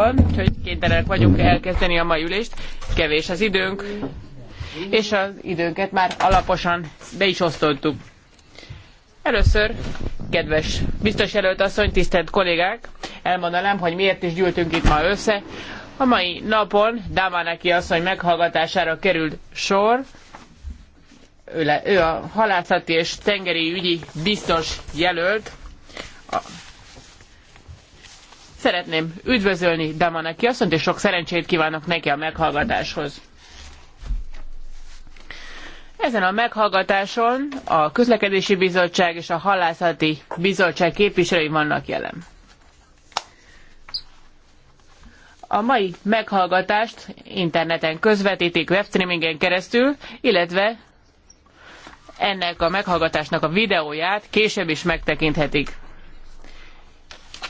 van, úgyhogy kénytelenek vagyunk elkezdeni a mai ülést. Kevés az időnk, és az időnket már alaposan be is osztottuk. Először, kedves biztos jelölt asszony, tisztelt kollégák, elmondanám, hogy miért is gyűltünk itt ma össze. A mai napon Dámánáki asszony meghallgatására került sor, ő, le, ő a halászati és tengeri ügyi biztos jelölt, Szeretném üdvözölni Damana asszonyt, és sok szerencsét kívánok neki a meghallgatáshoz. Ezen a meghallgatáson a Közlekedési Bizottság és a Hallászati Bizottság képviselői vannak jelen. A mai meghallgatást interneten közvetítik webstreamingen keresztül, illetve ennek a meghallgatásnak a videóját később is megtekinthetik.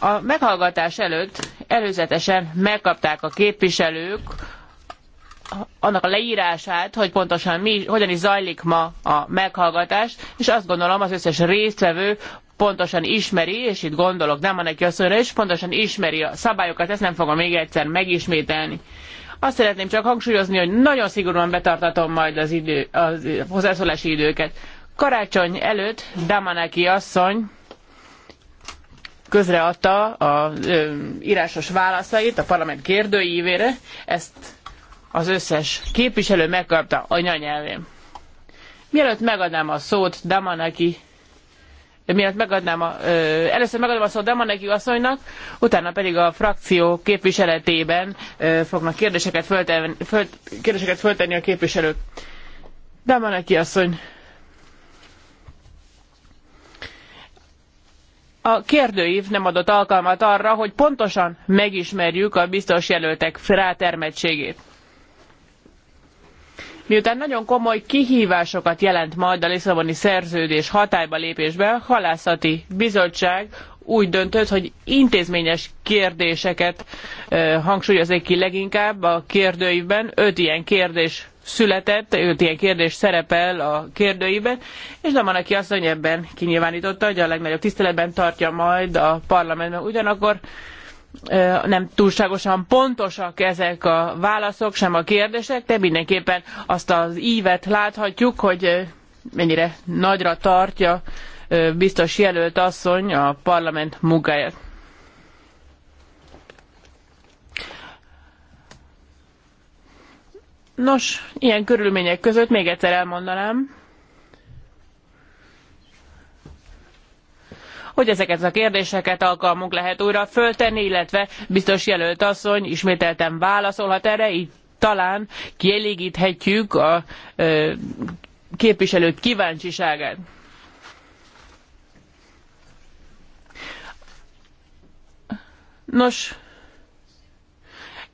A meghallgatás előtt előzetesen megkapták a képviselők annak a leírását, hogy pontosan mi, hogyan is zajlik ma a meghallgatás, és azt gondolom az összes résztvevő pontosan ismeri, és itt gondolok Demanek asszonyra, és pontosan ismeri a szabályokat, ezt nem fogom még egyszer megismételni. Azt szeretném csak hangsúlyozni, hogy nagyon szigorúan betartatom majd az idő, az hozzászólási időket. Karácsony előtt Damanaki asszony közreadta a írásos válaszait a parlament kérdőívére, ezt az összes képviselő megkapta anyanyelvén. Mielőtt megadnám a szót Damanaki, mielőtt megadnám a, ö, először megadom a szót Damanaki asszonynak, utána pedig a frakció képviseletében ö, fognak kérdéseket föltenni, föl, kérdéseket föltenni a képviselők. Damanaki asszony, a kérdőív nem adott alkalmat arra, hogy pontosan megismerjük a biztos jelöltek rátermettségét. Miután nagyon komoly kihívásokat jelent majd a Lisszaboni szerződés hatályba lépésben, a halászati bizottság úgy döntött, hogy intézményes kérdéseket ö, eh, hangsúlyozik ki leginkább a kérdőívben. Öt ilyen kérdés született, őt ilyen kérdés szerepel a kérdőiben, és Damanaki asszony ebben kinyilvánította, hogy a legnagyobb tiszteletben tartja majd a parlamentben. Ugyanakkor nem túlságosan pontosak ezek a válaszok, sem a kérdések, de mindenképpen azt az ívet láthatjuk, hogy mennyire nagyra tartja biztos jelölt asszony a parlament munkáját. Nos, ilyen körülmények között még egyszer elmondanám, hogy ezeket a kérdéseket alkalmunk lehet újra föltenni, illetve biztos jelölt asszony ismételten válaszolhat erre, így talán kielégíthetjük a ö, képviselők kíváncsiságát. Nos,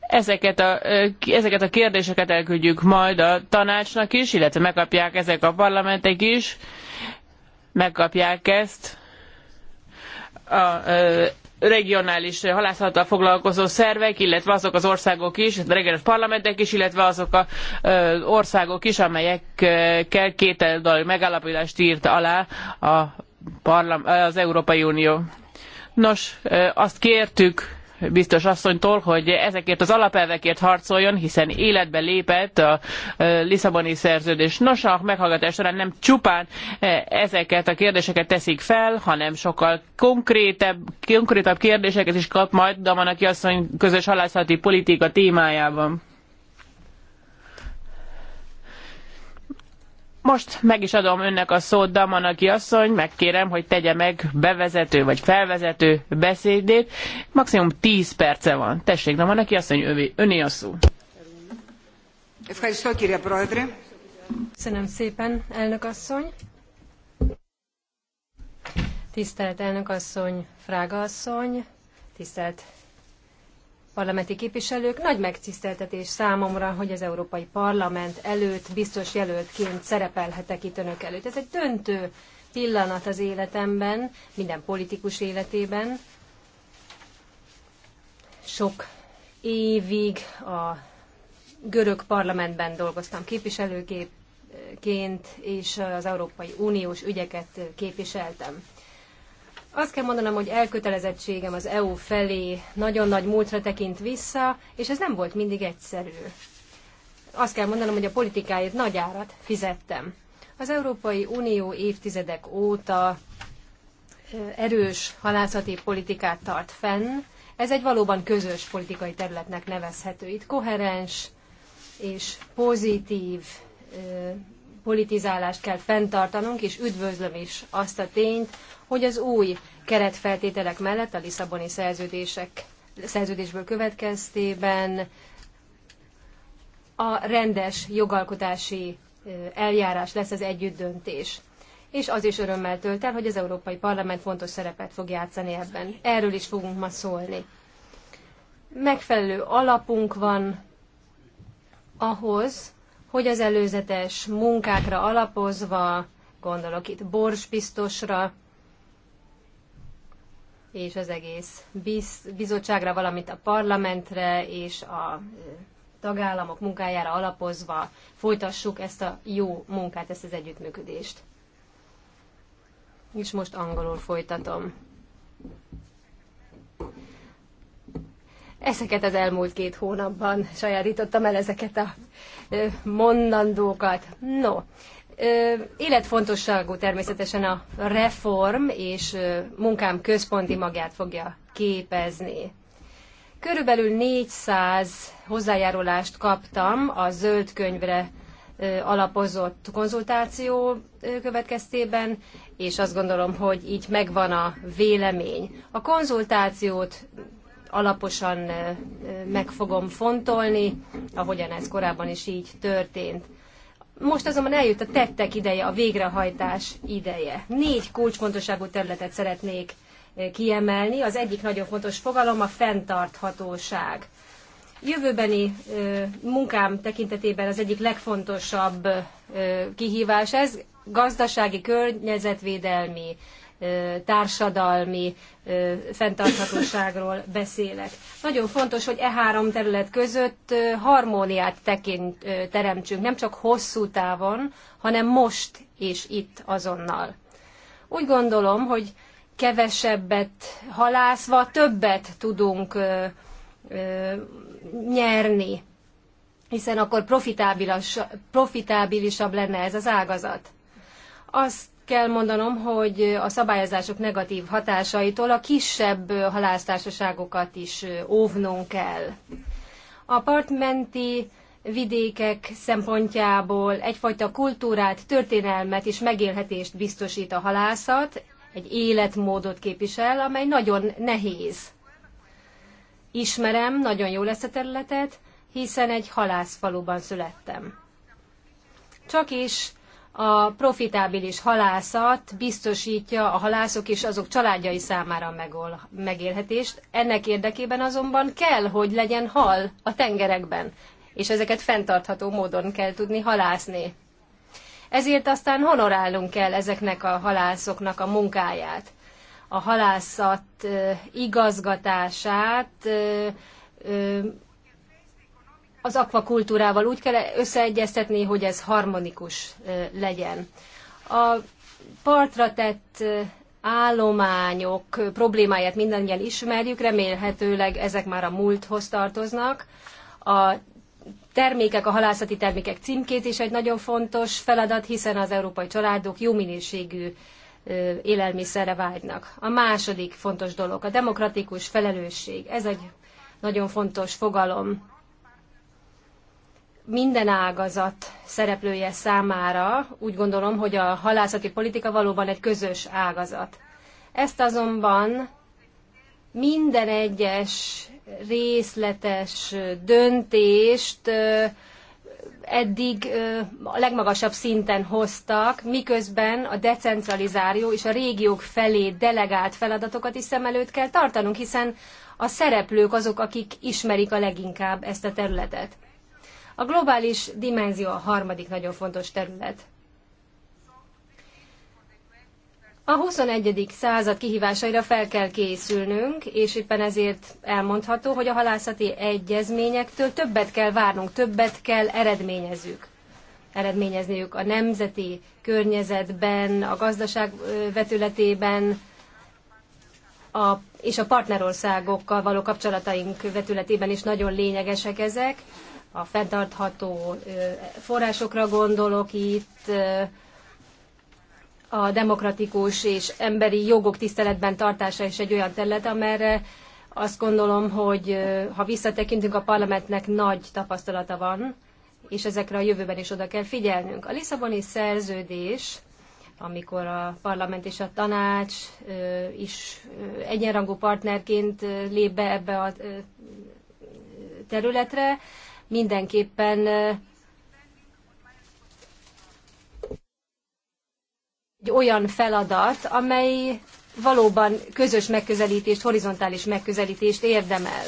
ezeket a, ezeket a kérdéseket elküldjük majd a tanácsnak is, illetve megkapják ezek a parlamentek is, megkapják ezt a regionális halászattal foglalkozó szervek, illetve azok az országok is, a regionális parlamentek is, illetve azok az országok is, amelyekkel kétoldalú megállapodást írt alá a parlam, az Európai Unió. Nos, azt kértük biztos asszonytól, hogy ezekért az alapelvekért harcoljon, hiszen életbe lépett a Lisszaboni szerződés. Nos, a meghallgatás során nem csupán ezeket a kérdéseket teszik fel, hanem sokkal konkrétebb, konkrétabb kérdéseket is kap majd Damanaki asszony közös halászati politika témájában. Most meg is adom önnek a szót, Damanaki asszony, megkérem, hogy tegye meg bevezető vagy felvezető beszédét. Maximum 10 perce van. Tessék, Damanaki asszony, övé, öné a szó. Köszönöm szépen, elnök asszony. Tisztelt elnök asszony, Frága asszony, tisztelt parlamenti képviselők. Nagy megtiszteltetés számomra, hogy az Európai Parlament előtt biztos jelöltként szerepelhetek itt önök előtt. Ez egy döntő pillanat az életemben, minden politikus életében. Sok évig a görög parlamentben dolgoztam képviselőként, és az Európai Uniós ügyeket képviseltem. Azt kell mondanom, hogy elkötelezettségem az EU felé nagyon nagy múltra tekint vissza, és ez nem volt mindig egyszerű. Azt kell mondanom, hogy a politikáért nagy árat fizettem. Az Európai Unió évtizedek óta erős halászati politikát tart fenn. Ez egy valóban közös politikai területnek nevezhető. Itt koherens és pozitív politizálást kell fenntartanunk, és üdvözlöm is azt a tényt, hogy az új keretfeltételek mellett a Lisszaboni szerződések, szerződésből következtében a rendes jogalkotási eljárás lesz az együttdöntés. És az is örömmel tölt el, hogy az Európai Parlament fontos szerepet fog játszani ebben. Erről is fogunk ma szólni. Megfelelő alapunk van ahhoz, hogy az előzetes munkákra alapozva, gondolok itt borsbiztosra, és az egész biz, bizottságra, valamint a parlamentre és a tagállamok munkájára alapozva folytassuk ezt a jó munkát, ezt az együttműködést. És most angolul folytatom. Ezeket az elmúlt két hónapban sajátítottam el ezeket a mondandókat. No, életfontosságú természetesen a reform és munkám központi magját fogja képezni. Körülbelül 400 hozzájárulást kaptam a zöld könyvre alapozott konzultáció következtében, és azt gondolom, hogy így megvan a vélemény. A konzultációt alaposan meg fogom fontolni, ahogyan ez korábban is így történt. Most azonban eljött a tettek ideje, a végrehajtás ideje. Négy kulcsfontosságú területet szeretnék kiemelni. Az egyik nagyon fontos fogalom a fenntarthatóság. Jövőbeni munkám tekintetében az egyik legfontosabb kihívás ez, gazdasági, környezetvédelmi, társadalmi fenntarthatóságról beszélek. Nagyon fontos, hogy e három terület között harmóniát tekint, teremtsünk, nem csak hosszú távon, hanem most és itt azonnal. Úgy gondolom, hogy kevesebbet halászva többet tudunk ö, ö, nyerni, hiszen akkor profitábilisabb lenne ez az ágazat. Azt kell mondanom, hogy a szabályozások negatív hatásaitól a kisebb halásztársaságokat is óvnunk kell. A partmenti vidékek szempontjából egyfajta kultúrát, történelmet és megélhetést biztosít a halászat, egy életmódot képvisel, amely nagyon nehéz. Ismerem nagyon jól ezt a területet, hiszen egy halászfaluban születtem. Csak is a profitábilis halászat biztosítja a halászok és azok családjai számára megélhetést. Ennek érdekében azonban kell, hogy legyen hal a tengerekben, és ezeket fenntartható módon kell tudni halászni. Ezért aztán honorálnunk kell ezeknek a halászoknak a munkáját. A halászat igazgatását az akvakultúrával úgy kell összeegyeztetni, hogy ez harmonikus legyen. A partra tett állományok problémáját mindannyian ismerjük, remélhetőleg ezek már a múlthoz tartoznak. A termékek, a halászati termékek címkézés egy nagyon fontos feladat, hiszen az európai családok jó minőségű élelmiszerre vágynak. A második fontos dolog a demokratikus felelősség. Ez egy nagyon fontos fogalom minden ágazat szereplője számára úgy gondolom, hogy a halászati politika valóban egy közös ágazat. Ezt azonban minden egyes részletes döntést eddig a legmagasabb szinten hoztak, miközben a decentralizáció és a régiók felé delegált feladatokat is szem előtt kell tartanunk, hiszen a szereplők azok, akik ismerik a leginkább ezt a területet. A globális dimenzió a harmadik nagyon fontos terület. A 21. század kihívásaira fel kell készülnünk, és éppen ezért elmondható, hogy a halászati egyezményektől többet kell várnunk, többet kell eredményezzük. Eredményezniük a nemzeti környezetben, a gazdaság vetületében, a, és a partnerországokkal való kapcsolataink vetületében is nagyon lényegesek ezek, a fenntartható forrásokra gondolok itt, a demokratikus és emberi jogok tiszteletben tartása is egy olyan terület, amelyre azt gondolom, hogy ha visszatekintünk, a parlamentnek nagy tapasztalata van, és ezekre a jövőben is oda kell figyelnünk. A Lisszaboni szerződés, amikor a parlament és a tanács is egyenrangú partnerként lép be ebbe a területre, mindenképpen egy olyan feladat, amely valóban közös megközelítést, horizontális megközelítést érdemel.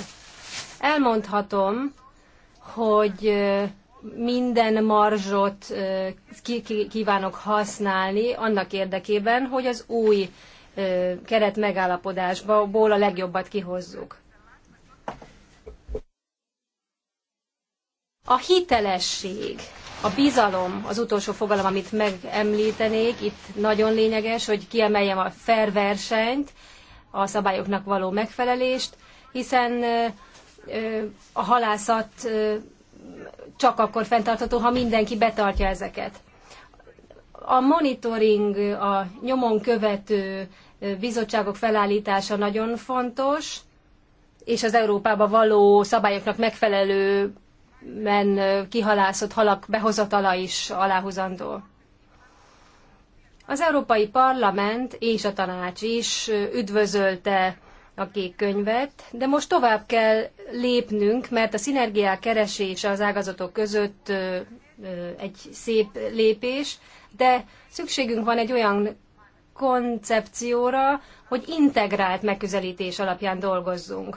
Elmondhatom, hogy minden marzsot kívánok használni annak érdekében, hogy az új keret megállapodásból a legjobbat kihozzuk. A hitelesség, a bizalom az utolsó fogalom, amit megemlítenék, itt nagyon lényeges, hogy kiemeljem a fair versenyt, a szabályoknak való megfelelést, hiszen a halászat csak akkor fenntartható, ha mindenki betartja ezeket. A monitoring, a nyomon követő bizottságok felállítása nagyon fontos, és az Európába való szabályoknak megfelelő men kihalászott halak behozatala is aláhozandó. Az Európai Parlament és a tanács is üdvözölte a kék könyvet, de most tovább kell lépnünk, mert a szinergiák keresése az ágazatok között egy szép lépés, de szükségünk van egy olyan koncepcióra, hogy integrált megközelítés alapján dolgozzunk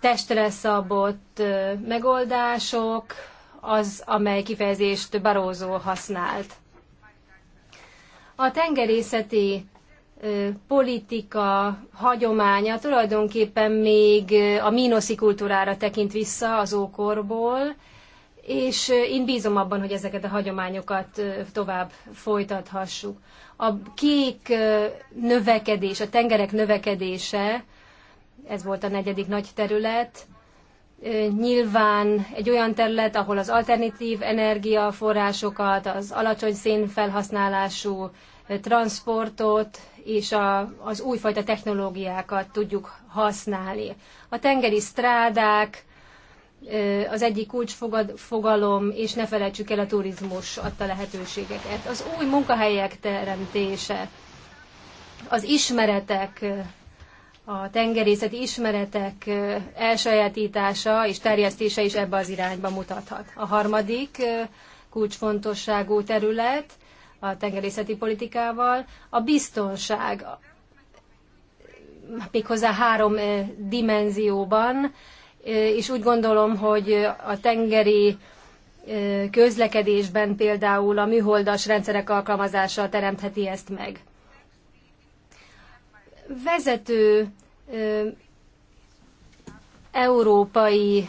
testre szabott megoldások, az, amely kifejezést Barózó használt. A tengerészeti politika hagyománya tulajdonképpen még a mínoszi kultúrára tekint vissza az ókorból, és én bízom abban, hogy ezeket a hagyományokat tovább folytathassuk. A kék növekedés, a tengerek növekedése ez volt a negyedik nagy terület. Nyilván egy olyan terület, ahol az alternatív energiaforrásokat, az alacsony szénfelhasználású transportot és a, az újfajta technológiákat tudjuk használni. A tengeri strádák az egyik kulcsfogalom, és ne felejtsük el a turizmus adta lehetőségeket. Az új munkahelyek teremtése, az ismeretek a tengerészeti ismeretek elsajátítása és terjesztése is ebbe az irányba mutathat. A harmadik kulcsfontosságú terület a tengerészeti politikával a biztonság, méghozzá három dimenzióban, és úgy gondolom, hogy a tengeri közlekedésben például a műholdas rendszerek alkalmazása teremtheti ezt meg vezető európai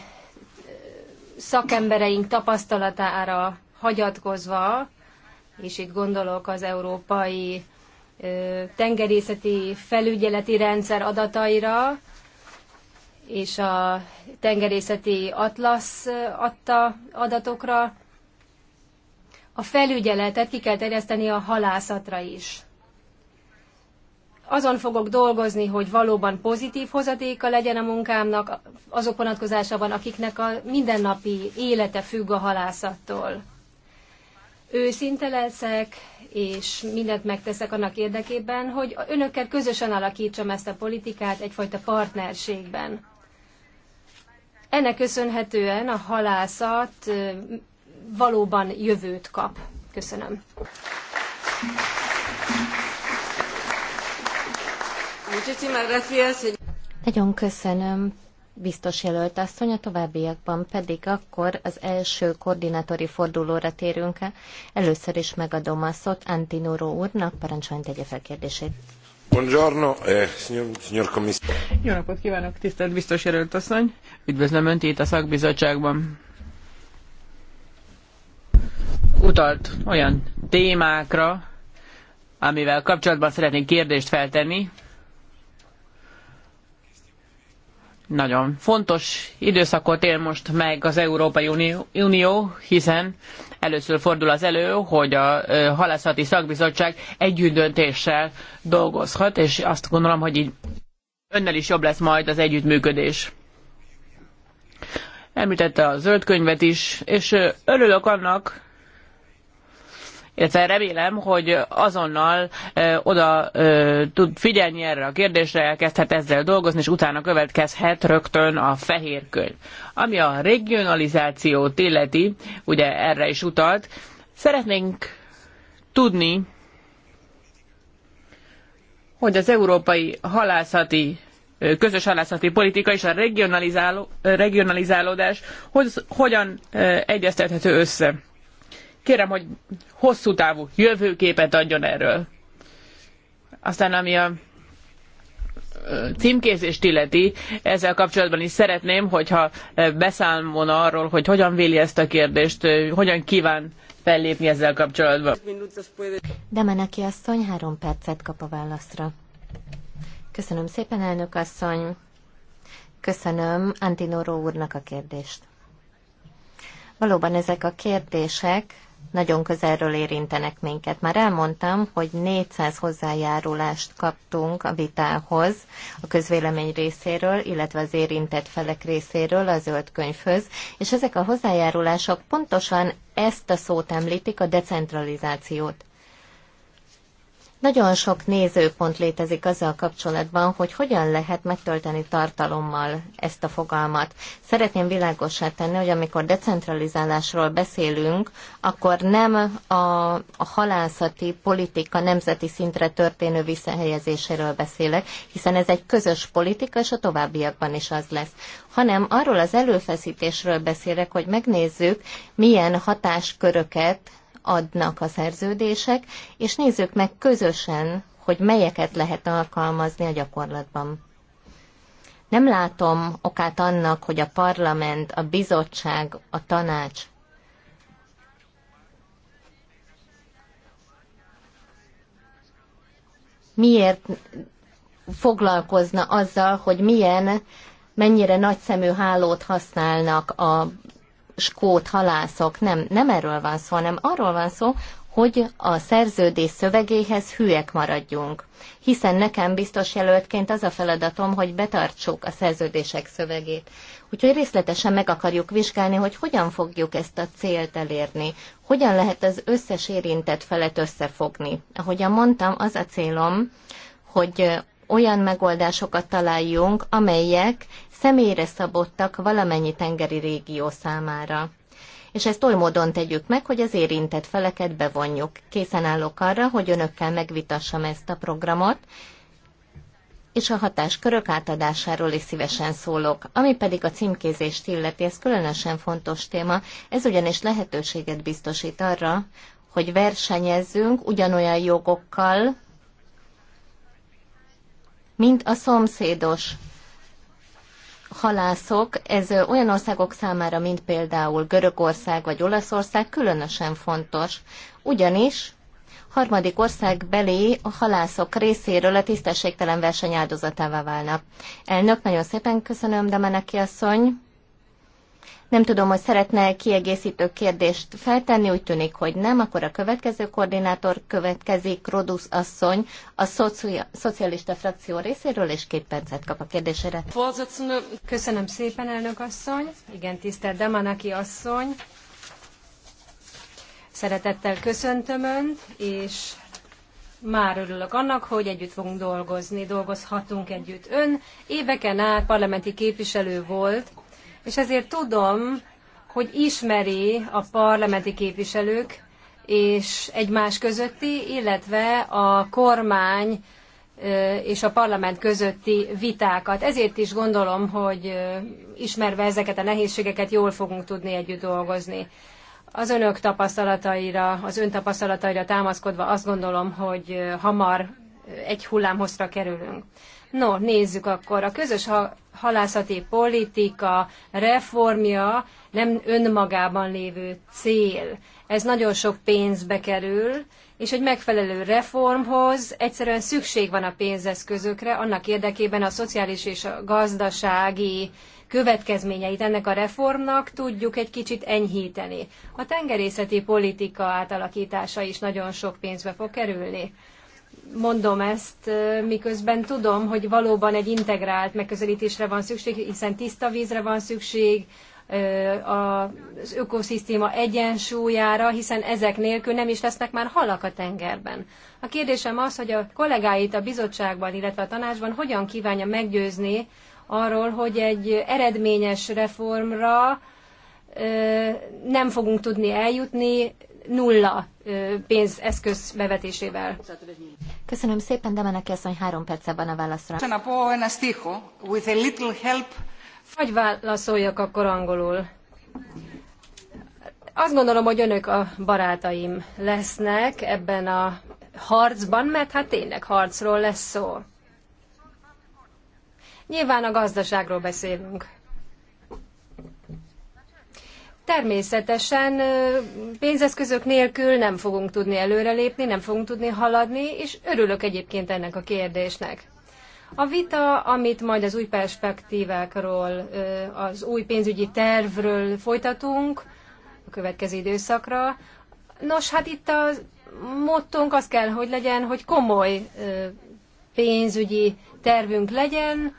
szakembereink tapasztalatára hagyatkozva, és itt gondolok az európai tengerészeti felügyeleti rendszer adataira, és a tengerészeti atlasz adta adatokra. A felügyeletet ki kell terjeszteni a halászatra is azon fogok dolgozni, hogy valóban pozitív hozadéka legyen a munkámnak, azok vonatkozásában, akiknek a mindennapi élete függ a halászattól. Őszinte leszek, és mindent megteszek annak érdekében, hogy önökkel közösen alakítsam ezt a politikát egyfajta partnerségben. Ennek köszönhetően a halászat valóban jövőt kap. Köszönöm. Nagyon köszönöm, biztos jelölt asszony, a továbbiakban pedig akkor az első koordinátori fordulóra térünk el. Először is megadom a szót Antinoro úrnak, parancsoljon tegye fel kérdését. Buongiorno, eh, signor, signor Jó napot kívánok, tisztelt biztos jelölt asszony! Üdvözlöm Önt itt a szakbizottságban. Utalt olyan témákra, amivel kapcsolatban szeretnék kérdést feltenni, nagyon fontos időszakot él most meg az Európai Unió, hiszen először fordul az elő, hogy a halászati szakbizottság együttdöntéssel dolgozhat, és azt gondolom, hogy így önnel is jobb lesz majd az együttműködés. Említette a zöld könyvet is, és örülök annak, illetve remélem, hogy azonnal oda tud figyelni erre a kérdésre, elkezdhet ezzel dolgozni, és utána következhet rögtön a fehér könyv. Ami a regionalizációt illeti, ugye erre is utalt, szeretnénk tudni, hogy az európai halászati közös halászati politika és a regionalizáló, regionalizálódás hogy, hogyan egyeztethető össze. Kérem, hogy hosszú távú jövőképet adjon erről. Aztán ami a címkézést illeti, ezzel kapcsolatban is szeretném, hogyha beszámolna arról, hogy hogyan véli ezt a kérdést, hogyan kíván fellépni ezzel kapcsolatban. De Meneki asszony három percet kap a válaszra. Köszönöm szépen, elnök asszony. Köszönöm Antinoro úrnak a kérdést. Valóban ezek a kérdések nagyon közelről érintenek minket. Már elmondtam, hogy 400 hozzájárulást kaptunk a vitához a közvélemény részéről, illetve az érintett felek részéről a zöld könyvhöz, és ezek a hozzájárulások pontosan ezt a szót említik, a decentralizációt. Nagyon sok nézőpont létezik azzal kapcsolatban, hogy hogyan lehet megtölteni tartalommal ezt a fogalmat. Szeretném világosá tenni, hogy amikor decentralizálásról beszélünk, akkor nem a, a halászati politika nemzeti szintre történő visszahelyezéséről beszélek, hiszen ez egy közös politika, és a továbbiakban is az lesz, hanem arról az előfeszítésről beszélek, hogy megnézzük, milyen hatásköröket adnak a szerződések, és nézzük meg közösen, hogy melyeket lehet alkalmazni a gyakorlatban. Nem látom okát annak, hogy a parlament, a bizottság, a tanács miért foglalkozna azzal, hogy milyen, mennyire nagyszemű hálót használnak a skót halászok. Nem, nem erről van szó, hanem arról van szó, hogy a szerződés szövegéhez hülyek maradjunk. Hiszen nekem biztos jelöltként az a feladatom, hogy betartsuk a szerződések szövegét. Úgyhogy részletesen meg akarjuk vizsgálni, hogy hogyan fogjuk ezt a célt elérni, hogyan lehet az összes érintett felet összefogni. Ahogyan mondtam, az a célom, hogy olyan megoldásokat találjunk, amelyek személyre szabottak valamennyi tengeri régió számára. És ezt oly módon tegyük meg, hogy az érintett feleket bevonjuk. Készen állok arra, hogy önökkel megvitassam ezt a programot, és a hatáskörök átadásáról is szívesen szólok. Ami pedig a címkézést illeti, ez különösen fontos téma, ez ugyanis lehetőséget biztosít arra, hogy versenyezzünk ugyanolyan jogokkal, mint a szomszédos halászok, ez olyan országok számára, mint például Görögország vagy Olaszország különösen fontos, ugyanis harmadik ország belé a halászok részéről a tisztességtelen verseny áldozatává válnak. Elnök, nagyon szépen köszönöm, de Meneki asszony. Nem tudom, hogy szeretne kiegészítő kérdést feltenni, úgy tűnik, hogy nem. Akkor a következő koordinátor következik, Rodusz asszony, a szocia- szocialista frakció részéről, és két percet kap a kérdésére. Köszönöm szépen, elnök asszony. Igen, tisztelt Demanaki asszony. Szeretettel köszöntöm Önt, és már örülök annak, hogy együtt fogunk dolgozni, dolgozhatunk együtt. Ön éveken át parlamenti képviselő volt, és ezért tudom, hogy ismeri a parlamenti képviselők és egymás közötti, illetve a kormány és a parlament közötti vitákat. Ezért is gondolom, hogy ismerve ezeket a nehézségeket, jól fogunk tudni együtt dolgozni. Az önök tapasztalataira, az ön tapasztalataira támaszkodva azt gondolom, hogy hamar egy hullámhozra kerülünk. No, nézzük akkor. A közös halászati politika reformja nem önmagában lévő cél. Ez nagyon sok pénzbe kerül, és egy megfelelő reformhoz egyszerűen szükség van a pénzeszközökre, annak érdekében a szociális és a gazdasági következményeit ennek a reformnak tudjuk egy kicsit enyhíteni. A tengerészeti politika átalakítása is nagyon sok pénzbe fog kerülni mondom ezt, miközben tudom, hogy valóban egy integrált megközelítésre van szükség, hiszen tiszta vízre van szükség, az ökoszisztéma egyensúlyára, hiszen ezek nélkül nem is lesznek már halak a tengerben. A kérdésem az, hogy a kollégáit a bizottságban, illetve a tanácsban hogyan kívánja meggyőzni arról, hogy egy eredményes reformra nem fogunk tudni eljutni, nulla pénzeszköz bevetésével. Köszönöm szépen, de meneki asszony három perce van a válaszra. Hogy válaszoljak akkor angolul? Azt gondolom, hogy önök a barátaim lesznek ebben a harcban, mert hát tényleg harcról lesz szó. Nyilván a gazdaságról beszélünk. Természetesen pénzeszközök nélkül nem fogunk tudni előrelépni, nem fogunk tudni haladni, és örülök egyébként ennek a kérdésnek. A vita, amit majd az új perspektívákról, az új pénzügyi tervről folytatunk a következő időszakra, nos, hát itt a mottónk az kell, hogy legyen, hogy komoly pénzügyi tervünk legyen,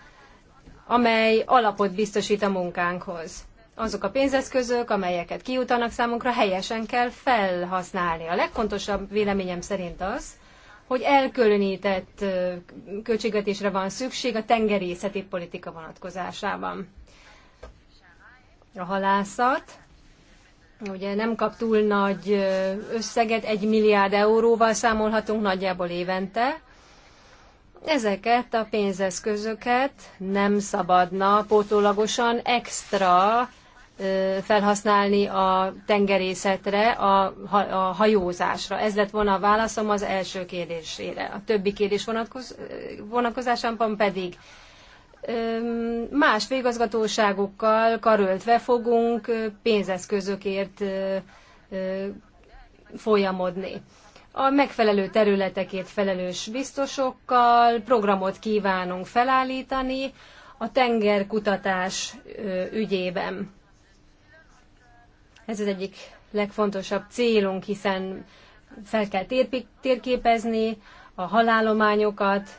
amely alapot biztosít a munkánkhoz azok a pénzeszközök, amelyeket kiutalnak számunkra, helyesen kell felhasználni. A legfontosabb véleményem szerint az, hogy elkülönített költségvetésre van szükség a tengerészeti politika vonatkozásában. A halászat, ugye nem kap túl nagy összeget, egy milliárd euróval számolhatunk nagyjából évente, Ezeket a pénzeszközöket nem szabadna pótólagosan extra felhasználni a tengerészetre, a, a hajózásra. Ez lett volna a válaszom az első kérdésére. A többi kérdés vonatkoz, vonatkozásában pedig más végazgatóságokkal karöltve fogunk pénzeszközökért folyamodni. A megfelelő területekért felelős biztosokkal programot kívánunk felállítani a tengerkutatás ügyében ez az egyik legfontosabb célunk, hiszen fel kell térképezni a halálományokat,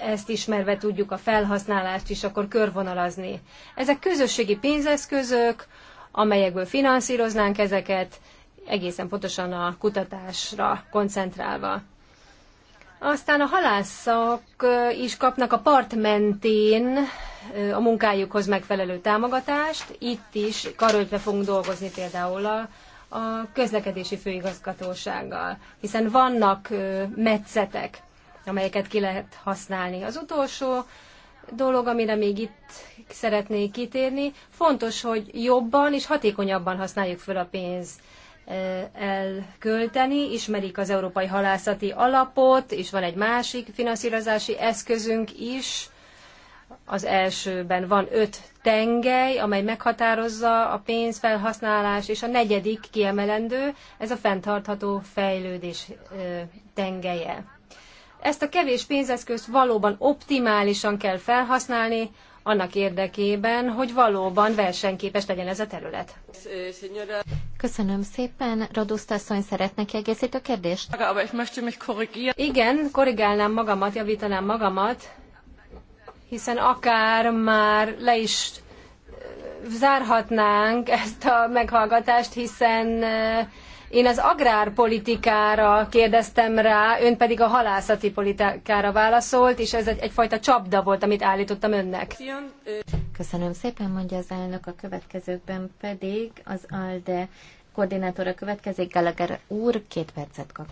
ezt ismerve tudjuk a felhasználást is akkor körvonalazni. Ezek közösségi pénzeszközök, amelyekből finanszíroznánk ezeket, egészen pontosan a kutatásra koncentrálva. Aztán a halászak eh, is kapnak a part mentén a munkájukhoz megfelelő támogatást. Itt is karöltve fogunk dolgozni például a, a közlekedési főigazgatósággal, hiszen vannak metszetek, amelyeket ki lehet használni. Az utolsó dolog, amire még itt szeretnék kitérni, fontos, hogy jobban és hatékonyabban használjuk föl a pénzt elkölteni, ismerik az Európai Halászati Alapot, és van egy másik finanszírozási eszközünk is, az elsőben van öt tengely, amely meghatározza a pénzfelhasználás, és a negyedik kiemelendő, ez a fenntartható fejlődés tengelye. Ezt a kevés pénzeszközt valóban optimálisan kell felhasználni, annak érdekében, hogy valóban versenyképes legyen ez a terület. Köszönöm szépen. Raduszt asszony szeretne a kérdést? Igen, korrigálnám magamat, javítanám magamat hiszen akár már le is zárhatnánk ezt a meghallgatást, hiszen én az agrárpolitikára kérdeztem rá, ön pedig a halászati politikára válaszolt, és ez egy, egyfajta csapda volt, amit állítottam önnek. Köszönöm szépen, mondja az elnök, a következőkben pedig az ALDE koordinátora következik, Gallagher úr, két percet kap.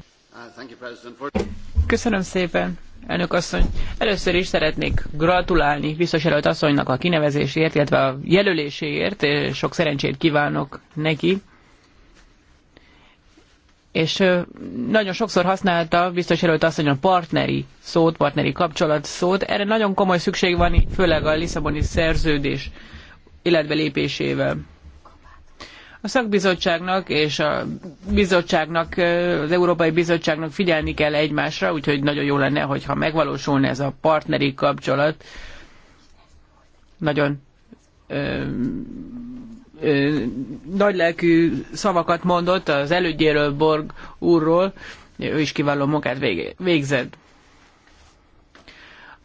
Köszönöm szépen. Elnök asszony, először is szeretnék gratulálni biztos jelölt asszonynak a kinevezéséért, illetve a jelöléséért, és sok szerencsét kívánok neki. És nagyon sokszor használta biztos jelölt asszony a partneri szót, partneri kapcsolat szót. Erre nagyon komoly szükség van, főleg a Lisszaboni szerződés életbe lépésével. A szakbizottságnak és a bizottságnak, az Európai Bizottságnak figyelni kell egymásra, úgyhogy nagyon jó lenne, hogyha megvalósulna ez a partneri kapcsolat. Nagyon nagylelkű szavakat mondott az elődjéről Borg úrról, ő is kiváló munkát végzett.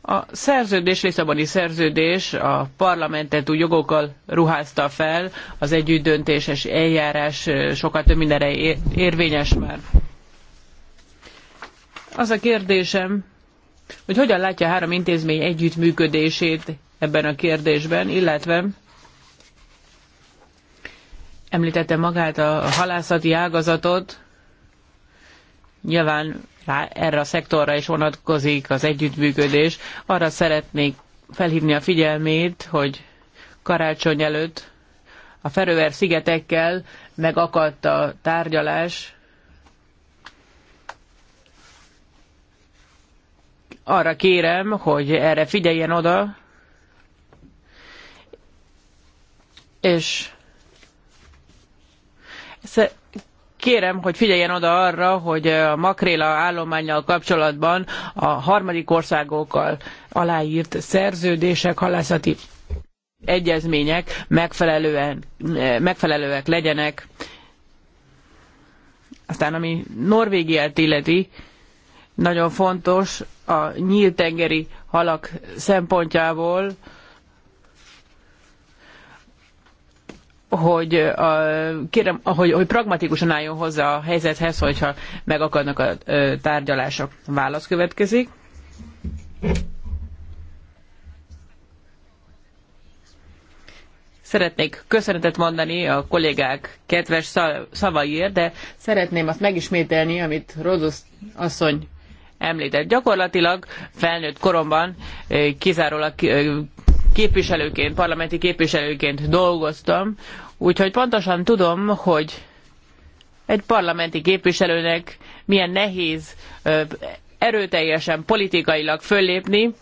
A szerződés, Lisszaboni szerződés a parlamentet új jogokkal ruházta fel, az együttdöntéses eljárás sokkal több mindenre érvényes már. Az a kérdésem, hogy hogyan látja a három intézmény együttműködését ebben a kérdésben, illetve említette magát a halászati ágazatot, nyilván erre a szektorra is vonatkozik az együttműködés. Arra szeretnék felhívni a figyelmét, hogy karácsony előtt a Ferőer szigetekkel megakadt a tárgyalás. Arra kérem, hogy erre figyeljen oda, és kérem, hogy figyeljen oda arra, hogy a makréla állományjal kapcsolatban a harmadik országokkal aláírt szerződések, halászati egyezmények megfelelően, megfelelőek legyenek. Aztán ami Norvégiát illeti, nagyon fontos a nyíltengeri halak szempontjából, hogy, a, kérem, hogy, hogy pragmatikusan álljon hozzá a helyzethez, hogyha megakadnak a tárgyalások. Válasz következik. Szeretnék köszönetet mondani a kollégák kedves szavaiért, de szeretném azt megismételni, amit Rozosz asszony említett. Gyakorlatilag felnőtt koromban kizárólag képviselőként, parlamenti képviselőként dolgoztam, úgyhogy pontosan tudom, hogy egy parlamenti képviselőnek milyen nehéz erőteljesen politikailag föllépni,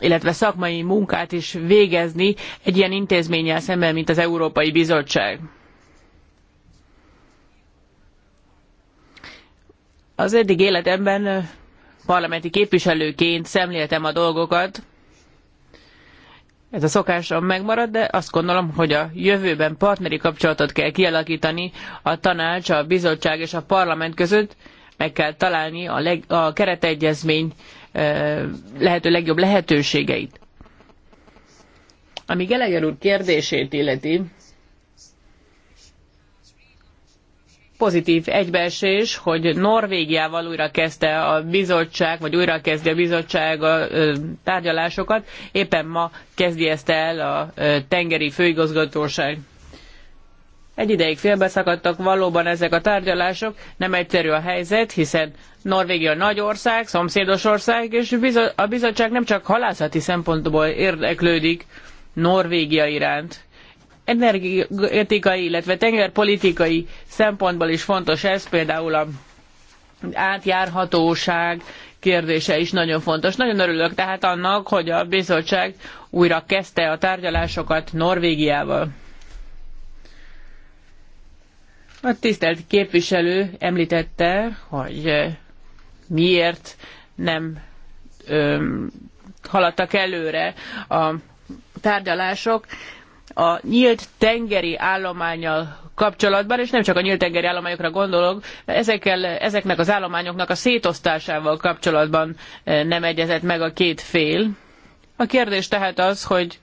illetve szakmai munkát is végezni egy ilyen intézménnyel szemben, mint az Európai Bizottság. Az eddig életemben parlamenti képviselőként szemléltem a dolgokat, ez a szokásom megmarad, de azt gondolom, hogy a jövőben partneri kapcsolatot kell kialakítani a tanács, a bizottság és a parlament között, meg kell találni a, leg, a keretegyezmény lehető legjobb lehetőségeit. Ami Geleger úr kérdését illeti, pozitív egybeesés, hogy Norvégiával újra kezdte a bizottság, vagy újra kezdi a bizottság a tárgyalásokat. Éppen ma kezdi ezt el a tengeri főigazgatóság. Egy ideig félbeszakadtak valóban ezek a tárgyalások, nem egyszerű a helyzet, hiszen Norvégia nagy ország, szomszédos ország, és a bizottság nem csak halászati szempontból érdeklődik Norvégia iránt, energetikai, illetve tengerpolitikai szempontból is fontos ez, például a átjárhatóság kérdése is nagyon fontos. Nagyon örülök tehát annak, hogy a bizottság újra kezdte a tárgyalásokat Norvégiával. A tisztelt képviselő említette, hogy eh, miért nem haladtak előre a tárgyalások a nyílt tengeri állományjal kapcsolatban, és nem csak a nyílt tengeri állományokra gondolok, ezekkel, ezeknek az állományoknak a szétosztásával kapcsolatban eh, nem egyezett meg a két fél. A kérdés tehát az, hogy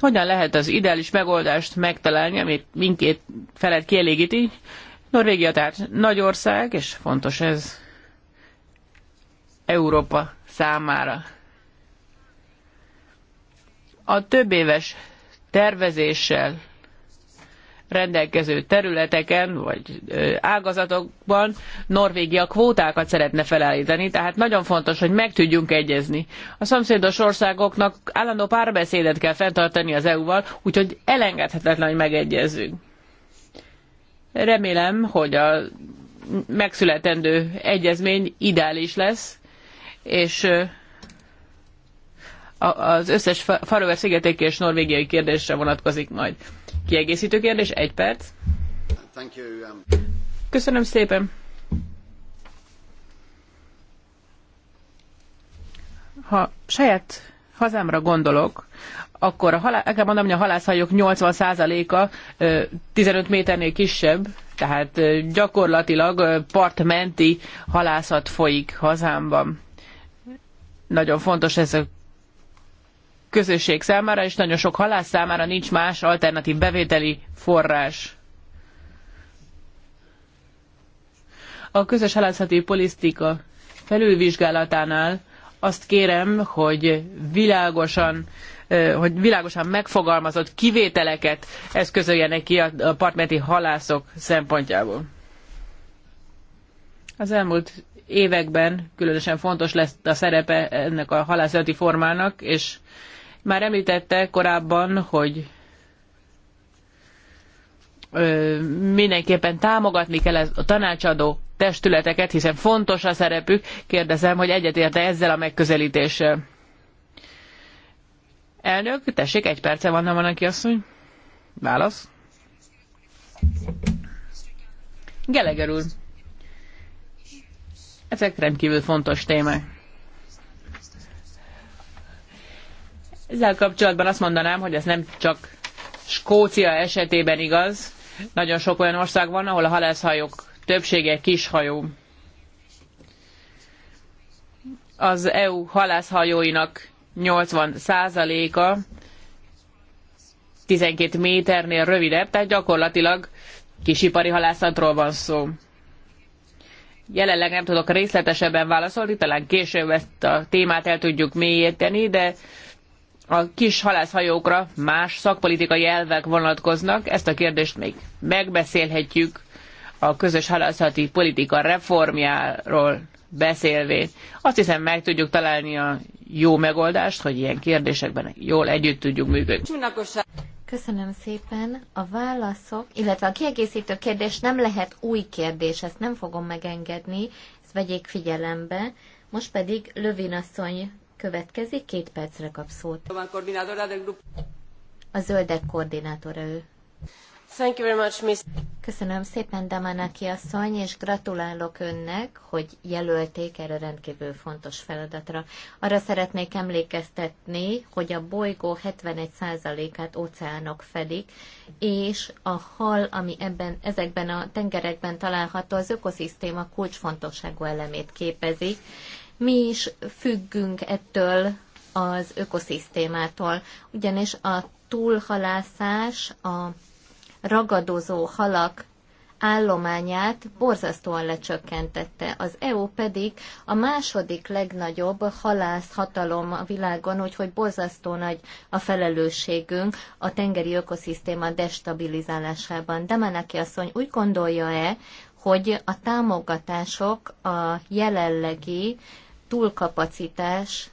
hogyan lehet az ideális megoldást megtalálni, amit mindkét felet kielégíti. Norvégia tehát nagy ország, és fontos ez Európa számára a több éves tervezéssel rendelkező területeken vagy ágazatokban Norvégia kvótákat szeretne felállítani, tehát nagyon fontos, hogy meg tudjunk egyezni. A szomszédos országoknak állandó párbeszédet kell fenntartani az EU-val, úgyhogy elengedhetetlen, hogy megegyezzünk. Remélem, hogy a megszületendő egyezmény ideális lesz, és az összes Faroer szigetek és norvégiai kérdésre vonatkozik majd. Kiegészítő kérdés, egy perc. Um, Köszönöm szépen. Ha saját hazámra gondolok, akkor a halá- el kell mondanom, hogy a halászhajók 80%-a 15 méternél kisebb, tehát gyakorlatilag partmenti halászat folyik hazámban. Nagyon fontos ez a közösség számára, és nagyon sok halász számára nincs más alternatív bevételi forrás. A közös halászati politika felülvizsgálatánál azt kérem, hogy világosan hogy világosan megfogalmazott kivételeket eszközöljenek ki a partmenti halászok szempontjából. Az elmúlt években különösen fontos lesz a szerepe ennek a halászati formának, és már említette korábban, hogy mindenképpen támogatni kell a tanácsadó testületeket, hiszen fontos a szerepük. Kérdezem, hogy egyetérte ezzel a megközelítéssel. Elnök, tessék, egy perce van, nem van neki asszony? Válasz. Geleger úr. Ezek rendkívül fontos témák. Ezzel kapcsolatban azt mondanám, hogy ez nem csak Skócia esetében igaz, nagyon sok olyan ország van, ahol a halászhajók többsége kishajó. Az EU halászhajóinak 80%-a 12 méternél rövidebb, tehát gyakorlatilag kisipari halászatról van szó. Jelenleg nem tudok részletesebben válaszolni, talán később ezt a témát el tudjuk mélyíteni, de a kis halászhajókra más szakpolitikai elvek vonatkoznak. Ezt a kérdést még megbeszélhetjük a közös halászati politika reformjáról beszélvén. Azt hiszem meg tudjuk találni a jó megoldást, hogy ilyen kérdésekben jól együtt tudjuk működni. Köszönöm szépen. A válaszok, illetve a kiegészítő kérdés nem lehet új kérdés, ezt nem fogom megengedni, ezt vegyék figyelembe. Most pedig Lövin asszony Következik, két percre kap szót. A zöldek koordinátora ő. Thank you very much, miss. Köszönöm szépen, Damanaki asszony, és gratulálok önnek, hogy jelölték erre rendkívül fontos feladatra. Arra szeretnék emlékeztetni, hogy a bolygó 71%-át óceánok fedik, és a hal, ami ebben, ezekben a tengerekben található, az ökoszisztéma kulcsfontosságú elemét képezi mi is függünk ettől az ökoszisztémától, ugyanis a túlhalászás, a ragadozó halak állományát borzasztóan lecsökkentette. Az EU pedig a második legnagyobb halászhatalom a világon, úgyhogy borzasztó nagy a felelősségünk a tengeri ökoszisztéma destabilizálásában. De Meneki asszony úgy gondolja-e, hogy a támogatások a jelenlegi túlkapacitás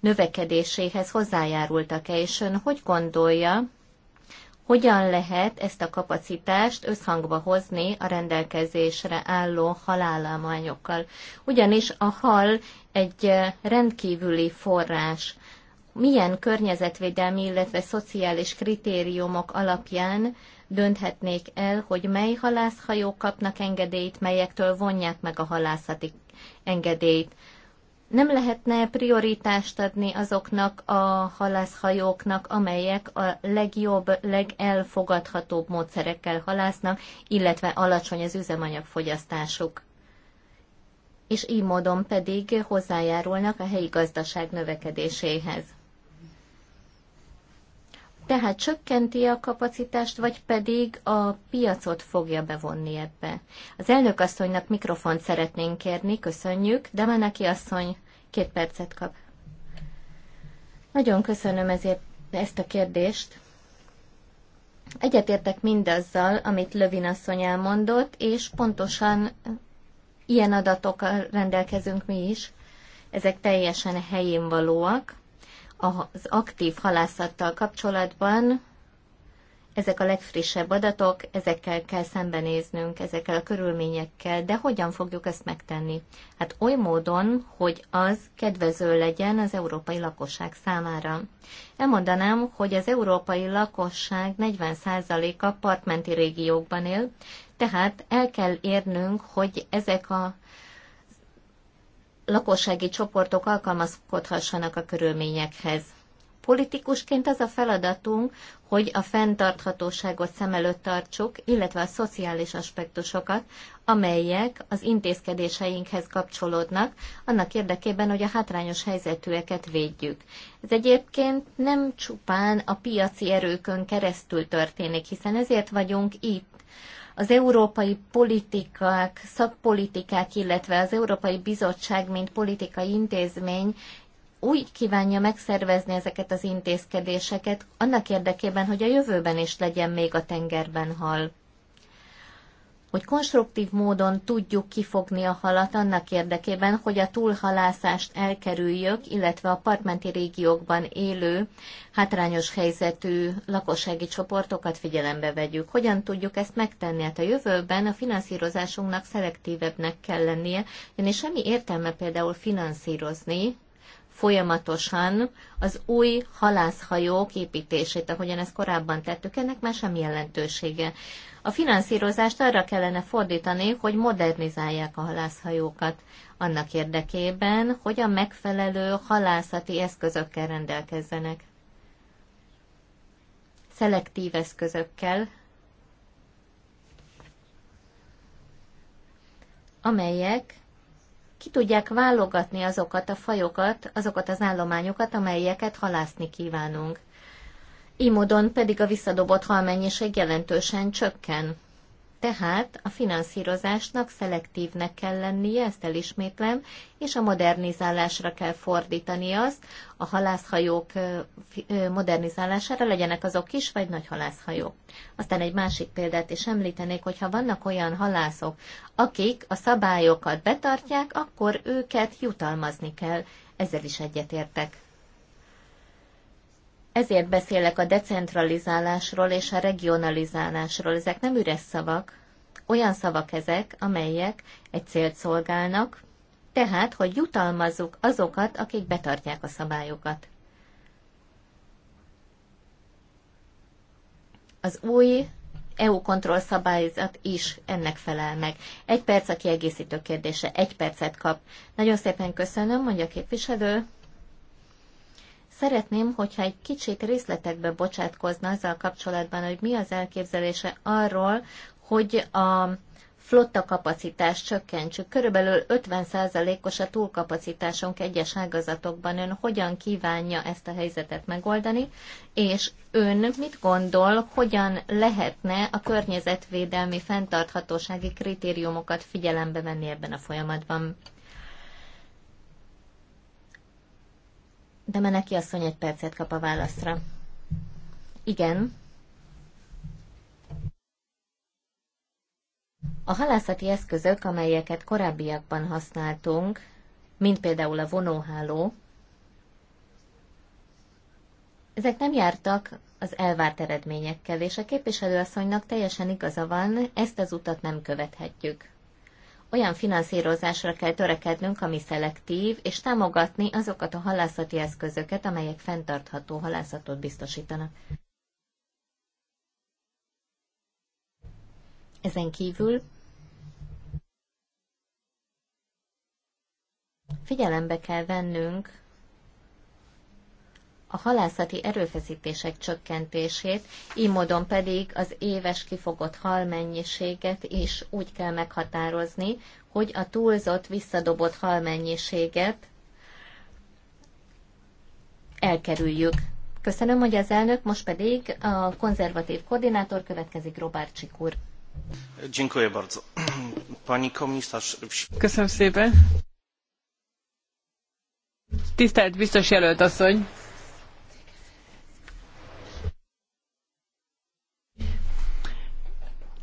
növekedéséhez hozzájárultak-e, és ön hogy gondolja, hogyan lehet ezt a kapacitást összhangba hozni a rendelkezésre álló halállományokkal. Ugyanis a hal egy rendkívüli forrás. Milyen környezetvédelmi, illetve szociális kritériumok alapján dönthetnék el, hogy mely halászhajók kapnak engedélyt, melyektől vonják meg a halászati engedélyt. Nem lehetne prioritást adni azoknak a halászhajóknak, amelyek a legjobb, legelfogadhatóbb módszerekkel halásznak, illetve alacsony az üzemanyagfogyasztásuk. És így módon pedig hozzájárulnak a helyi gazdaság növekedéséhez tehát csökkenti a kapacitást, vagy pedig a piacot fogja bevonni ebbe. Az elnök asszonynak mikrofont szeretnénk kérni, köszönjük, de már neki asszony két percet kap. Nagyon köszönöm ezért ezt a kérdést. Egyetértek mindazzal, amit Lövin asszony elmondott, és pontosan ilyen adatokkal rendelkezünk mi is. Ezek teljesen helyén valóak az aktív halászattal kapcsolatban ezek a legfrissebb adatok, ezekkel kell szembenéznünk, ezekkel a körülményekkel, de hogyan fogjuk ezt megtenni? Hát oly módon, hogy az kedvező legyen az európai lakosság számára. Elmondanám, hogy az európai lakosság 40%-a partmenti régiókban él, tehát el kell érnünk, hogy ezek a lakossági csoportok alkalmazkodhassanak a körülményekhez. Politikusként az a feladatunk, hogy a fenntarthatóságot szem előtt tartsuk, illetve a szociális aspektusokat, amelyek az intézkedéseinkhez kapcsolódnak, annak érdekében, hogy a hátrányos helyzetűeket védjük. Ez egyébként nem csupán a piaci erőkön keresztül történik, hiszen ezért vagyunk itt az európai politikák, szakpolitikák, illetve az Európai Bizottság, mint politikai intézmény úgy kívánja megszervezni ezeket az intézkedéseket, annak érdekében, hogy a jövőben is legyen még a tengerben hal hogy konstruktív módon tudjuk kifogni a halat annak érdekében, hogy a túlhalászást elkerüljük, illetve a partmenti régiókban élő hátrányos helyzetű lakossági csoportokat figyelembe vegyük. Hogyan tudjuk ezt megtenni? Hát a jövőben a finanszírozásunknak szelektívebbnek kell lennie, és semmi értelme például finanszírozni folyamatosan az új halászhajók építését, ahogyan ezt korábban tettük, ennek már sem jelentősége. A finanszírozást arra kellene fordítani, hogy modernizálják a halászhajókat, annak érdekében, hogy a megfelelő halászati eszközökkel rendelkezzenek. Szelektív eszközökkel, amelyek ki tudják válogatni azokat a fajokat, azokat az állományokat, amelyeket halászni kívánunk így módon pedig a visszadobott halmennyiség jelentősen csökken. Tehát a finanszírozásnak szelektívnek kell lennie, ezt elismétlem, és a modernizálásra kell fordítani azt, a halászhajók modernizálására legyenek azok kis vagy nagy halászhajók. Aztán egy másik példát is említenék, hogyha vannak olyan halászok, akik a szabályokat betartják, akkor őket jutalmazni kell. Ezzel is egyetértek. Ezért beszélek a decentralizálásról és a regionalizálásról. Ezek nem üres szavak, olyan szavak ezek, amelyek egy célt szolgálnak, tehát, hogy jutalmazzuk azokat, akik betartják a szabályokat. Az új EU kontroll szabályzat is ennek felel meg. Egy perc a kiegészítő kérdése, egy percet kap. Nagyon szépen köszönöm, mondja a képviselő. Szeretném, hogyha egy kicsit részletekbe bocsátkozna azzal kapcsolatban, hogy mi az elképzelése arról, hogy a flotta kapacitás csökkentsük. Körülbelül 50%-os a túlkapacitásunk egyes ágazatokban. Ön hogyan kívánja ezt a helyzetet megoldani, és ön mit gondol, hogyan lehetne a környezetvédelmi fenntarthatósági kritériumokat figyelembe venni ebben a folyamatban? De Meneki asszony egy percet kap a válaszra. Igen. A halászati eszközök, amelyeket korábbiakban használtunk, mint például a vonóháló, ezek nem jártak az elvárt eredményekkel, és a képviselőasszonynak teljesen igaza van, ezt az utat nem követhetjük olyan finanszírozásra kell törekednünk, ami szelektív, és támogatni azokat a halászati eszközöket, amelyek fenntartható halászatot biztosítanak. Ezen kívül figyelembe kell vennünk a halászati erőfeszítések csökkentését, így módon pedig az éves kifogott hal mennyiséget is úgy kell meghatározni, hogy a túlzott visszadobott hal mennyiséget elkerüljük. Köszönöm, hogy az elnök, most pedig a konzervatív koordinátor következik, Robert Csikur. Dziękuję bardzo. Pani komisarz... Köszönöm szépen. Tisztelt biztos jelölt asszony!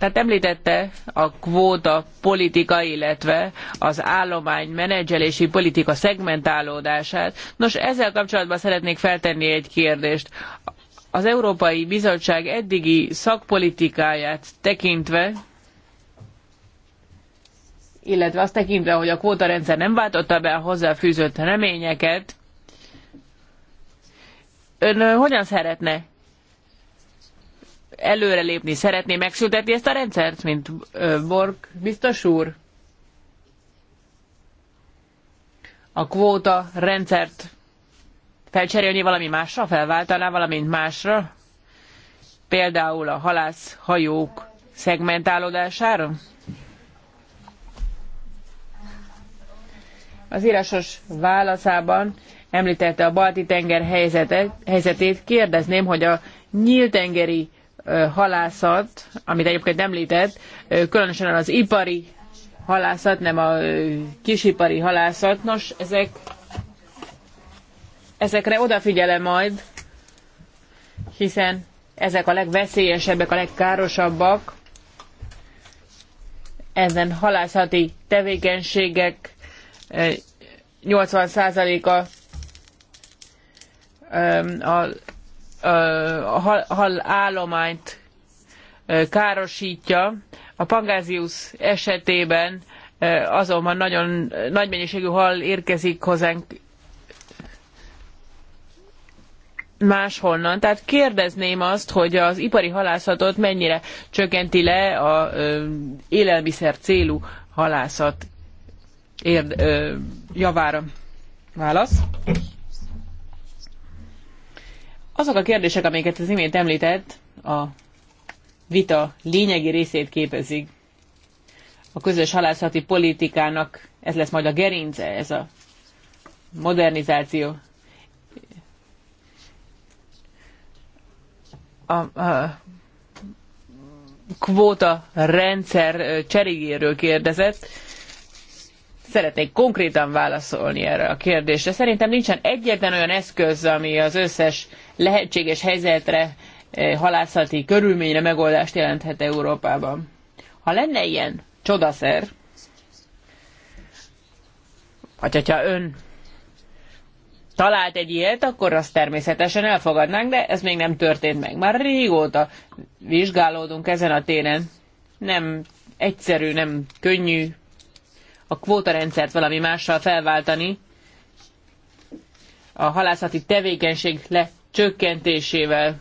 Tehát említette a kvóta politika, illetve az állomány menedzselési politika szegmentálódását. Nos, ezzel kapcsolatban szeretnék feltenni egy kérdést. Az Európai Bizottság eddigi szakpolitikáját tekintve, illetve azt tekintve, hogy a kvótarendszer nem váltotta be a hozzáfűzött reményeket, ön hogyan szeretne előrelépni szeretné megszüntetni ezt a rendszert, mint Borg biztos úr? A kvóta rendszert felcserélni valami másra, felváltaná valamint másra? Például a halász hajók szegmentálódására? Az írásos válaszában említette a balti tenger helyzetet, helyzetét, kérdezném, hogy a nyíltengeri halászat, amit egyébként említett, különösen az ipari halászat, nem a kisipari halászat, nos, ezek, ezekre odafigyelem majd, hiszen ezek a legveszélyesebbek, a legkárosabbak. Ezen halászati tevékenységek 80%-a a hal, hal állományt károsítja. A Pangázius esetében azonban nagyon nagy mennyiségű hal érkezik hozzánk máshonnan. Tehát kérdezném azt, hogy az ipari halászatot mennyire csökkenti le a élelmiszer célú halászat érd, ö, javára. Válasz? Azok a kérdések, amelyeket az imént említett, a vita lényegi részét képezik. A közös halászati politikának ez lesz majd a gerince, ez a modernizáció. A, a kvóta rendszer cserégéről kérdezett szeretnék konkrétan válaszolni erre a kérdésre. Szerintem nincsen egyetlen olyan eszköz, ami az összes lehetséges helyzetre, eh, halászati körülményre megoldást jelenthet Európában. Ha lenne ilyen csodaszer, vagy hogyha ön talált egy ilyet, akkor azt természetesen elfogadnánk, de ez még nem történt meg. Már régóta vizsgálódunk ezen a téren. Nem egyszerű, nem könnyű a kvótarendszert valami mással felváltani, a halászati tevékenység lecsökkentésével.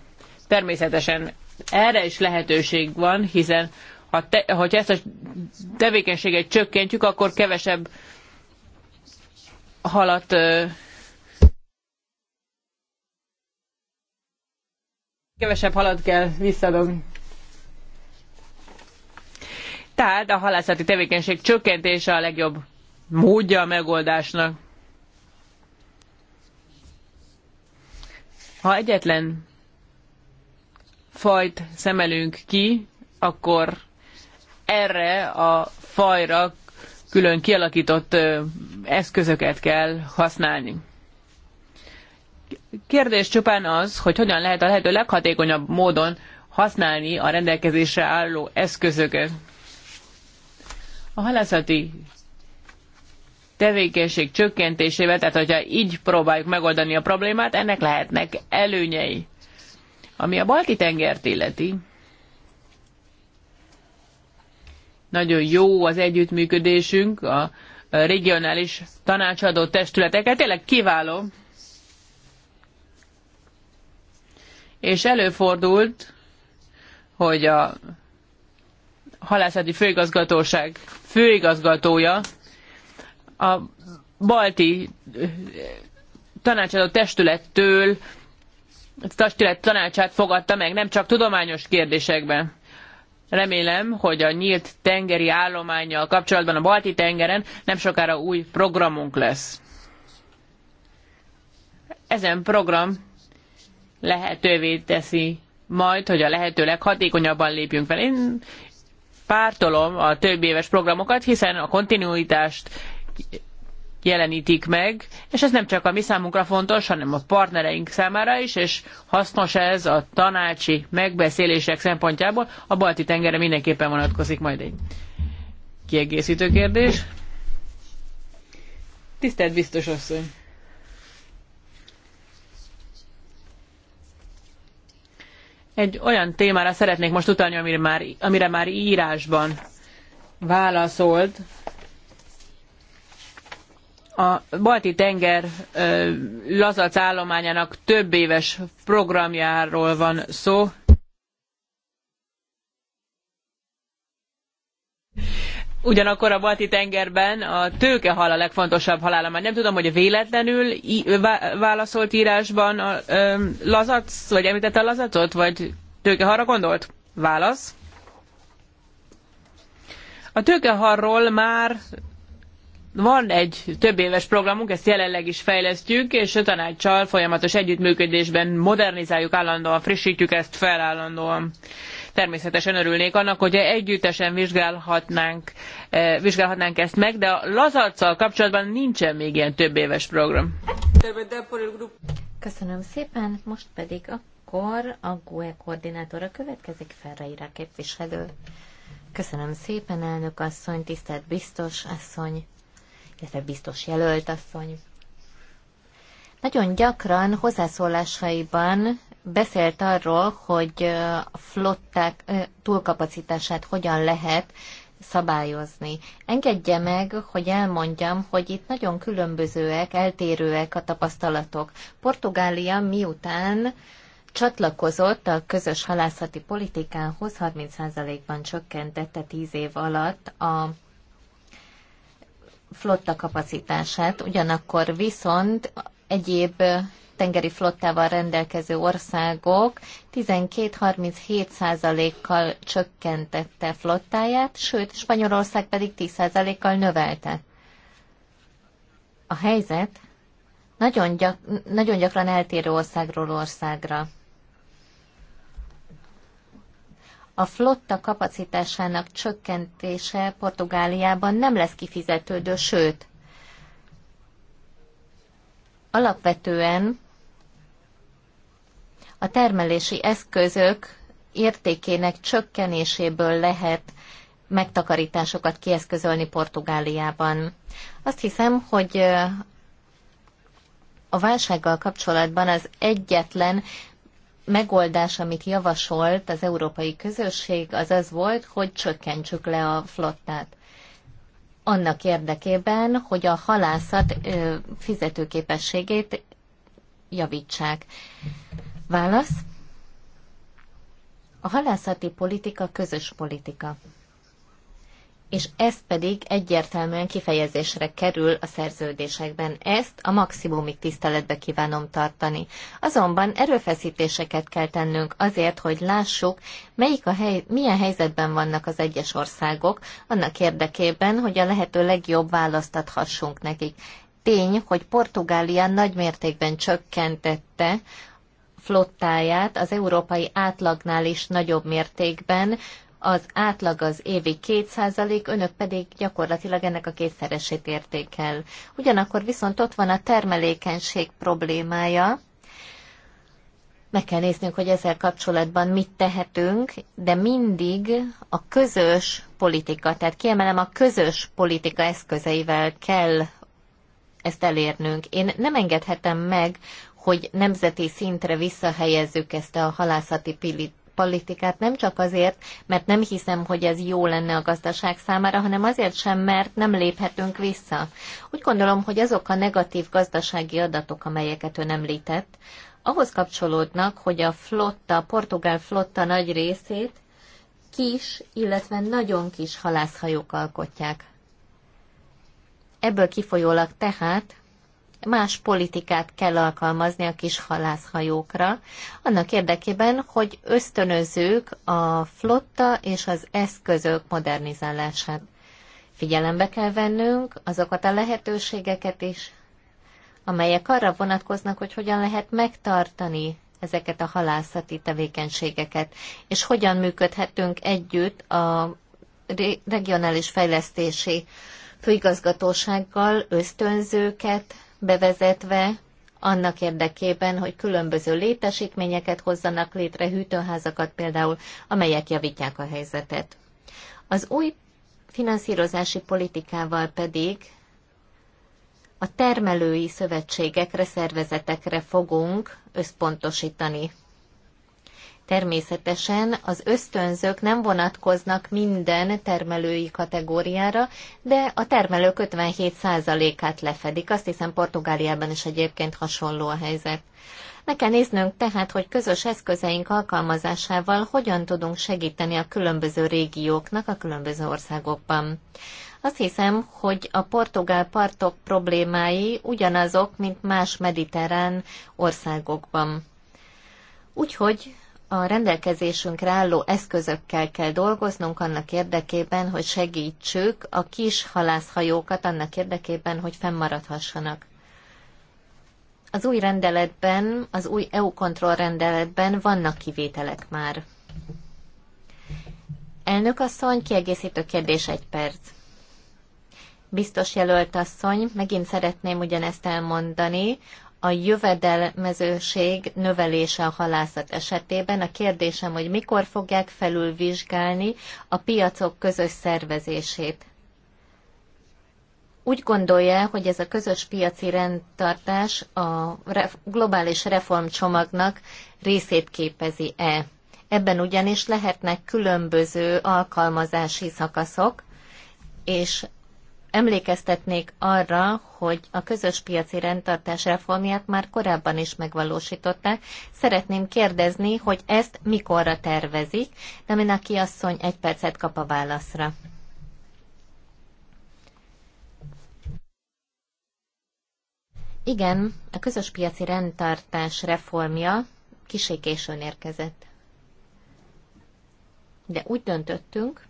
Természetesen erre is lehetőség van, hiszen ha te, hogyha ezt a tevékenységet csökkentjük, akkor kevesebb halat kevesebb halat kell visszadobni. Tehát a halászati tevékenység csökkentése a legjobb módja a megoldásnak. Ha egyetlen fajt szemelünk ki, akkor erre a fajra külön kialakított eszközöket kell használni. Kérdés csupán az, hogy hogyan lehet a lehető leghatékonyabb módon használni a rendelkezésre álló eszközöket. A halászati tevékenység csökkentésével, tehát hogyha így próbáljuk megoldani a problémát, ennek lehetnek előnyei. Ami a balti tengert illeti, nagyon jó az együttműködésünk, a regionális tanácsadó testületekkel, tényleg kiváló. És előfordult, hogy a halászati főigazgatóság főigazgatója a balti eh, tanácsadó testülettől testület tanácsát fogadta meg, nem csak tudományos kérdésekben. Remélem, hogy a nyílt tengeri állományjal kapcsolatban a balti tengeren nem sokára új programunk lesz. Ezen program lehetővé teszi majd, hogy a lehető leghatékonyabban lépjünk fel. Én pártolom a több éves programokat, hiszen a kontinuitást jelenítik meg, és ez nem csak a mi számunkra fontos, hanem a partnereink számára is, és hasznos ez a tanácsi megbeszélések szempontjából. A balti tengerre mindenképpen vonatkozik majd egy kiegészítő kérdés. Tisztelt biztos asszony! Egy olyan témára szeretnék most utalni, amire már, amire már írásban válaszolt. A Balti tenger lazac állományának több éves programjáról van szó, Ugyanakkor a balti tengerben a tőkehal a legfontosabb Már Nem tudom, hogy véletlenül válaszolt írásban a ö, lazac, vagy említette a lazacot, vagy tőkehalra gondolt? Válasz. A tőkeharról már van egy több éves programunk, ezt jelenleg is fejlesztjük, és a tanácssal folyamatos együttműködésben modernizáljuk állandóan, frissítjük ezt fel állandóan. Természetesen örülnék annak, hogy együttesen vizsgálhatnánk, eh, vizsgálhatnánk ezt meg, de a lazaccal kapcsolatban nincsen még ilyen több éves program. Köszönöm szépen, most pedig akkor a GUE koordinátora következik, Ferreira képviselő. Köszönöm szépen, elnök asszony, tisztelt biztos asszony, illetve biztos jelölt asszony. Nagyon gyakran hozzászólásaiban beszélt arról, hogy a flották túlkapacitását hogyan lehet szabályozni. Engedje meg, hogy elmondjam, hogy itt nagyon különbözőek, eltérőek a tapasztalatok. Portugália miután csatlakozott a közös halászati politikához, 30%-ban csökkentette 10 év alatt a flotta kapacitását, ugyanakkor viszont egyéb tengeri flottával rendelkező országok 12-37%-kal csökkentette flottáját, sőt, Spanyolország pedig 10%-kal növelte. A helyzet nagyon, gyak, nagyon gyakran eltérő országról országra. A flotta kapacitásának csökkentése Portugáliában nem lesz kifizetődő, sőt, alapvetően a termelési eszközök értékének csökkenéséből lehet megtakarításokat kieszközölni Portugáliában. Azt hiszem, hogy a válsággal kapcsolatban az egyetlen megoldás, amit javasolt az európai közösség, az az volt, hogy csökkentsük le a flottát. Annak érdekében, hogy a halászat fizetőképességét javítsák. Válasz? A halászati politika közös politika. És ez pedig egyértelműen kifejezésre kerül a szerződésekben. Ezt a maximumig tiszteletbe kívánom tartani. Azonban erőfeszítéseket kell tennünk azért, hogy lássuk, melyik a hely, milyen helyzetben vannak az egyes országok, annak érdekében, hogy a lehető legjobb választathassunk nekik tény, hogy Portugália nagymértékben csökkentette flottáját az európai átlagnál is nagyobb mértékben, az átlag az évi 2%, önök pedig gyakorlatilag ennek a kétszeresét értékel. Ugyanakkor viszont ott van a termelékenység problémája, meg kell néznünk, hogy ezzel kapcsolatban mit tehetünk, de mindig a közös politika, tehát kiemelem a közös politika eszközeivel kell ezt elérnünk. Én nem engedhetem meg, hogy nemzeti szintre visszahelyezzük ezt a halászati politikát, nem csak azért, mert nem hiszem, hogy ez jó lenne a gazdaság számára, hanem azért sem, mert nem léphetünk vissza. Úgy gondolom, hogy azok a negatív gazdasági adatok, amelyeket ön említett, ahhoz kapcsolódnak, hogy a flotta, a portugál flotta nagy részét kis, illetve nagyon kis halászhajók alkotják. Ebből kifolyólag tehát más politikát kell alkalmazni a kis halászhajókra, annak érdekében, hogy ösztönözzük a flotta és az eszközök modernizálását. Figyelembe kell vennünk azokat a lehetőségeket is, amelyek arra vonatkoznak, hogy hogyan lehet megtartani ezeket a halászati tevékenységeket, és hogyan működhetünk együtt a regionális fejlesztési főigazgatósággal ösztönzőket bevezetve annak érdekében, hogy különböző létesítményeket hozzanak létre, hűtőházakat például, amelyek javítják a helyzetet. Az új finanszírozási politikával pedig a termelői szövetségekre, szervezetekre fogunk összpontosítani. Természetesen az ösztönzők nem vonatkoznak minden termelői kategóriára, de a termelők 57%-át lefedik. Azt hiszem Portugáliában is egyébként hasonló a helyzet. Meg kell néznünk tehát, hogy közös eszközeink alkalmazásával hogyan tudunk segíteni a különböző régióknak a különböző országokban. Azt hiszem, hogy a portugál partok problémái ugyanazok, mint más mediterrán országokban. Úgyhogy a rendelkezésünkre álló eszközökkel kell dolgoznunk annak érdekében, hogy segítsük a kis halászhajókat annak érdekében, hogy fennmaradhassanak. Az új rendeletben, az új EU kontroll rendeletben vannak kivételek már. Elnök asszony, kiegészítő kérdés egy perc. Biztos jelölt asszony, megint szeretném ugyanezt elmondani, a jövedelmezőség növelése a halászat esetében. A kérdésem, hogy mikor fogják felülvizsgálni a piacok közös szervezését? Úgy gondolja, hogy ez a közös piaci rendtartás a globális reformcsomagnak részét képezi-e? Ebben ugyanis lehetnek különböző alkalmazási szakaszok, és Emlékeztetnék arra, hogy a közös piaci rendtartás reformját már korábban is megvalósították. Szeretném kérdezni, hogy ezt mikorra tervezik, de Minaki asszony egy percet kap a válaszra. Igen, a közös piaci rendtartás reformja kisé későn érkezett. De úgy döntöttünk,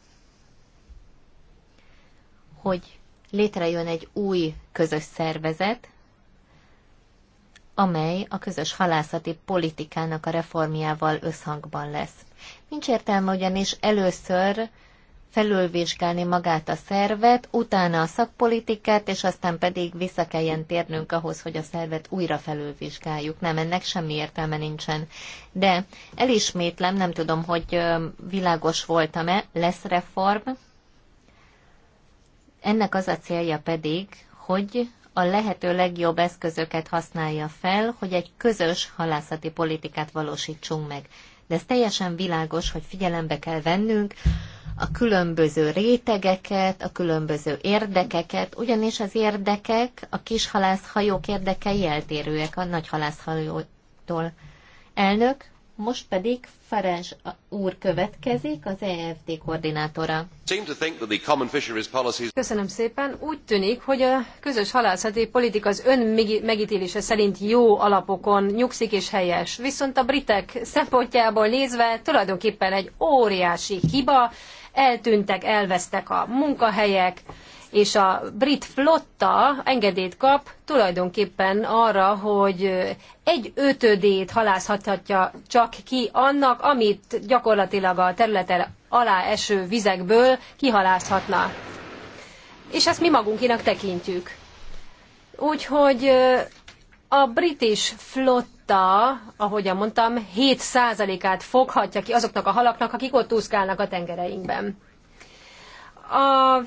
hogy létrejön egy új közös szervezet, amely a közös halászati politikának a reformjával összhangban lesz. Nincs értelme ugyanis először felülvizsgálni magát a szervet, utána a szakpolitikát, és aztán pedig vissza kelljen térnünk ahhoz, hogy a szervet újra felülvizsgáljuk. Nem, ennek semmi értelme nincsen. De elismétlem, nem tudom, hogy világos voltam-e, lesz reform, ennek az a célja pedig, hogy a lehető legjobb eszközöket használja fel, hogy egy közös halászati politikát valósítsunk meg. De ez teljesen világos, hogy figyelembe kell vennünk a különböző rétegeket, a különböző érdekeket, ugyanis az érdekek, a kis halászhajók érdekei eltérőek a nagy halászhajótól. Elnök, most pedig Farage úr következik, az EFD koordinátora. Köszönöm szépen. Úgy tűnik, hogy a közös halászati politika az ön megítélése szerint jó alapokon nyugszik és helyes. Viszont a britek szempontjából nézve tulajdonképpen egy óriási hiba, eltűntek, elvesztek a munkahelyek, és a brit flotta engedélyt kap tulajdonképpen arra, hogy egy ötödét halászhatja csak ki annak, amit gyakorlatilag a területen alá eső vizekből kihalászhatna. És ezt mi magunkinak tekintjük. Úgyhogy a british flotta, ahogyan mondtam, 7%-át foghatja ki azoknak a halaknak, akik ott úszkálnak a tengereinkben. A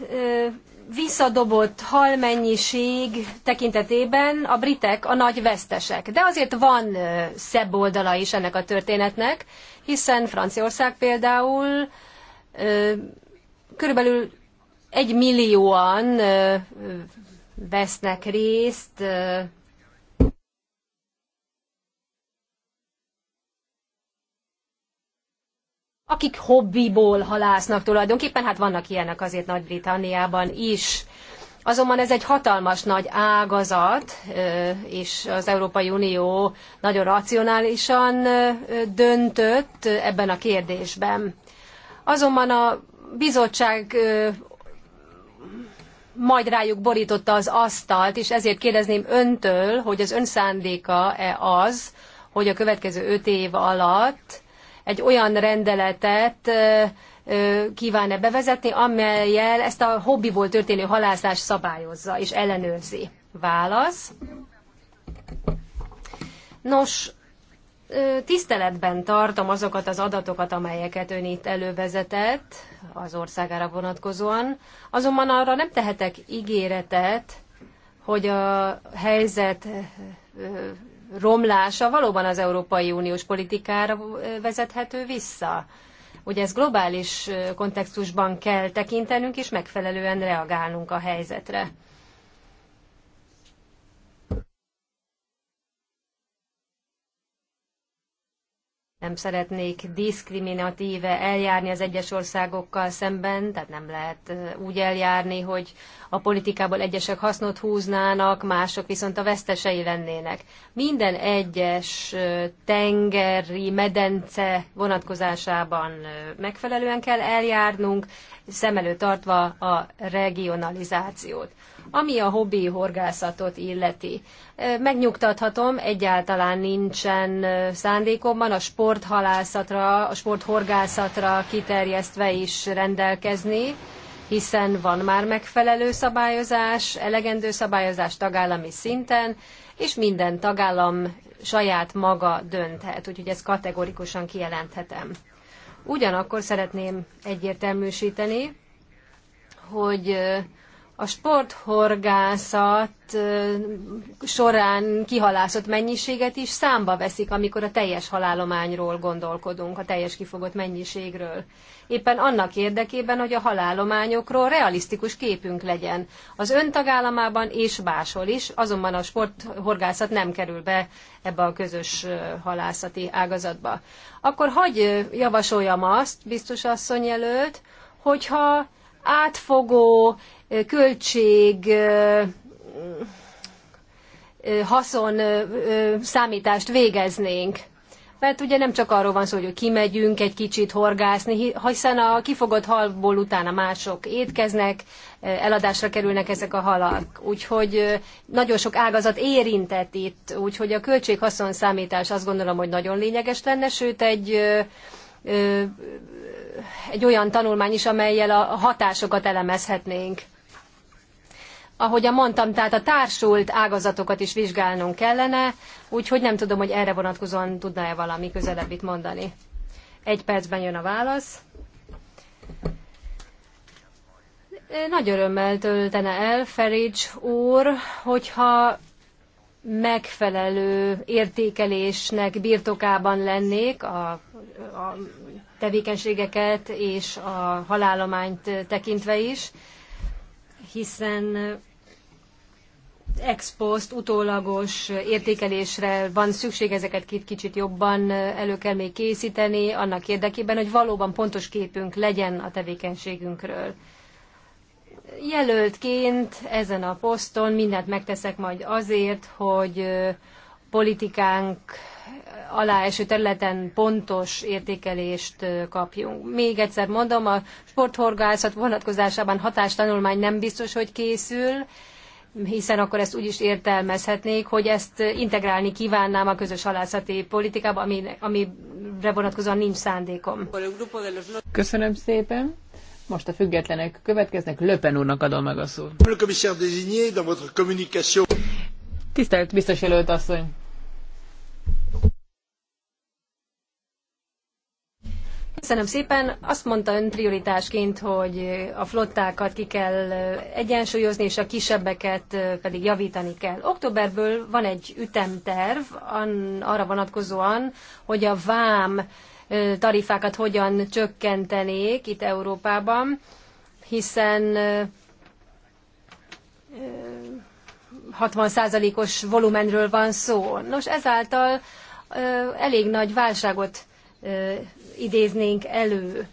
visszadobott halmennyiség tekintetében a britek a nagy vesztesek. De azért van szebb oldala is ennek a történetnek, hiszen Franciaország például körülbelül egy millióan vesznek részt akik hobbiból halásznak tulajdonképpen, hát vannak ilyenek azért Nagy-Britanniában is. Azonban ez egy hatalmas nagy ágazat, és az Európai Unió nagyon racionálisan döntött ebben a kérdésben. Azonban a bizottság majd rájuk borította az asztalt, és ezért kérdezném öntől, hogy az ön szándéka-e az, hogy a következő öt év alatt egy olyan rendeletet kíván-e bevezetni, amelyel ezt a hobbiból történő halászást szabályozza és ellenőrzi. Válasz. Nos, tiszteletben tartom azokat az adatokat, amelyeket ön itt elővezetett az országára vonatkozóan, azonban arra nem tehetek ígéretet, hogy a helyzet romlása valóban az Európai Uniós politikára vezethető vissza. Ugye ezt globális kontextusban kell tekintenünk, és megfelelően reagálnunk a helyzetre. nem szeretnék diszkriminatíve eljárni az egyes országokkal szemben, tehát nem lehet úgy eljárni, hogy a politikából egyesek hasznot húznának, mások viszont a vesztesei lennének. Minden egyes tengeri medence vonatkozásában megfelelően kell eljárnunk, szem előtt tartva a regionalizációt. Ami a hobbi horgászatot illeti, megnyugtathatom, egyáltalán nincsen szándékomban a sporthalászatra, a sporthorgászatra kiterjesztve is rendelkezni, hiszen van már megfelelő szabályozás, elegendő szabályozás tagállami szinten, és minden tagállam saját maga dönthet, úgyhogy ezt kategorikusan kijelenthetem. Ugyanakkor szeretném egyértelműsíteni, hogy a sporthorgászat során kihalászott mennyiséget is számba veszik, amikor a teljes halálományról gondolkodunk, a teljes kifogott mennyiségről. Éppen annak érdekében, hogy a halálományokról realisztikus képünk legyen. Az tagállamában és máshol is, azonban a sporthorgászat nem kerül be ebbe a közös halászati ágazatba. Akkor hagy javasoljam azt, biztos asszony jelölt, hogyha átfogó költség haszon számítást végeznénk. Mert ugye nem csak arról van szó, hogy kimegyünk egy kicsit horgászni, hiszen a kifogott halból utána mások étkeznek, eladásra kerülnek ezek a halak. Úgyhogy nagyon sok ágazat érintett itt, úgyhogy a költséghaszon számítás azt gondolom, hogy nagyon lényeges lenne, sőt egy egy olyan tanulmány is, amelyel a hatásokat elemezhetnénk ahogyan mondtam, tehát a társult ágazatokat is vizsgálnunk kellene, úgyhogy nem tudom, hogy erre vonatkozóan tudná-e valami közelebbit mondani. Egy percben jön a válasz. Nagy örömmel töltene el Ferics úr, hogyha megfelelő értékelésnek birtokában lennék a, a tevékenységeket és a halálományt tekintve is, hiszen ex post, utólagos értékelésre van szükség, ezeket kicsit jobban elő kell még készíteni, annak érdekében, hogy valóban pontos képünk legyen a tevékenységünkről. Jelöltként ezen a poszton mindent megteszek majd azért, hogy politikánk alá eső területen pontos értékelést kapjunk. Még egyszer mondom, a sporthorgászat vonatkozásában hatástanulmány nem biztos, hogy készül, hiszen akkor ezt úgy is értelmezhetnék, hogy ezt integrálni kívánnám a közös halászati politikába, ami, amire vonatkozóan nincs szándékom. Köszönöm szépen. Most a függetlenek következnek. Löpen úrnak adom meg a szót. Tisztelt biztos asszony! Köszönöm szépen. Azt mondta ön prioritásként, hogy a flottákat ki kell egyensúlyozni, és a kisebbeket pedig javítani kell. Októberből van egy ütemterv arra vonatkozóan, hogy a vám tarifákat hogyan csökkentenék itt Európában, hiszen 60%-os volumenről van szó. Nos, ezáltal elég nagy válságot idéznénk elő.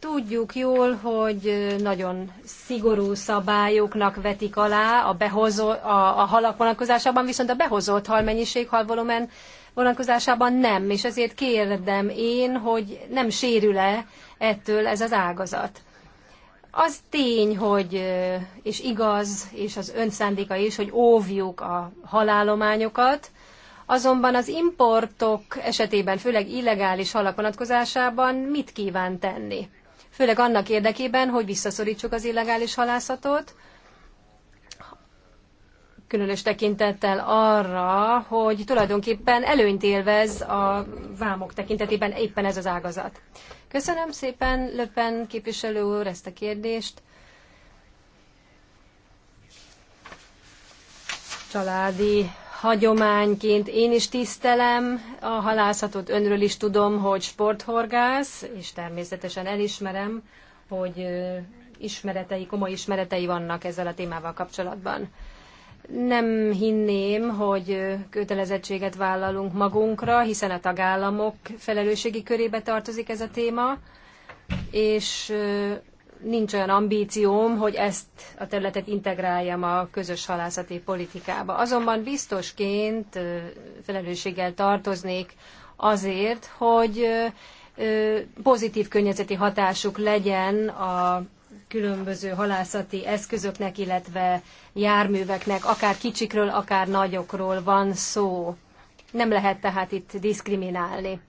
Tudjuk jól, hogy nagyon szigorú szabályoknak vetik alá a, behozó, a, a halak vonatkozásában, viszont a behozott halmennyiség, halvolumen vonatkozásában nem, és ezért kérdem én, hogy nem sérül-e ettől ez az ágazat. Az tény, hogy, és igaz, és az önszándéka is, hogy óvjuk a halálományokat, Azonban az importok esetében, főleg illegális halak vonatkozásában mit kíván tenni? Főleg annak érdekében, hogy visszaszorítsuk az illegális halászatot, különös tekintettel arra, hogy tulajdonképpen előnyt élvez a vámok tekintetében éppen ez az ágazat. Köszönöm szépen, Löpen képviselő úr, ezt a kérdést. Családi hagyományként én is tisztelem a halászatot, önről is tudom, hogy sporthorgász, és természetesen elismerem, hogy ismeretei, komoly ismeretei vannak ezzel a témával kapcsolatban. Nem hinném, hogy kötelezettséget vállalunk magunkra, hiszen a tagállamok felelősségi körébe tartozik ez a téma, és nincs olyan ambícióm, hogy ezt a területet integráljam a közös halászati politikába. Azonban biztosként felelősséggel tartoznék azért, hogy pozitív környezeti hatásuk legyen a különböző halászati eszközöknek, illetve járműveknek, akár kicsikről, akár nagyokról van szó. Nem lehet tehát itt diszkriminálni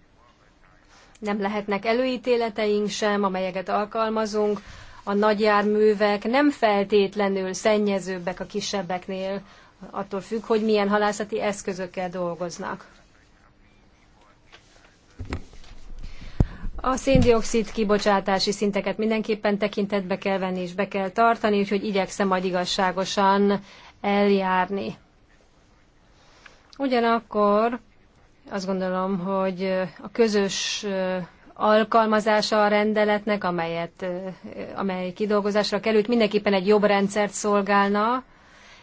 nem lehetnek előítéleteink sem, amelyeket alkalmazunk. A nagyjárművek nem feltétlenül szennyezőbbek a kisebbeknél, attól függ, hogy milyen halászati eszközökkel dolgoznak. A széndiokszid kibocsátási szinteket mindenképpen tekintetbe kell venni és be kell tartani, úgyhogy igyekszem majd igazságosan eljárni. Ugyanakkor azt gondolom, hogy a közös alkalmazása a rendeletnek, amelyet, amely kidolgozásra került, mindenképpen egy jobb rendszert szolgálna,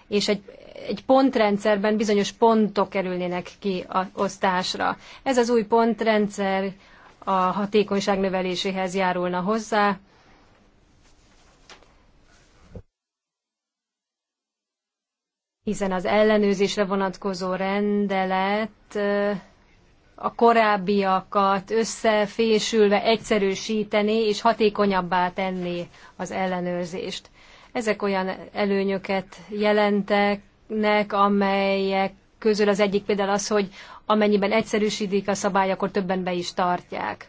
és egy, egy pontrendszerben bizonyos pontok kerülnének ki a osztásra. Ez az új pontrendszer a hatékonyság növeléséhez járulna hozzá. Hiszen az ellenőrzésre vonatkozó rendelet a korábbiakat összefésülve egyszerűsíteni és hatékonyabbá tenni az ellenőrzést. Ezek olyan előnyöket jelentenek, amelyek közül az egyik például az, hogy amennyiben egyszerűsítik a szabály, akkor többen be is tartják.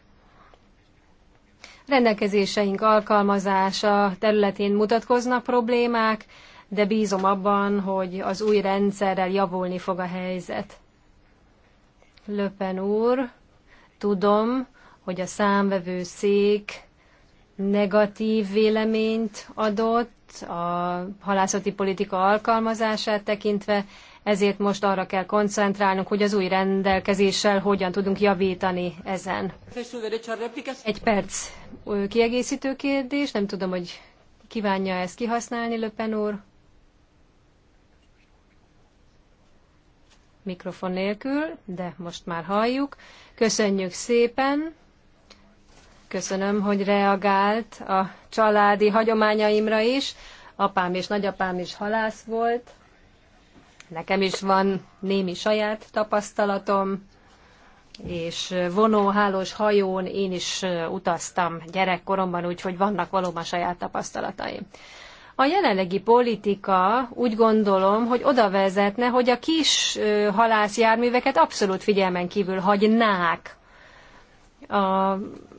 Rendelkezéseink alkalmazása területén mutatkoznak problémák, de bízom abban, hogy az új rendszerrel javulni fog a helyzet. Löpen úr, tudom, hogy a számvevő szék negatív véleményt adott a halászati politika alkalmazását tekintve, ezért most arra kell koncentrálnunk, hogy az új rendelkezéssel hogyan tudunk javítani ezen. Egy perc kiegészítő kérdés, nem tudom, hogy kívánja ezt kihasználni, Löpen úr. mikrofon nélkül, de most már halljuk. Köszönjük szépen! Köszönöm, hogy reagált a családi hagyományaimra is. Apám és nagyapám is halász volt. Nekem is van némi saját tapasztalatom, és vonóhálós hajón én is utaztam gyerekkoromban, úgyhogy vannak valóban saját tapasztalataim. A jelenlegi politika úgy gondolom, hogy oda vezetne, hogy a kis halászjárműveket abszolút figyelmen kívül hagynák. A,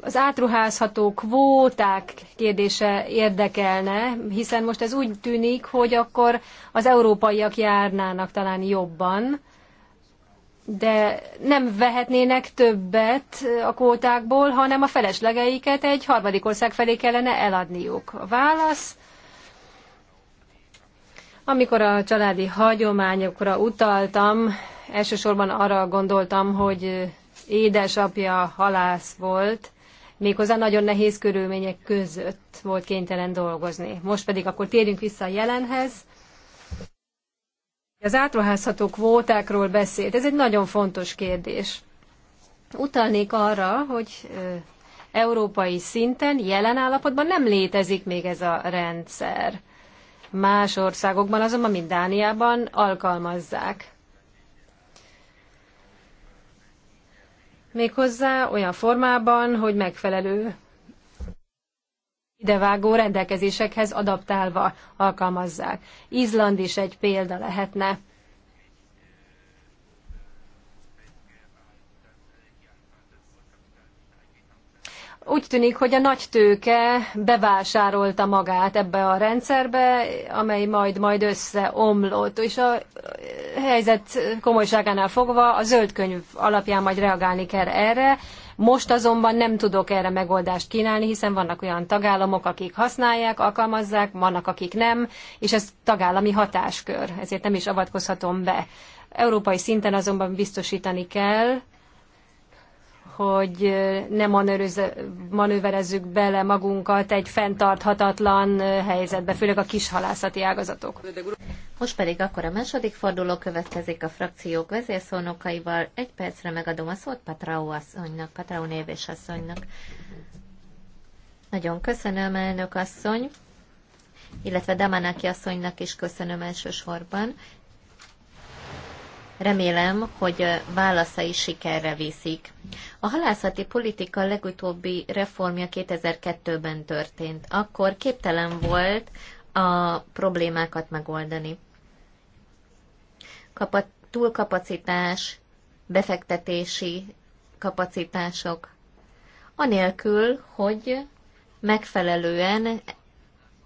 az átruházható kvóták kérdése érdekelne, hiszen most ez úgy tűnik, hogy akkor az európaiak járnának talán jobban, de nem vehetnének többet a kvótákból, hanem a feleslegeiket egy harmadik ország felé kellene eladniuk. A válasz amikor a családi hagyományokra utaltam, elsősorban arra gondoltam, hogy édesapja halász volt, méghozzá nagyon nehéz körülmények között volt kénytelen dolgozni. Most pedig akkor térjünk vissza a jelenhez. Az átruházható kvótákról beszélt. Ez egy nagyon fontos kérdés. Utalnék arra, hogy európai szinten jelen állapotban nem létezik még ez a rendszer. Más országokban azonban, mint Dániában alkalmazzák. Méghozzá olyan formában, hogy megfelelő idevágó rendelkezésekhez adaptálva alkalmazzák. Izland is egy példa lehetne. Úgy tűnik, hogy a nagy tőke bevásárolta magát ebbe a rendszerbe, amely majd majd összeomlott, és a helyzet komolyságánál fogva a zöld könyv alapján majd reagálni kell erre. Most azonban nem tudok erre megoldást kínálni, hiszen vannak olyan tagállamok, akik használják, alkalmazzák, vannak, akik nem, és ez tagállami hatáskör, ezért nem is avatkozhatom be. Európai szinten azonban biztosítani kell, hogy ne manőverezzük bele magunkat egy fenntarthatatlan helyzetbe, főleg a kishalászati ágazatok. Most pedig akkor a második forduló következik a frakciók vezérszónokaival. Egy percre megadom a szót Patrao asszonynak, Patrao névés asszonynak. Nagyon köszönöm, elnök asszony, illetve Damanaki asszonynak is köszönöm elsősorban. Remélem, hogy válaszai sikerre viszik. A halászati politika legutóbbi reformja 2002-ben történt. Akkor képtelen volt a problémákat megoldani. Kapa- túlkapacitás, befektetési kapacitások, anélkül, hogy megfelelően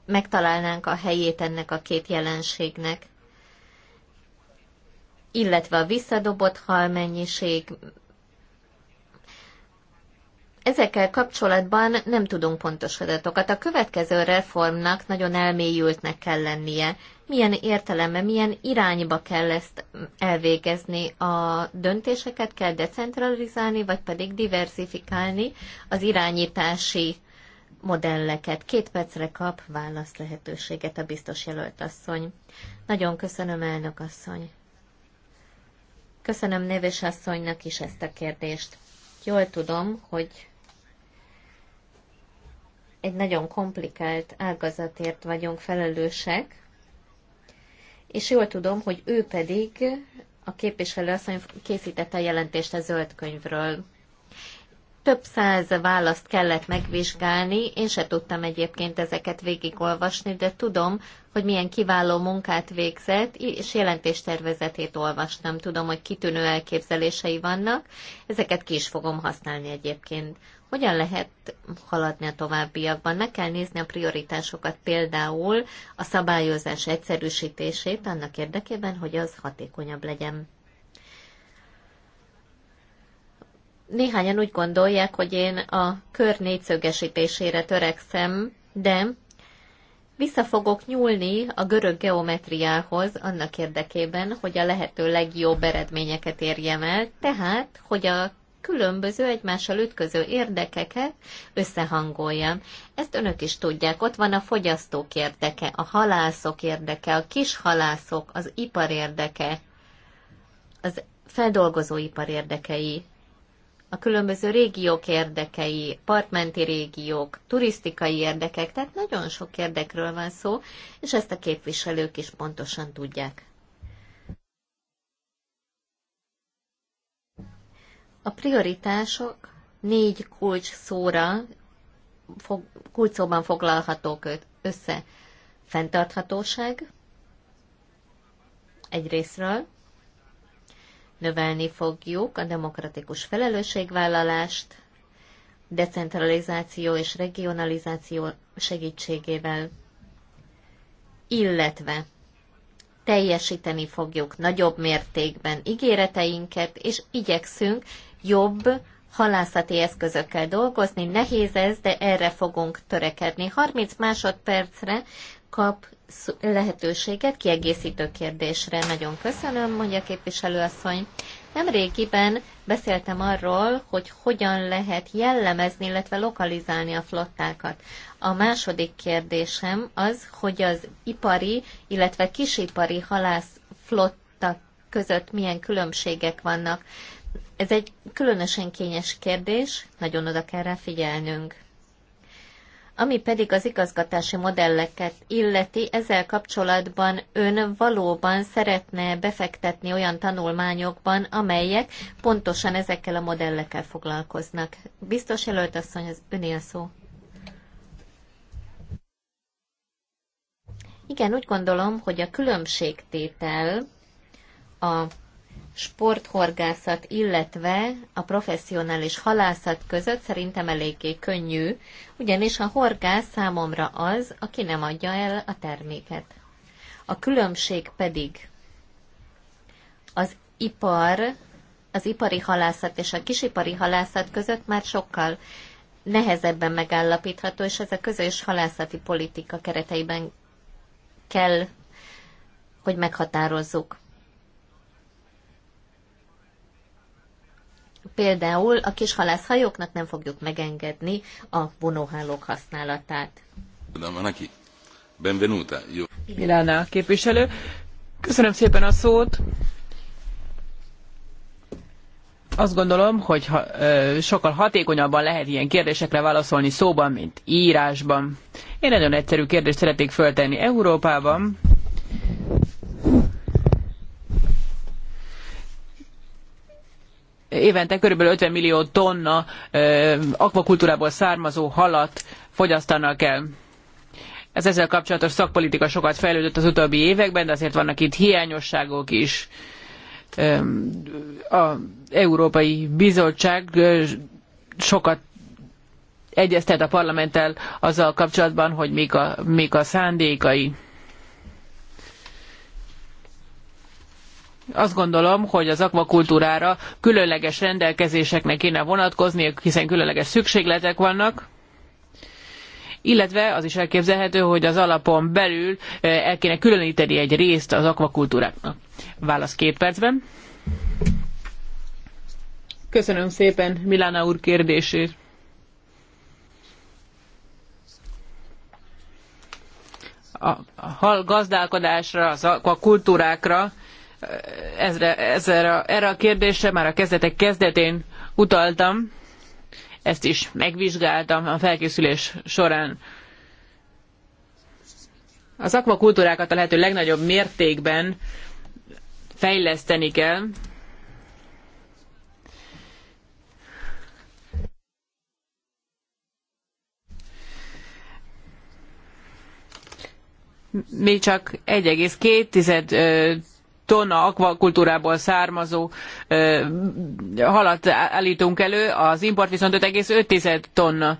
megtalálnánk a helyét ennek a két jelenségnek illetve a visszadobott hal mennyiség. Ezekkel kapcsolatban nem tudunk pontos adatokat. A következő reformnak nagyon elmélyültnek kell lennie. Milyen értelemben, milyen irányba kell ezt elvégezni? A döntéseket kell decentralizálni, vagy pedig diversifikálni az irányítási modelleket. Két percre kap válasz lehetőséget a biztos jelölt asszony. Nagyon köszönöm, elnök asszony. Köszönöm Neves asszonynak is ezt a kérdést. Jól tudom, hogy egy nagyon komplikált ágazatért vagyunk felelősek, és jól tudom, hogy ő pedig a képviselő asszony készítette a jelentést a zöld könyvről több száz választ kellett megvizsgálni, én se tudtam egyébként ezeket végigolvasni, de tudom, hogy milyen kiváló munkát végzett, és jelentéstervezetét olvastam. Tudom, hogy kitűnő elképzelései vannak, ezeket ki is fogom használni egyébként. Hogyan lehet haladni a továbbiakban? Meg kell nézni a prioritásokat, például a szabályozás egyszerűsítését annak érdekében, hogy az hatékonyabb legyen. Néhányan úgy gondolják, hogy én a kör négyszögesítésére törekszem, de vissza fogok nyúlni a görög geometriához annak érdekében, hogy a lehető legjobb eredményeket érjem el, tehát, hogy a különböző egymással ütköző érdekeket összehangoljam. Ezt önök is tudják, ott van a fogyasztók érdeke, a halászok érdeke, a kis halászok, az ipar érdeke, az ipar érdekei, a különböző régiók érdekei, partmenti régiók, turisztikai érdekek, tehát nagyon sok érdekről van szó, és ezt a képviselők is pontosan tudják. A prioritások négy kulcs szóra, fog, kulcsóban foglalhatók össze. Fentarthatóság egyrésztről, növelni fogjuk a demokratikus felelősségvállalást, decentralizáció és regionalizáció segítségével, illetve teljesíteni fogjuk nagyobb mértékben ígéreteinket, és igyekszünk jobb halászati eszközökkel dolgozni. Nehéz ez, de erre fogunk törekedni. 30 másodpercre kap lehetőséget kiegészítő kérdésre. Nagyon köszönöm, mondja képviselőasszony. Nemrégiben beszéltem arról, hogy hogyan lehet jellemezni, illetve lokalizálni a flottákat. A második kérdésem az, hogy az ipari, illetve kisipari halász flotta között milyen különbségek vannak. Ez egy különösen kényes kérdés, nagyon oda kell rá figyelnünk. Ami pedig az igazgatási modelleket illeti, ezzel kapcsolatban ön valóban szeretne befektetni olyan tanulmányokban, amelyek pontosan ezekkel a modellekkel foglalkoznak. Biztos jelölt asszony, az öné a szó. Igen, úgy gondolom, hogy a különbségtétel a sporthorgászat, illetve a professzionális halászat között szerintem eléggé könnyű, ugyanis a horgász számomra az, aki nem adja el a terméket. A különbség pedig az ipar, az ipari halászat és a kisipari halászat között már sokkal nehezebben megállapítható, és ez a közös halászati politika kereteiben kell, hogy meghatározzuk. Például a kis halászhajóknak nem fogjuk megengedni a vonóhálók használatát. Benvenuta. Jó. Milana képviselő. Köszönöm szépen a szót. Azt gondolom, hogy ha, ö, sokkal hatékonyabban lehet ilyen kérdésekre válaszolni szóban, mint írásban. Én nagyon egyszerű kérdést szeretnék föltenni. Európában évente körülbelül 50 millió tonna akvakultúrából származó halat fogyasztanak el. Ez ezzel kapcsolatos szakpolitika sokat fejlődött az utóbbi években, de azért vannak itt hiányosságok is. Az Európai Bizottság sokat egyeztet a parlamenttel azzal kapcsolatban, hogy mik a, mik a szándékai. azt gondolom, hogy az akvakultúrára különleges rendelkezéseknek kéne vonatkozni, hiszen különleges szükségletek vannak, illetve az is elképzelhető, hogy az alapon belül eh, el kéne különíteni egy részt az akvakultúráknak. Válasz két percben. Köszönöm szépen Milána úr kérdését. A hal gazdálkodásra, az akvakultúrákra ezre, ezre, erre a kérdésre már a kezdetek kezdetén utaltam, ezt is megvizsgáltam a felkészülés során. Az akvakultúrákat a lehető legnagyobb mértékben fejleszteni kell, még csak 1,2 tonna akvakultúrából származó ö, halat állítunk elő, az import viszont 5,5 tonna.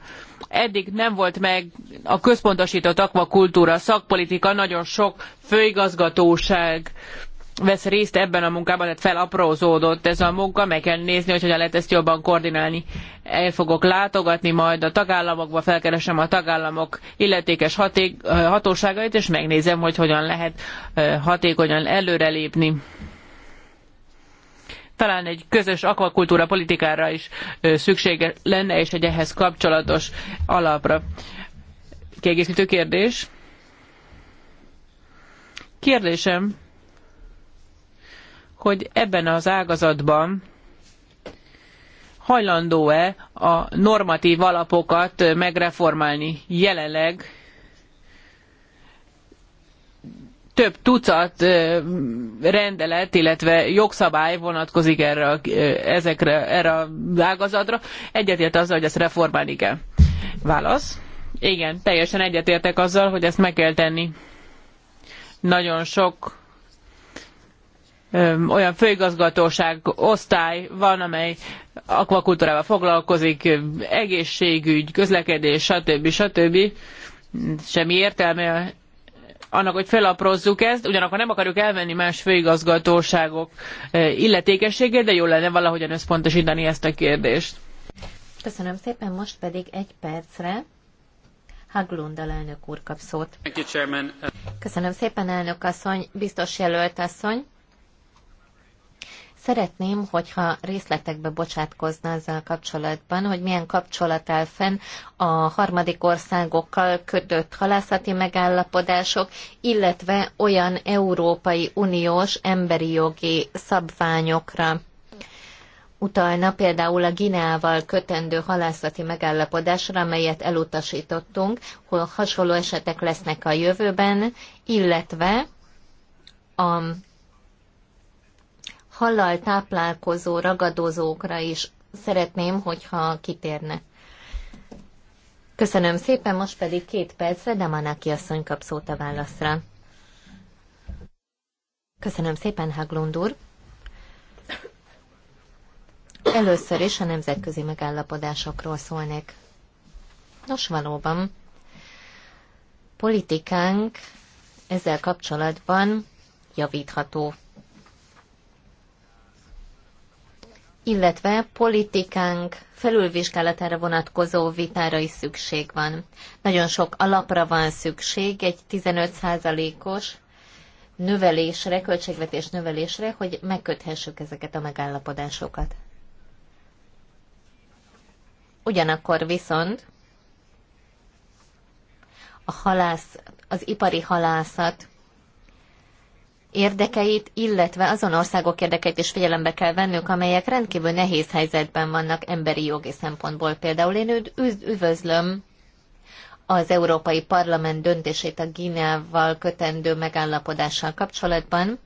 Eddig nem volt meg a központosított akvakultúra szakpolitika, nagyon sok főigazgatóság ö, vesz részt ebben a munkában, tehát felaprózódott ez a munka, meg kell nézni, hogy hogyan lehet ezt jobban koordinálni. El fogok látogatni majd a tagállamokba, felkeresem a tagállamok illetékes haték, hatóságait, és megnézem, hogy hogyan lehet hatékonyan előrelépni. Talán egy közös akvakultúra politikára is szüksége lenne, és egy ehhez kapcsolatos alapra. Kiegészítő kérdés? Kérdésem, hogy ebben az ágazatban hajlandó-e a normatív alapokat megreformálni. Jelenleg több tucat rendelet, illetve jogszabály vonatkozik erre, ezekre, erre az ágazatra. Egyetért azzal, hogy ezt reformálni kell. Válasz. Igen, teljesen egyetértek azzal, hogy ezt meg kell tenni. Nagyon sok olyan főigazgatóság, osztály van, amely akvakultúrával foglalkozik, egészségügy, közlekedés, stb. stb. Semmi értelme annak, hogy felaprózzuk ezt, ugyanakkor nem akarjuk elvenni más főigazgatóságok illetékességét, de jó lenne valahogyan összpontosítani ezt a kérdést. Köszönöm szépen, most pedig egy percre Haglund elnök úr kap szót. Köszönöm szépen, elnök asszony, biztos jelölt asszony. Szeretném, hogyha részletekbe bocsátkozna ezzel kapcsolatban, hogy milyen kapcsolat áll fenn a harmadik országokkal kötött halászati megállapodások, illetve olyan Európai Uniós emberi jogi szabványokra utalna például a Gineával kötendő halászati megállapodásra, amelyet elutasítottunk, hol hasonló esetek lesznek a jövőben, illetve a Hallal táplálkozó ragadozókra is szeretném, hogyha kitérne. Köszönöm szépen, most pedig két percre Damanáki asszony kap szót a válaszra. Köszönöm szépen, Haglund úr. Először is a nemzetközi megállapodásokról szólnék. Nos, valóban. Politikánk ezzel kapcsolatban javítható. illetve politikánk felülvizsgálatára vonatkozó vitára is szükség van. Nagyon sok alapra van szükség, egy 15%-os növelésre, költségvetés növelésre, hogy megköthessük ezeket a megállapodásokat. Ugyanakkor viszont a halász, az ipari halászat érdekeit, illetve azon országok érdekeit is figyelembe kell vennünk, amelyek rendkívül nehéz helyzetben vannak emberi jogi szempontból. Például én üdvözlöm az Európai Parlament döntését a Gineával kötendő megállapodással kapcsolatban,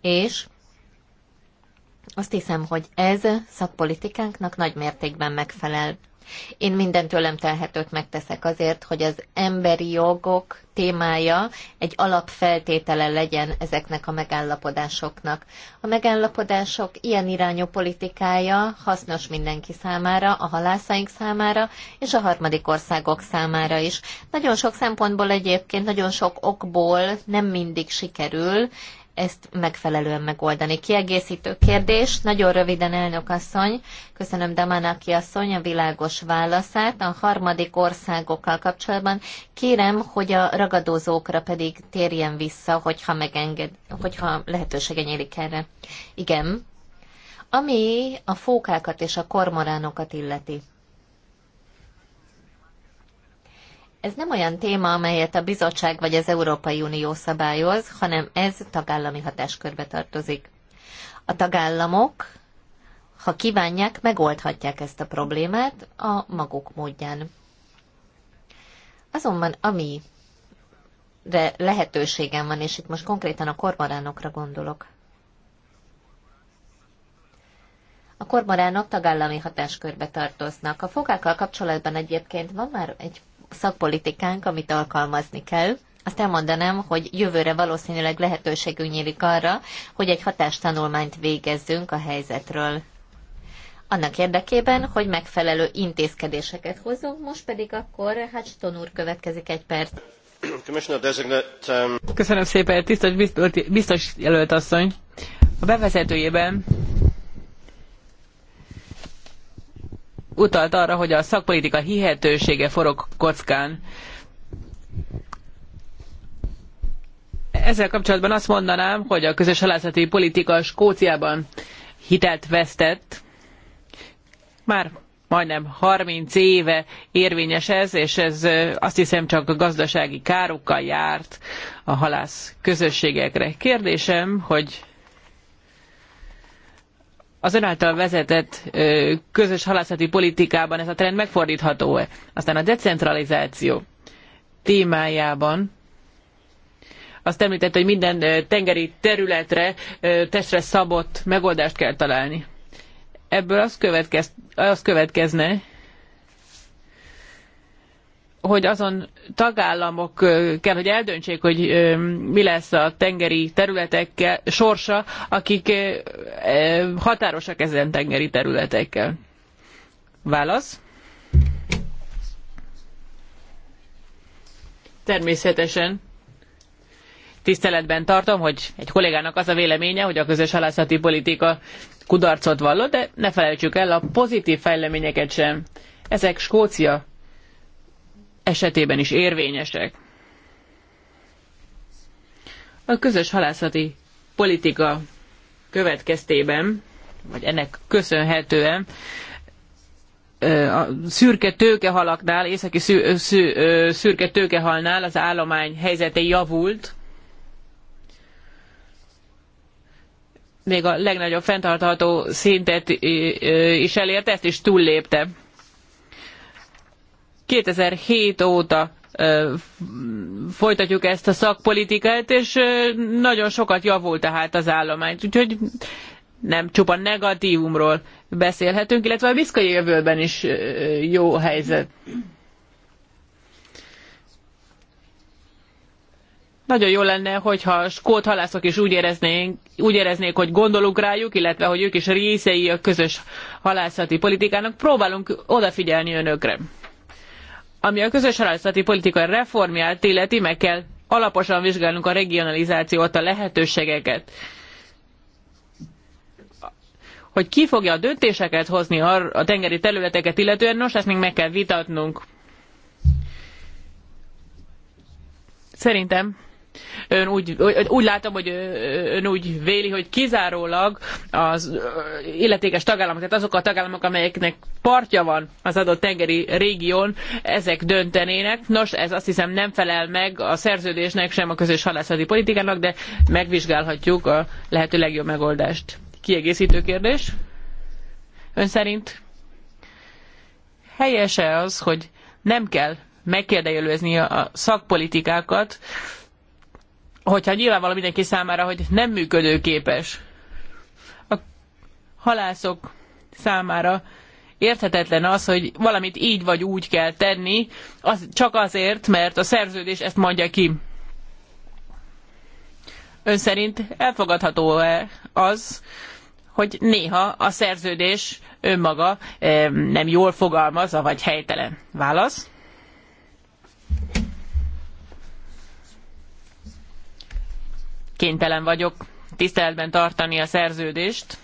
és azt hiszem, hogy ez szakpolitikánknak nagy mértékben megfelel. Én minden tőlem telhetőt megteszek azért, hogy az emberi jogok témája egy alapfeltétele legyen ezeknek a megállapodásoknak. A megállapodások ilyen irányú politikája hasznos mindenki számára, a halászaink számára és a harmadik országok számára is. Nagyon sok szempontból egyébként, nagyon sok okból nem mindig sikerül ezt megfelelően megoldani. Kiegészítő kérdés, nagyon röviden elnök asszony, köszönöm Damanaki asszony a világos válaszát. A harmadik országokkal kapcsolatban kérem, hogy a ragadozókra pedig térjen vissza, hogyha, megenged, hogyha lehetősége nyílik erre. Igen. Ami a fókákat és a kormoránokat illeti. Ez nem olyan téma, amelyet a bizottság vagy az Európai Unió szabályoz, hanem ez tagállami hatáskörbe tartozik. A tagállamok, ha kívánják, megoldhatják ezt a problémát a maguk módján. Azonban ami de lehetőségem van, és itt most konkrétan a kormoránokra gondolok. A kormoránok tagállami hatáskörbe tartoznak. A fogákkal kapcsolatban egyébként van már egy szakpolitikánk, amit alkalmazni kell. Azt elmondanám, hogy jövőre valószínűleg lehetőségünk nyílik arra, hogy egy hatástanulmányt végezzünk a helyzetről. Annak érdekében, hogy megfelelő intézkedéseket hozzunk, most pedig akkor Hatchton úr következik egy perc. Um, Köszönöm szépen, tisztelt biztos jelölt asszony. A bevezetőjében utalt arra, hogy a szakpolitika hihetősége forog kockán. Ezzel kapcsolatban azt mondanám, hogy a közös halászati politika Skóciában hitelt vesztett. Már majdnem 30 éve érvényes ez, és ez azt hiszem csak a gazdasági károkkal járt a halász közösségekre. Kérdésem, hogy az önáltal vezetett közös halászati politikában ez a trend megfordítható-e? Aztán a decentralizáció témájában azt említette, hogy minden tengeri területre testre szabott megoldást kell találni. Ebből az, következ, az következne, hogy azon tagállamok kell, hogy eldöntsék, hogy mi lesz a tengeri területekkel sorsa, akik határosak ezen tengeri területekkel. Válasz? Természetesen. Tiszteletben tartom, hogy egy kollégának az a véleménye, hogy a közös halászati politika kudarcot vallott, de ne felejtsük el a pozitív fejleményeket sem. Ezek Skócia esetében is érvényesek. A közös halászati politika következtében, vagy ennek köszönhetően, a szürke tőkehalaknál, északi szű, szű, szürke tőkehalnál az állomány helyzete javult, még a legnagyobb fenntartható szintet is elérte, ezt is túllépte. 2007 óta folytatjuk ezt a szakpolitikát, és nagyon sokat javult tehát az állomány. Úgyhogy nem csupa negatívumról beszélhetünk, illetve a biszkai jövőben is jó helyzet. Nagyon jó lenne, hogyha a skót halászok is úgy, éreznék, úgy éreznék, hogy gondolunk rájuk, illetve hogy ők is részei a közös halászati politikának. Próbálunk odafigyelni önökre. Ami a közös halászati politika reformját illeti, meg kell alaposan vizsgálnunk a regionalizációt, a lehetőségeket. Hogy ki fogja a döntéseket hozni a tengeri területeket illetően, nos, ezt még meg kell vitatnunk. Szerintem ön úgy, úgy látom, hogy ön úgy véli, hogy kizárólag az illetékes tagállamok, tehát azok a tagállamok, amelyeknek partja van az adott tengeri régión, ezek döntenének. Nos, ez azt hiszem nem felel meg a szerződésnek, sem a közös halászati politikának, de megvizsgálhatjuk a lehető legjobb megoldást. Kiegészítő kérdés? Ön szerint helyese az, hogy nem kell megkérdejelőzni a szakpolitikákat, hogyha nyilvánvaló mindenki számára, hogy nem működőképes, a halászok számára érthetetlen az, hogy valamit így vagy úgy kell tenni, az csak azért, mert a szerződés ezt mondja ki. Ön szerint elfogadható-e az, hogy néha a szerződés önmaga nem jól fogalmazza, vagy helytelen? Válasz? kénytelen vagyok tiszteletben tartani a szerződést,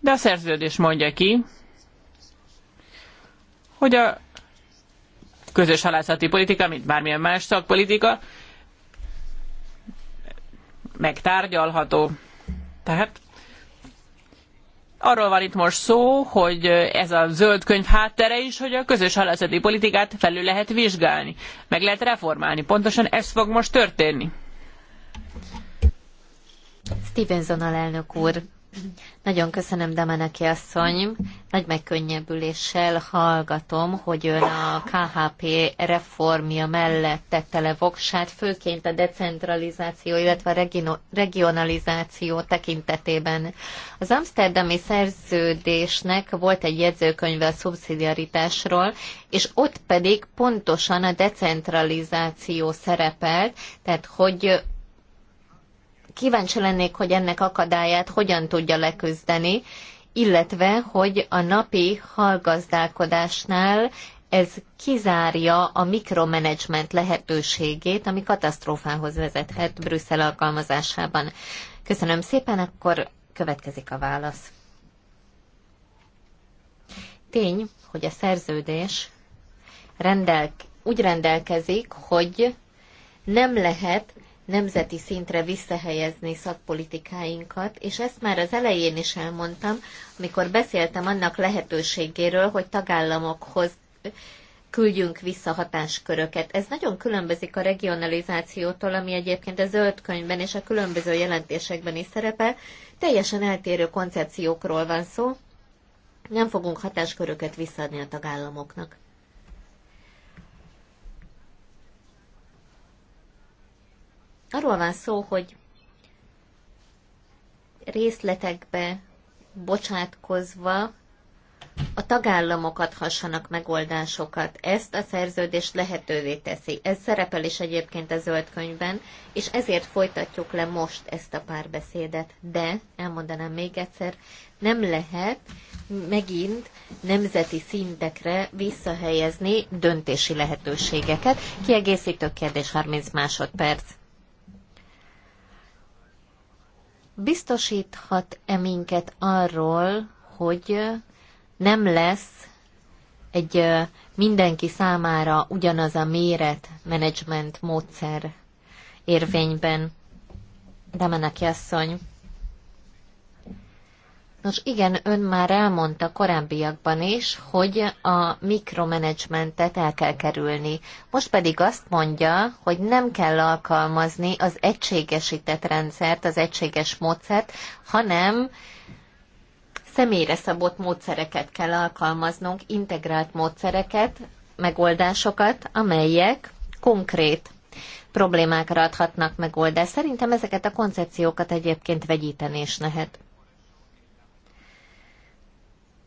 de a szerződés mondja ki, hogy a közös halászati politika, mint bármilyen más szakpolitika, megtárgyalható. Tehát arról van itt most szó, hogy ez a zöld könyv háttere is, hogy a közös halászati politikát felül lehet vizsgálni, meg lehet reformálni. Pontosan ez fog most történni. Stevenson alelnök úr, nagyon köszönöm, Demeneki asszony. Nagy megkönnyebbüléssel hallgatom, hogy ön a KHP reformja mellett tette le voksát, főként a decentralizáció, illetve a regionalizáció tekintetében. Az amsterdami szerződésnek volt egy jegyzőkönyve a szubszidiaritásról, és ott pedig pontosan a decentralizáció szerepelt, tehát hogy kíváncsi lennék, hogy ennek akadályát hogyan tudja leküzdeni, illetve, hogy a napi hallgazdálkodásnál ez kizárja a mikromanagement lehetőségét, ami katasztrófához vezethet Brüsszel alkalmazásában. Köszönöm szépen, akkor következik a válasz. Tény, hogy a szerződés rendel, úgy rendelkezik, hogy nem lehet nemzeti szintre visszahelyezni szakpolitikáinkat, és ezt már az elején is elmondtam, amikor beszéltem annak lehetőségéről, hogy tagállamokhoz küldjünk vissza hatásköröket. Ez nagyon különbözik a regionalizációtól, ami egyébként a zöld könyvben és a különböző jelentésekben is szerepel. Teljesen eltérő koncepciókról van szó, nem fogunk hatásköröket visszaadni a tagállamoknak. arról van szó, hogy részletekbe bocsátkozva a tagállamok adhassanak megoldásokat. Ezt a szerződés lehetővé teszi. Ez szerepel is egyébként a zöld könyvben, és ezért folytatjuk le most ezt a párbeszédet. De, elmondanám még egyszer, nem lehet megint nemzeti szintekre visszahelyezni döntési lehetőségeket. Kiegészítő kérdés 30 másodperc. biztosíthat-e minket arról, hogy nem lesz egy mindenki számára ugyanaz a méret menedzsment módszer érvényben. Demeneki asszony. Nos igen, ön már elmondta korábbiakban is, hogy a mikromanagementet el kell kerülni. Most pedig azt mondja, hogy nem kell alkalmazni az egységesített rendszert, az egységes módszert, hanem személyre szabott módszereket kell alkalmaznunk, integrált módszereket, megoldásokat, amelyek konkrét problémákra adhatnak megoldást. Szerintem ezeket a koncepciókat egyébként vegyíteni is lehet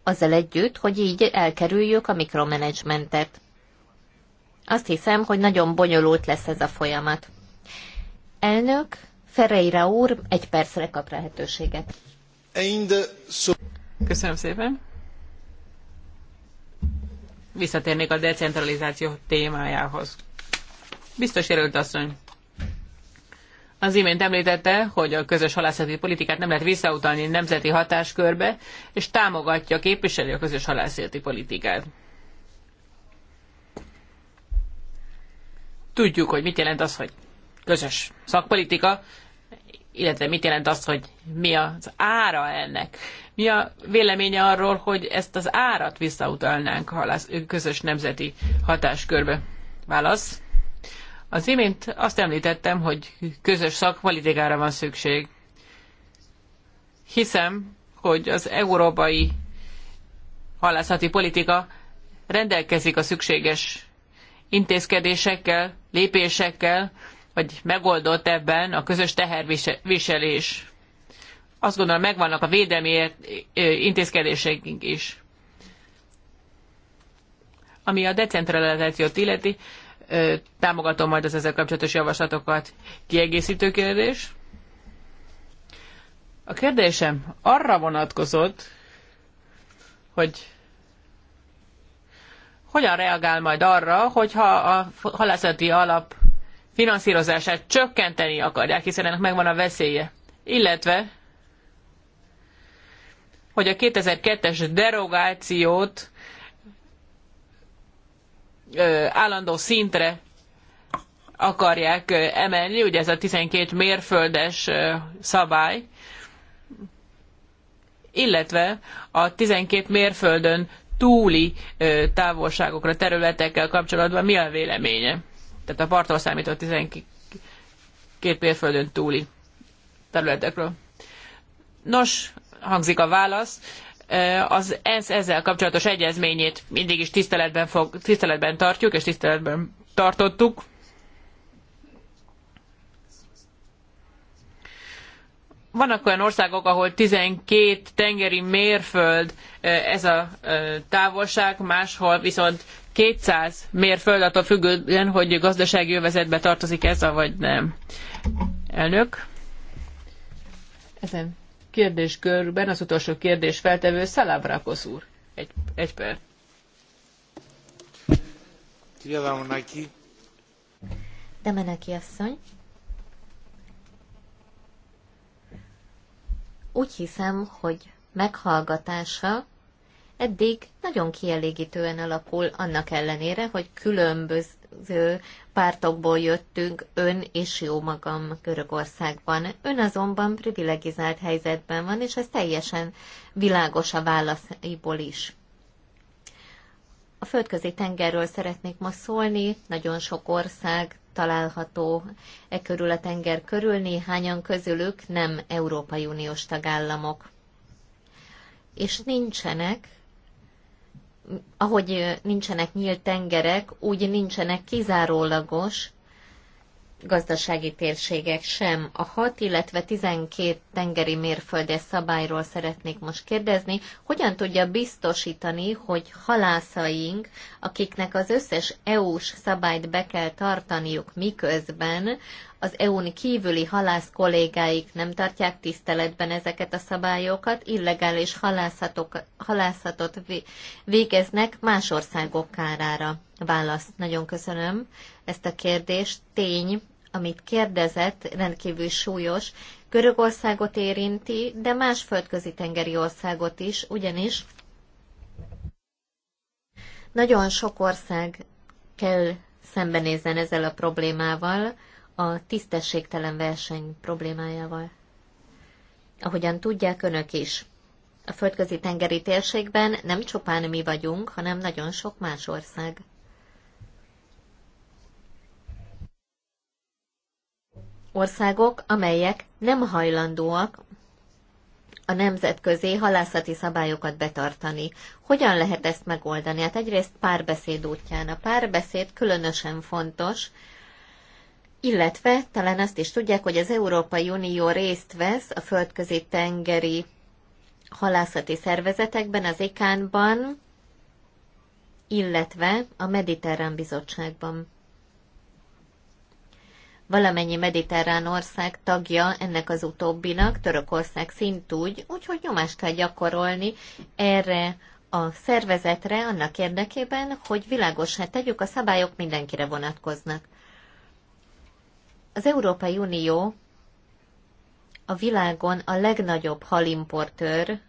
azzal együtt, hogy így elkerüljük a mikromanagementet. Azt hiszem, hogy nagyon bonyolult lesz ez a folyamat. Elnök, Ferreira úr, egy percre kap lehetőséget. Köszönöm szépen. Visszatérnék a decentralizáció témájához. Biztos jelölt asszony, az imént említette, hogy a közös halászati politikát nem lehet visszautalni nemzeti hatáskörbe, és támogatja, képviseli a közös halászati politikát. Tudjuk, hogy mit jelent az, hogy közös szakpolitika, illetve mit jelent az, hogy mi az ára ennek. Mi a véleménye arról, hogy ezt az árat visszautalnánk a közös nemzeti hatáskörbe? Válasz. Az imént azt említettem, hogy közös szakpolitikára van szükség. Hiszem, hogy az európai halászati politika rendelkezik a szükséges intézkedésekkel, lépésekkel, vagy megoldott ebben a közös teherviselés. Azt gondolom, megvannak a védelmi intézkedéseink is. Ami a decentralizációt illeti, támogatom majd az ezzel kapcsolatos javaslatokat. Kiegészítő kérdés? A kérdésem arra vonatkozott, hogy hogyan reagál majd arra, hogyha a halászati alap finanszírozását csökkenteni akarják, hiszen ennek megvan a veszélye. Illetve, hogy a 2002-es derogációt állandó szintre akarják emelni, ugye ez a 12 mérföldes szabály, illetve a 12 mérföldön túli távolságokra, területekkel kapcsolatban mi a véleménye? Tehát a parttól számított 12 mérföldön túli területekről. Nos, hangzik a válasz. Eh, az ENSZ ezzel kapcsolatos egyezményét mindig is tiszteletben, fog, tiszteletben tartjuk, és tiszteletben tartottuk. Vannak olyan országok, ahol 12 tengeri mérföld eh, ez a eh, távolság, máshol viszont 200 mérföld, attól függően, hogy gazdasági övezetbe tartozik ez, vagy nem. Elnök. Ezen kérdéskörben az utolsó kérdés feltevő Szalavrakosz úr. Egy, egy perc. Demenaki. Demenaki asszony. Úgy hiszem, hogy meghallgatása eddig nagyon kielégítően alakul, annak ellenére, hogy különböző különböző pártokból jöttünk, ön és jó magam Görögországban. Ön azonban privilegizált helyzetben van, és ez teljesen világos a válaszaiból is. A földközi tengerről szeretnék ma szólni, nagyon sok ország található e körül a tenger körül, néhányan közülük nem Európai Uniós tagállamok. És nincsenek ahogy nincsenek nyílt tengerek, úgy nincsenek kizárólagos gazdasági térségek sem. A 6, illetve 12 tengeri mérföldes szabályról szeretnék most kérdezni, hogyan tudja biztosítani, hogy halászaink, akiknek az összes EU-s szabályt be kell tartaniuk miközben az EU-n kívüli halász kollégáik nem tartják tiszteletben ezeket a szabályokat, illegális halászatot végeznek más országok kárára. Válasz. Nagyon köszönöm ezt a kérdést. Tény, amit kérdezett, rendkívül súlyos. Görögországot érinti, de más földközi tengeri országot is, ugyanis nagyon sok ország kell szembenézzen ezzel a problémával, a tisztességtelen verseny problémájával. Ahogyan tudják önök is, a földközi tengeri térségben nem csupán mi vagyunk, hanem nagyon sok más ország. Országok, amelyek nem hajlandóak a nemzetközi halászati szabályokat betartani. Hogyan lehet ezt megoldani? Hát egyrészt párbeszéd útján. A párbeszéd különösen fontos, illetve talán azt is tudják, hogy az Európai Unió részt vesz a földközi tengeri halászati szervezetekben, az ICAN-ban, illetve a Mediterrán Bizottságban. Valamennyi mediterrán ország tagja ennek az utóbbinak, Törökország szintúgy, úgyhogy nyomást kell gyakorolni erre a szervezetre annak érdekében, hogy világosá tegyük, a szabályok mindenkire vonatkoznak. Az Európai Unió a világon a legnagyobb halimportőr,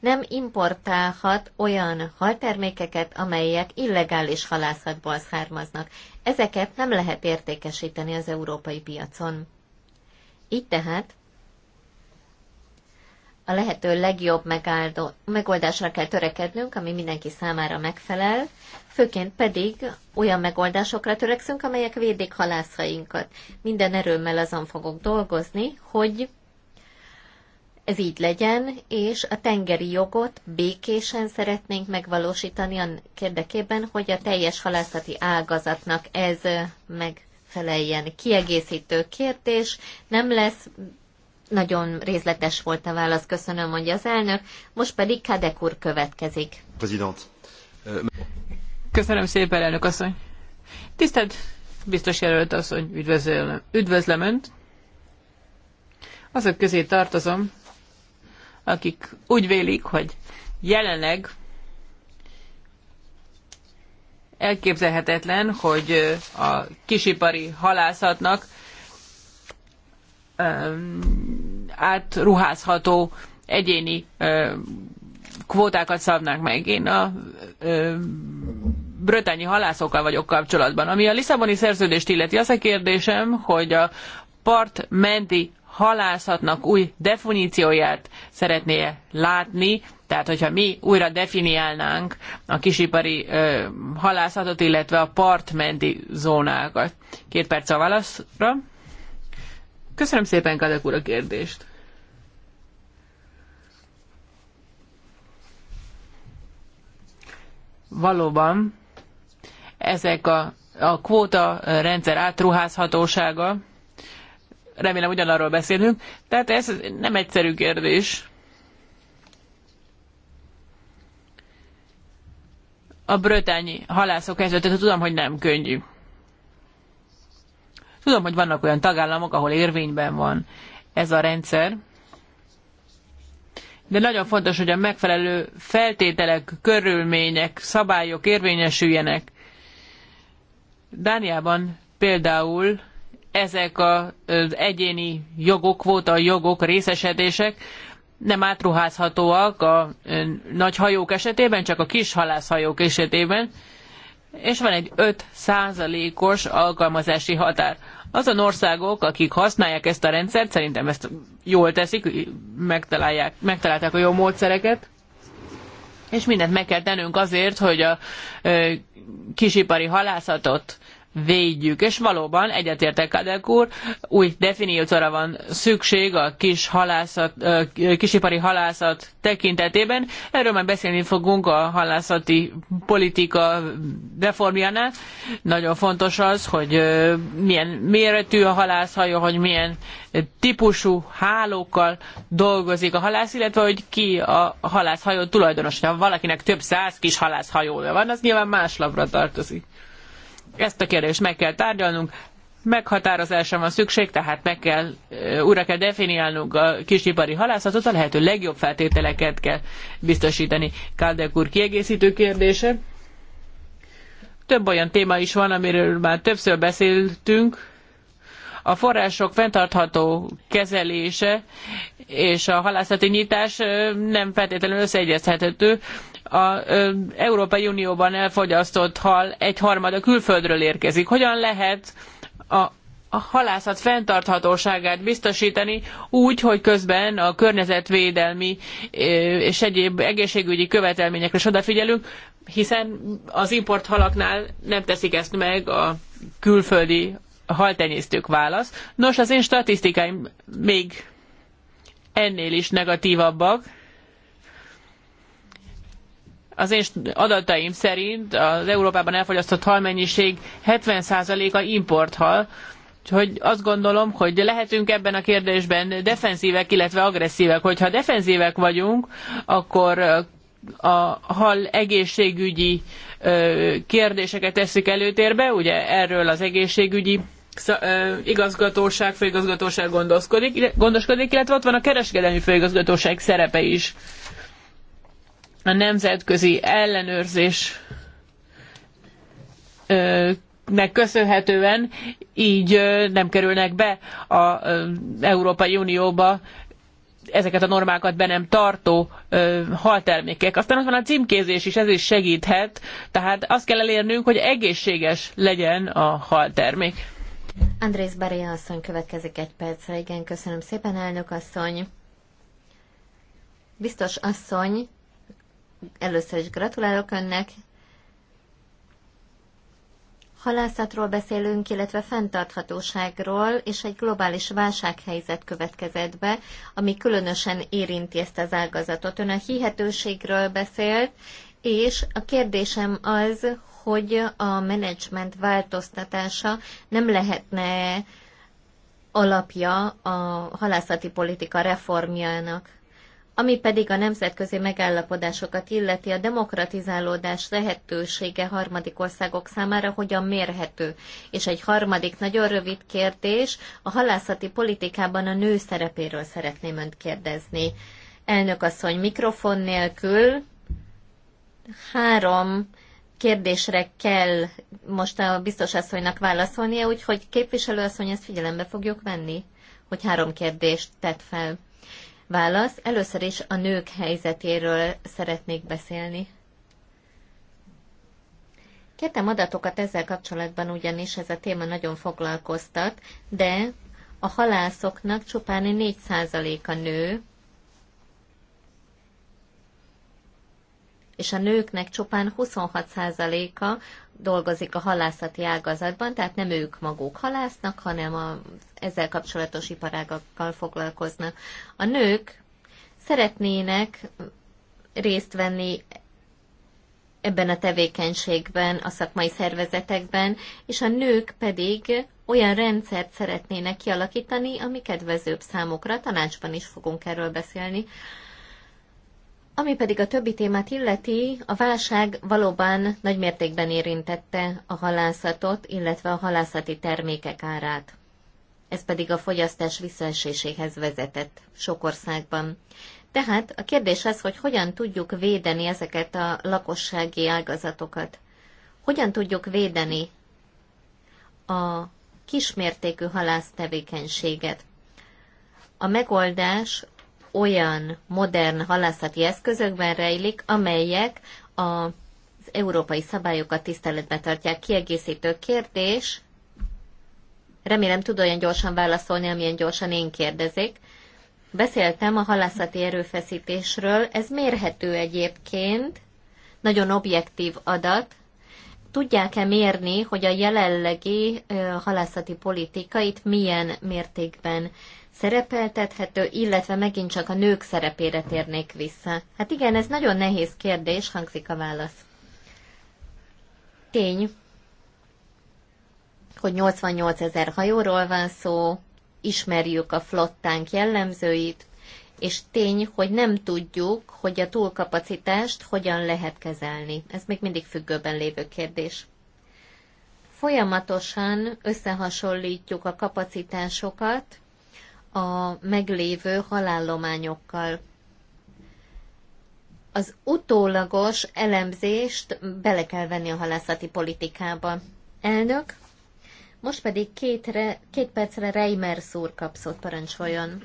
nem importálhat olyan haltermékeket, amelyek illegális halászatból származnak. Ezeket nem lehet értékesíteni az európai piacon. Így tehát a lehető legjobb megáldó, megoldásra kell törekednünk, ami mindenki számára megfelel, főként pedig olyan megoldásokra törekszünk, amelyek védik halászainkat. Minden erőmmel azon fogok dolgozni, hogy ez így legyen, és a tengeri jogot békésen szeretnénk megvalósítani a kérdekében, hogy a teljes halászati ágazatnak ez megfeleljen. Kiegészítő kérdés, nem lesz nagyon részletes volt a válasz, köszönöm, mondja az elnök. Most pedig Kadek úr következik. Köszönöm szépen, elnök asszony. Tisztelt biztos jelölt asszony, üdvözlöm, üdvözlöm önt. Azok közé tartozom, akik úgy vélik, hogy jelenleg elképzelhetetlen, hogy a kisipari halászatnak átruházható egyéni kvótákat szabnánk meg. Én a brötányi halászokkal vagyok kapcsolatban. Ami a Lisszaboni szerződést illeti, az a kérdésem, hogy a part menti halászatnak új definícióját szeretné -e látni, tehát hogyha mi újra definiálnánk a kisipari ö, halászatot, illetve a part menti zónákat. Két perc a válaszra. Köszönöm szépen, Kadek úr, a kérdést. valóban ezek a, a kvóta rendszer átruházhatósága, remélem ugyanarról beszélünk, tehát ez nem egyszerű kérdés. A brötányi halászok helyzetet tudom, hogy nem könnyű. Tudom, hogy vannak olyan tagállamok, ahol érvényben van ez a rendszer, de nagyon fontos, hogy a megfelelő feltételek, körülmények, szabályok érvényesüljenek. Dániában például ezek az egyéni jogok, kvóta jogok, részesedések nem átruházhatóak a nagy hajók esetében, csak a kis halászhajók esetében, és van egy 5 os alkalmazási határ. Azon országok, akik használják ezt a rendszert, szerintem ezt jól teszik, megtalálják, megtalálták a jó módszereket, és mindent meg kell tennünk azért, hogy a kisipari halászatot védjük. És valóban egyetértek Kadek úr, új definícióra van szükség a kis halászat, kisipari halászat tekintetében. Erről már beszélni fogunk a halászati politika reformjánál. Nagyon fontos az, hogy milyen méretű a halászhajó, hogy milyen típusú hálókkal dolgozik a halász, illetve hogy ki a halászhajó tulajdonos. Ha valakinek több száz kis halászhajója van, az nyilván más lapra tartozik. Ezt a kérdést meg kell tárgyalnunk, meghatározásra van szükség, tehát meg kell, újra kell definiálnunk a kisipari halászatot, a lehető legjobb feltételeket kell biztosítani. Káldek úr kiegészítő kérdése. Több olyan téma is van, amiről már többször beszéltünk, a források fenntartható kezelése és a halászati nyitás nem feltétlenül összeegyeztethető az Európai Unióban elfogyasztott hal egy harmada külföldről érkezik. Hogyan lehet a a halászat fenntarthatóságát biztosítani úgy, hogy közben a környezetvédelmi és egyéb egészségügyi követelményekre is odafigyelünk, hiszen az import halaknál nem teszik ezt meg a külföldi haltenyésztők válasz. Nos, az én statisztikáim még ennél is negatívabbak az én adataim szerint az Európában elfogyasztott halmennyiség 70%-a importhal, Úgyhogy azt gondolom, hogy lehetünk ebben a kérdésben defenzívek, illetve agresszívek. Hogyha defenzívek vagyunk, akkor a hal egészségügyi kérdéseket tesszük előtérbe, ugye erről az egészségügyi igazgatóság, főigazgatóság gondoskodik, gondoskodik, illetve ott van a kereskedelmi főigazgatóság szerepe is a nemzetközi ellenőrzés köszönhetően így nem kerülnek be az Európai Unióba ezeket a normákat be nem tartó ö, haltermékek. Aztán ott van a címkézés is, ez is segíthet, tehát azt kell elérnünk, hogy egészséges legyen a haltermék. Andrész Baria asszony következik egy percre. Igen, köszönöm szépen, elnök asszony. Biztos asszony, Először is gratulálok önnek. Halászatról beszélünk, illetve fenntarthatóságról, és egy globális válsághelyzet következett be, ami különösen érinti ezt az ágazatot. Ön a hihetőségről beszélt, és a kérdésem az, hogy a menedzsment változtatása nem lehetne alapja a halászati politika reformjának. Ami pedig a nemzetközi megállapodásokat illeti, a demokratizálódás lehetősége harmadik országok számára hogyan mérhető? És egy harmadik nagyon rövid kérdés, a halászati politikában a nő szerepéről szeretném önt kérdezni. Elnök asszony mikrofon nélkül három kérdésre kell most a biztos asszonynak válaszolnia, úgyhogy képviselő asszony ezt figyelembe fogjuk venni, hogy három kérdést tett fel. Válasz. Először is a nők helyzetéről szeretnék beszélni. Kértem adatokat ezzel kapcsolatban, ugyanis ez a téma nagyon foglalkoztat, de a halászoknak csupán 4%-a nő, és a nőknek csupán 26%-a dolgozik a halászati ágazatban, tehát nem ők maguk halásznak, hanem a ezzel kapcsolatos iparágakkal foglalkoznak. A nők szeretnének részt venni ebben a tevékenységben, a szakmai szervezetekben, és a nők pedig olyan rendszert szeretnének kialakítani, ami kedvezőbb számukra. Tanácsban is fogunk erről beszélni. Ami pedig a többi témát illeti, a válság valóban nagy mértékben érintette a halászatot, illetve a halászati termékek árát. Ez pedig a fogyasztás visszaeséséhez vezetett sok országban. Tehát a kérdés az, hogy hogyan tudjuk védeni ezeket a lakossági ágazatokat. Hogyan tudjuk védeni a kismértékű halásztevékenységet. A megoldás olyan modern halászati eszközökben rejlik, amelyek az európai szabályokat tiszteletbe tartják. Kiegészítő kérdés. Remélem tud olyan gyorsan válaszolni, amilyen gyorsan én kérdezik. Beszéltem a halászati erőfeszítésről, ez mérhető egyébként, nagyon objektív adat, tudják-e mérni, hogy a jelenlegi halászati itt milyen mértékben szerepeltethető, illetve megint csak a nők szerepére térnék vissza? Hát igen, ez nagyon nehéz kérdés, hangzik a válasz. Tény, hogy 88 ezer hajóról van szó, ismerjük a flottánk jellemzőit, és tény, hogy nem tudjuk, hogy a túlkapacitást hogyan lehet kezelni. Ez még mindig függőben lévő kérdés. Folyamatosan összehasonlítjuk a kapacitásokat a meglévő halállományokkal. Az utólagos elemzést bele kell venni a halászati politikába. Elnök, most pedig két, re, két percre Reimer szúr kapszott parancsoljon.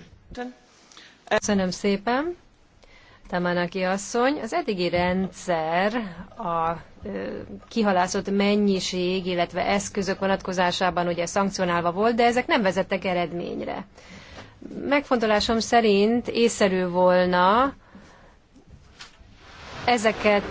Köszönöm szépen. Tamanaki asszony, az eddigi rendszer a kihalászott mennyiség, illetve eszközök vonatkozásában ugye szankcionálva volt, de ezek nem vezettek eredményre. Megfontolásom szerint észszerű volna ezeket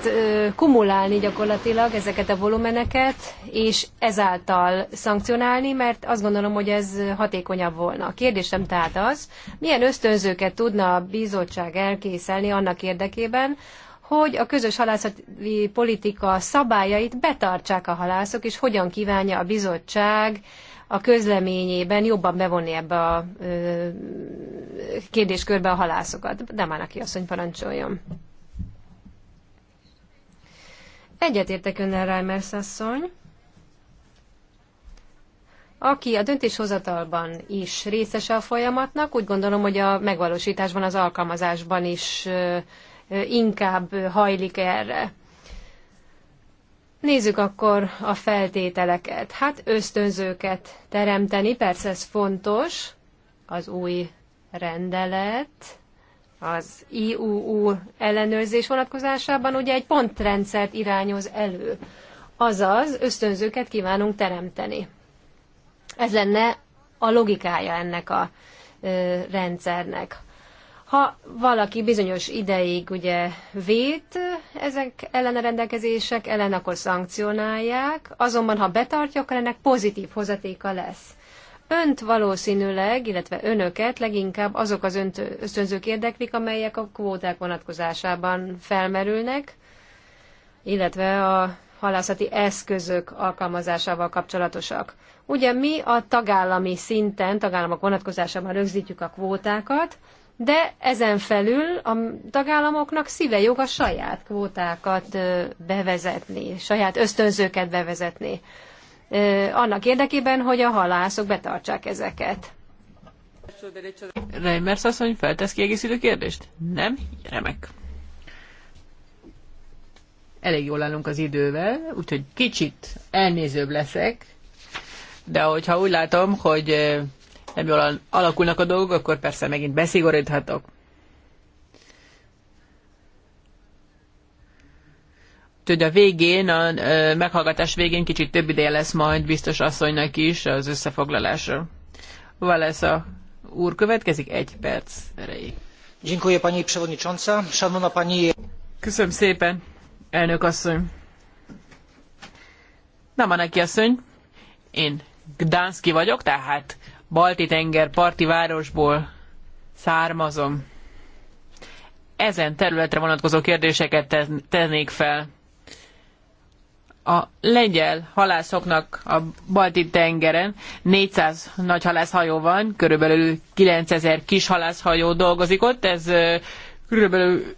kumulálni gyakorlatilag, ezeket a volumeneket, és ezáltal szankcionálni, mert azt gondolom, hogy ez hatékonyabb volna. A kérdésem tehát az, milyen ösztönzőket tudna a bizottság elkészelni annak érdekében, hogy a közös halászati politika szabályait betartsák a halászok, és hogyan kívánja a bizottság a közleményében jobban bevonni ebbe a ö, kérdéskörbe a halászokat. De már aki asszony parancsoljon. Egyetértek önnel, Reimers asszony, aki a döntéshozatalban is részese a folyamatnak, úgy gondolom, hogy a megvalósításban, az alkalmazásban is inkább hajlik erre. Nézzük akkor a feltételeket. Hát ösztönzőket teremteni, persze ez fontos, az új rendelet az IUU ellenőrzés vonatkozásában ugye egy pontrendszert irányoz elő. Azaz ösztönzőket kívánunk teremteni. Ez lenne a logikája ennek a ö, rendszernek. Ha valaki bizonyos ideig ugye vét ezek ellen a rendelkezések ellen, akkor szankcionálják, azonban ha betartja, akkor ennek pozitív hozatéka lesz. Önt valószínűleg, illetve önöket leginkább azok az önt, ösztönzők érdeklik, amelyek a kvóták vonatkozásában felmerülnek, illetve a halászati eszközök alkalmazásával kapcsolatosak. Ugye mi a tagállami szinten, tagállamok vonatkozásában rögzítjük a kvótákat, de ezen felül a tagállamoknak szíve jog a saját kvótákat bevezetni, saját ösztönzőket bevezetni annak érdekében, hogy a halászok betartsák ezeket. Reimers asszony feltesz kiegészítő kérdést? Nem? Remek. Elég jól állunk az idővel, úgyhogy kicsit elnézőbb leszek, de hogyha úgy látom, hogy nem jól alakulnak a dolgok, akkor persze megint beszigoríthatok. hogy a végén, a meghallgatás végén kicsit több ideje lesz majd biztos asszonynak is az összefoglalásra. Valesza úr következik egy perc erejéig. Dziękuję pani przewodnicząca. Szanowna pani... Köszönöm szépen, elnök asszony. Nem van neki asszony. Én Gdanszki vagyok, tehát Balti-tenger parti városból származom. Ezen területre vonatkozó kérdéseket tennék fel a lengyel halászoknak a balti tengeren 400 nagy halászhajó van, körülbelül 9000 kis halászhajó dolgozik ott, ez körülbelül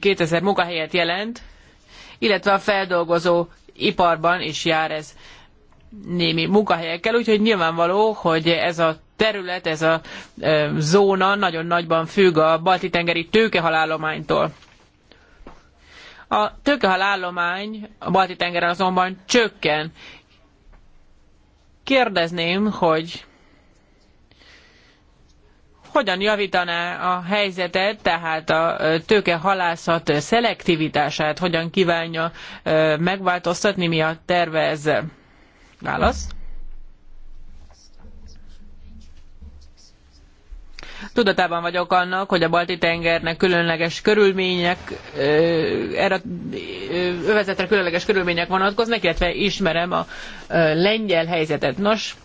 2000 munkahelyet jelent, illetve a feldolgozó iparban is jár ez némi munkahelyekkel, úgyhogy nyilvánvaló, hogy ez a terület, ez a zóna nagyon nagyban függ a balti tengeri tőkehalállománytól. A tőkehal állomány a balti tengeren azonban csökken. Kérdezném, hogy hogyan javítaná a helyzetet, tehát a tőkehalászat szelektivitását, hogyan kívánja megváltoztatni, mi a terve ezzel? Válasz? Tudatában vagyok annak, hogy a Balti-tengernek különleges körülmények, erre övezetre különleges körülmények vonatkoznak, illetve ismerem a lengyel helyzetet. Nos,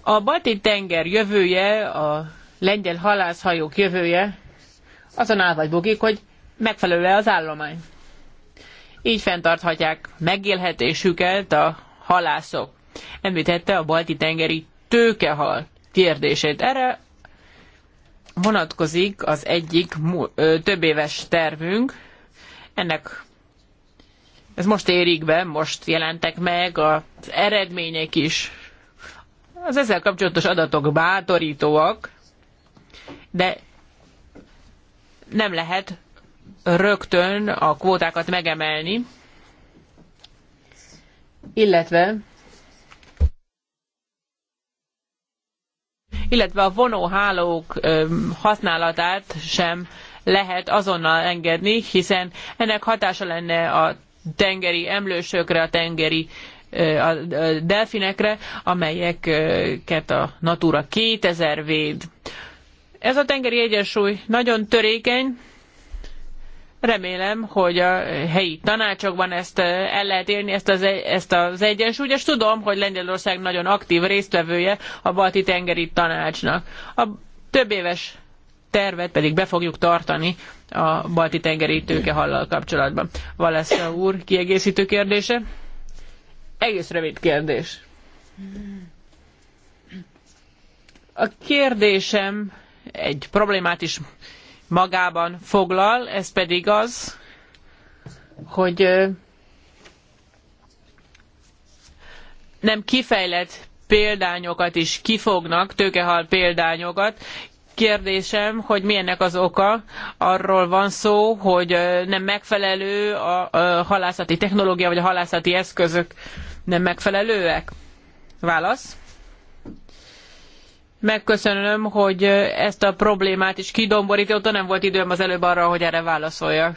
a Balti-tenger jövője, a lengyel halászhajók jövője azon áll vagy bugik, hogy megfelelő-e az állomány. Így fenntarthatják megélhetésüket a halászok. Említette a balti tengeri tőkehal kérdését. Erre vonatkozik az egyik több éves tervünk. Ennek ez most érik be, most jelentek meg az eredmények is. Az ezzel kapcsolatos adatok bátorítóak, de nem lehet rögtön a kvótákat megemelni, illetve illetve a vonóhálók használatát sem lehet azonnal engedni, hiszen ennek hatása lenne a tengeri emlősökre, a tengeri a delfinekre, amelyeket a Natura 2000 véd. Ez a tengeri egyensúly nagyon törékeny, Remélem, hogy a helyi tanácsokban ezt el lehet érni, ezt az, e-, ezt az egyensúlyt, és tudom, hogy Lengyelország nagyon aktív résztvevője a balti tengeri tanácsnak. A több éves tervet pedig be fogjuk tartani a balti tengeri tőkehallal kapcsolatban. Valesza úr, kiegészítő kérdése? Egész rövid kérdés. A kérdésem egy problémát is magában foglal, ez pedig az, hogy nem kifejlett példányokat is kifognak, tőkehal példányokat. Kérdésem, hogy milyennek az oka? Arról van szó, hogy nem megfelelő a halászati technológia, vagy a halászati eszközök nem megfelelőek? Válasz? Megköszönöm, hogy ezt a problémát is kidomborította, nem volt időm az előbb arra, hogy erre válaszoljak.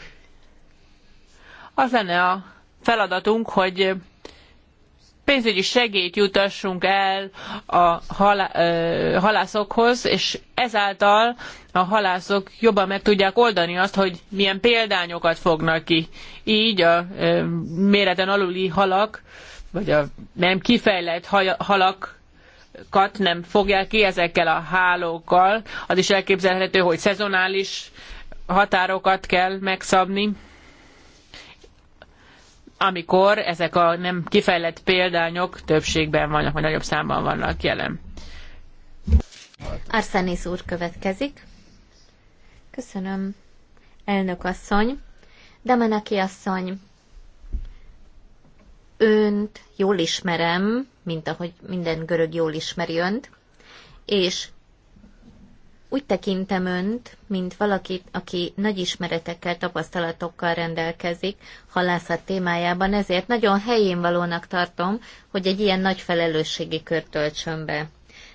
Az lenne a feladatunk, hogy pénzügyi segélyt jutassunk el a halá, halászokhoz, és ezáltal a halászok jobban meg tudják oldani azt, hogy milyen példányokat fognak ki. Így a méreten aluli halak, vagy a nem kifejlett halak hálókat nem fogják ki ezekkel a hálókkal. Az is elképzelhető, hogy szezonális határokat kell megszabni, amikor ezek a nem kifejlett példányok többségben vannak, vagy nagyobb számban vannak jelen. Arsenis úr következik. Köszönöm, elnök asszony. Demeneki asszony, önt jól ismerem, mint ahogy minden görög jól ismeri önt, és úgy tekintem önt, mint valakit, aki nagy ismeretekkel, tapasztalatokkal rendelkezik halászat témájában, ezért nagyon helyén valónak tartom, hogy egy ilyen nagy felelősségi kört töltsön be.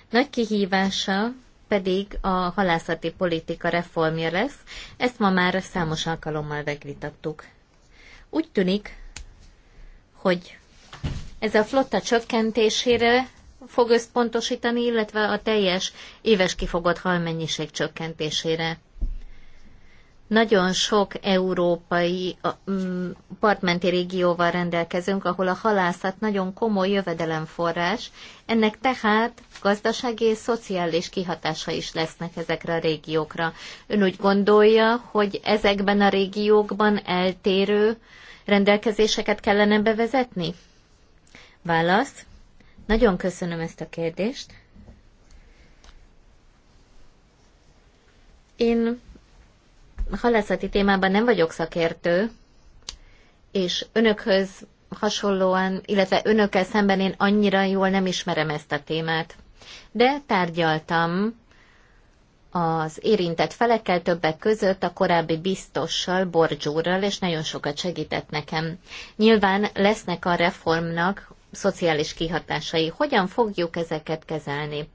Nagy kihívása pedig a halászati politika reformja lesz, ezt ma már számos alkalommal megvitattuk. Úgy tűnik, hogy ez a flotta csökkentésére fog összpontosítani, illetve a teljes éves kifogott halmennyiség csökkentésére. Nagyon sok európai mm, partmenti régióval rendelkezünk, ahol a halászat nagyon komoly jövedelemforrás, ennek tehát gazdasági és szociális kihatása is lesznek ezekre a régiókra. Ön úgy gondolja, hogy ezekben a régiókban eltérő rendelkezéseket kellene bevezetni? Válasz. Nagyon köszönöm ezt a kérdést. Én halászati témában nem vagyok szakértő, és önökhöz hasonlóan, illetve önökkel szemben én annyira jól nem ismerem ezt a témát. De tárgyaltam az érintett felekkel többek között a korábbi biztossal, Borgyúrral, és nagyon sokat segített nekem. Nyilván lesznek a reformnak szociális kihatásai. Hogyan fogjuk ezeket kezelni?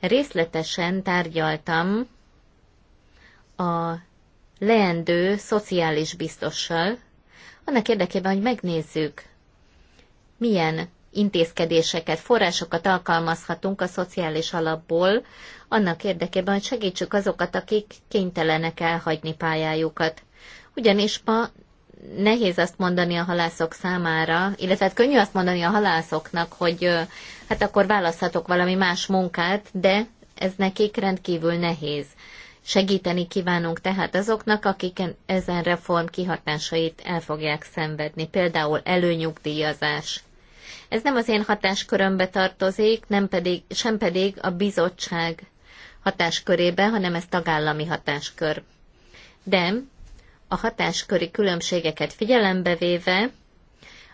Részletesen tárgyaltam a leendő szociális biztossal, annak érdekében, hogy megnézzük, milyen intézkedéseket, forrásokat alkalmazhatunk a szociális alapból, annak érdekében, hogy segítsük azokat, akik kénytelenek elhagyni pályájukat. Ugyanis ma nehéz azt mondani a halászok számára, illetve hát könnyű azt mondani a halászoknak, hogy hát akkor választhatok valami más munkát, de ez nekik rendkívül nehéz. Segíteni kívánunk tehát azoknak, akik ezen reform kihatásait el fogják szenvedni, például előnyugdíjazás. Ez nem az én hatáskörömbe tartozik, nem pedig, sem pedig a bizottság hatáskörébe, hanem ez tagállami hatáskör. De a hatásköri különbségeket figyelembe véve,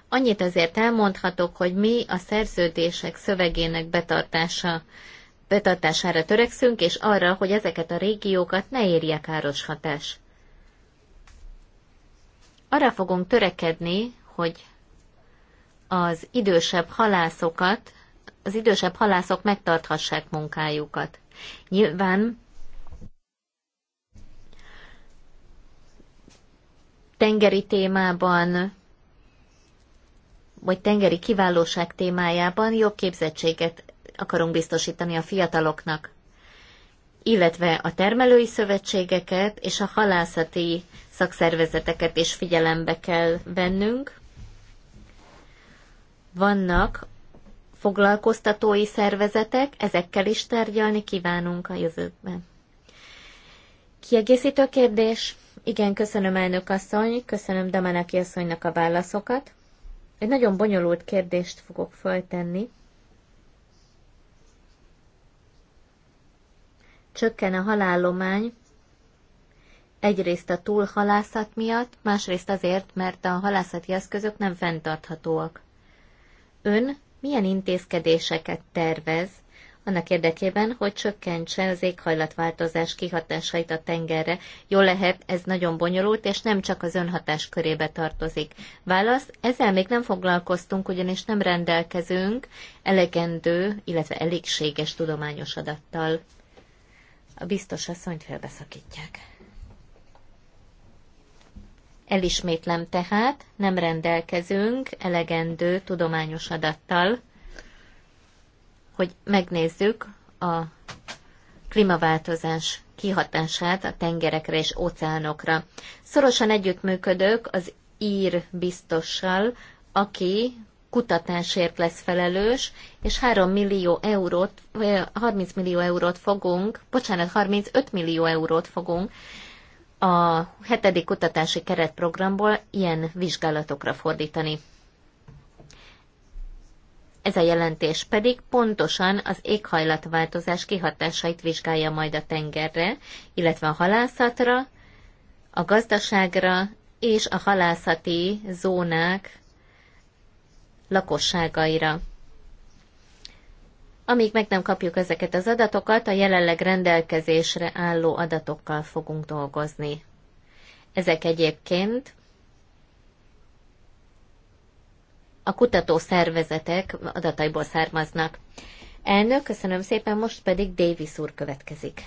annyit azért elmondhatok, hogy mi a szerződések szövegének betartása, betartására törekszünk, és arra, hogy ezeket a régiókat ne érje káros hatás. Arra fogunk törekedni, hogy az idősebb halászokat, az idősebb halászok megtarthassák munkájukat. Nyilván tengeri témában, vagy tengeri kiválóság témájában jobb képzettséget akarunk biztosítani a fiataloknak, illetve a termelői szövetségeket és a halászati szakszervezeteket is figyelembe kell vennünk. Vannak foglalkoztatói szervezetek, ezekkel is tárgyalni kívánunk a jövőben. Kiegészítő kérdés? Igen, köszönöm elnök asszony, köszönöm Damanaki asszonynak a válaszokat. Egy nagyon bonyolult kérdést fogok föltenni. Csökken a halállomány, egyrészt a túlhalászat miatt, másrészt azért, mert a halászati eszközök nem fenntarthatóak. Ön milyen intézkedéseket tervez annak érdekében, hogy csökkentse az éghajlatváltozás kihatásait a tengerre. Jó lehet, ez nagyon bonyolult, és nem csak az önhatás körébe tartozik. Válasz, ezzel még nem foglalkoztunk, ugyanis nem rendelkezünk elegendő, illetve elégséges tudományos adattal. A biztos asszonyt felbeszakítják. Elismétlem tehát, nem rendelkezünk elegendő tudományos adattal hogy megnézzük a klímaváltozás kihatását a tengerekre és óceánokra. Szorosan együttműködök az ír biztossal, aki kutatásért lesz felelős, és 3 millió eurót, 30 millió eurót fogunk, bocsánat, 35 millió eurót fogunk a hetedik kutatási keretprogramból ilyen vizsgálatokra fordítani. Ez a jelentés pedig pontosan az éghajlatváltozás kihatásait vizsgálja majd a tengerre, illetve a halászatra, a gazdaságra és a halászati zónák lakosságaira. Amíg meg nem kapjuk ezeket az adatokat, a jelenleg rendelkezésre álló adatokkal fogunk dolgozni. Ezek egyébként a kutató szervezetek adataiból származnak. Elnök, köszönöm szépen, most pedig Davis úr következik.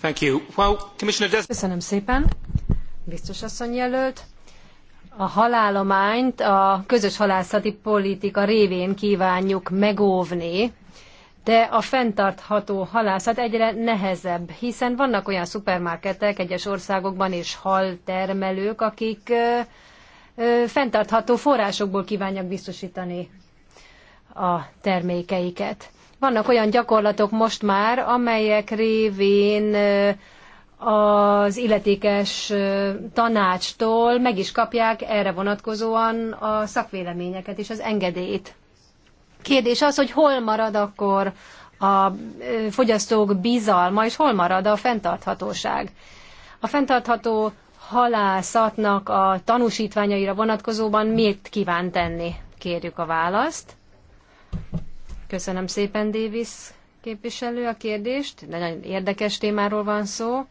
Thank you. Well, Commissioner Des- köszönöm szépen, biztos asszony jelölt. A halálományt a közös halászati politika révén kívánjuk megóvni, de a fenntartható halászat egyre nehezebb, hiszen vannak olyan szupermarketek egyes országokban és haltermelők, akik fenntartható forrásokból kívánják biztosítani a termékeiket. Vannak olyan gyakorlatok most már, amelyek révén az illetékes tanácstól meg is kapják erre vonatkozóan a szakvéleményeket és az engedélyt. Kérdés az, hogy hol marad akkor a fogyasztók bizalma, és hol marad a fenntarthatóság. A fenntartható halászatnak a tanúsítványaira vonatkozóban mit kíván tenni? Kérjük a választ. Köszönöm szépen, Davis képviselő, a kérdést. Nagyon érdekes témáról van szó.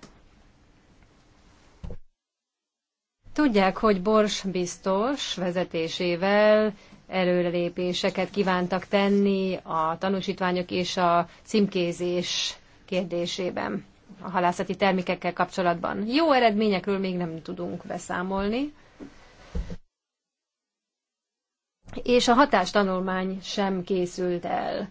Tudják, hogy Bors biztos vezetésével előrelépéseket kívántak tenni a tanúsítványok és a címkézés kérdésében a halászati termékekkel kapcsolatban. Jó eredményekről még nem tudunk beszámolni. És a hatástanulmány sem készült el.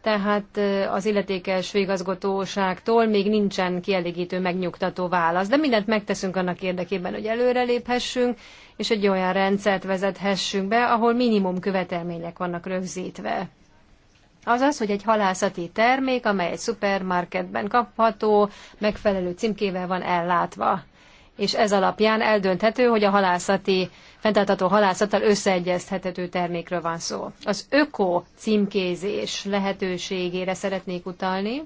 Tehát az illetékes végazgatóságtól még nincsen kielégítő, megnyugtató válasz. De mindent megteszünk annak érdekében, hogy előreléphessünk, és egy olyan rendszert vezethessünk be, ahol minimum követelmények vannak rögzítve az az, hogy egy halászati termék, amely egy szupermarketben kapható, megfelelő címkével van ellátva. És ez alapján eldönthető, hogy a halászati, fenntartható halászattal összeegyeztethető termékről van szó. Az öko címkézés lehetőségére szeretnék utalni,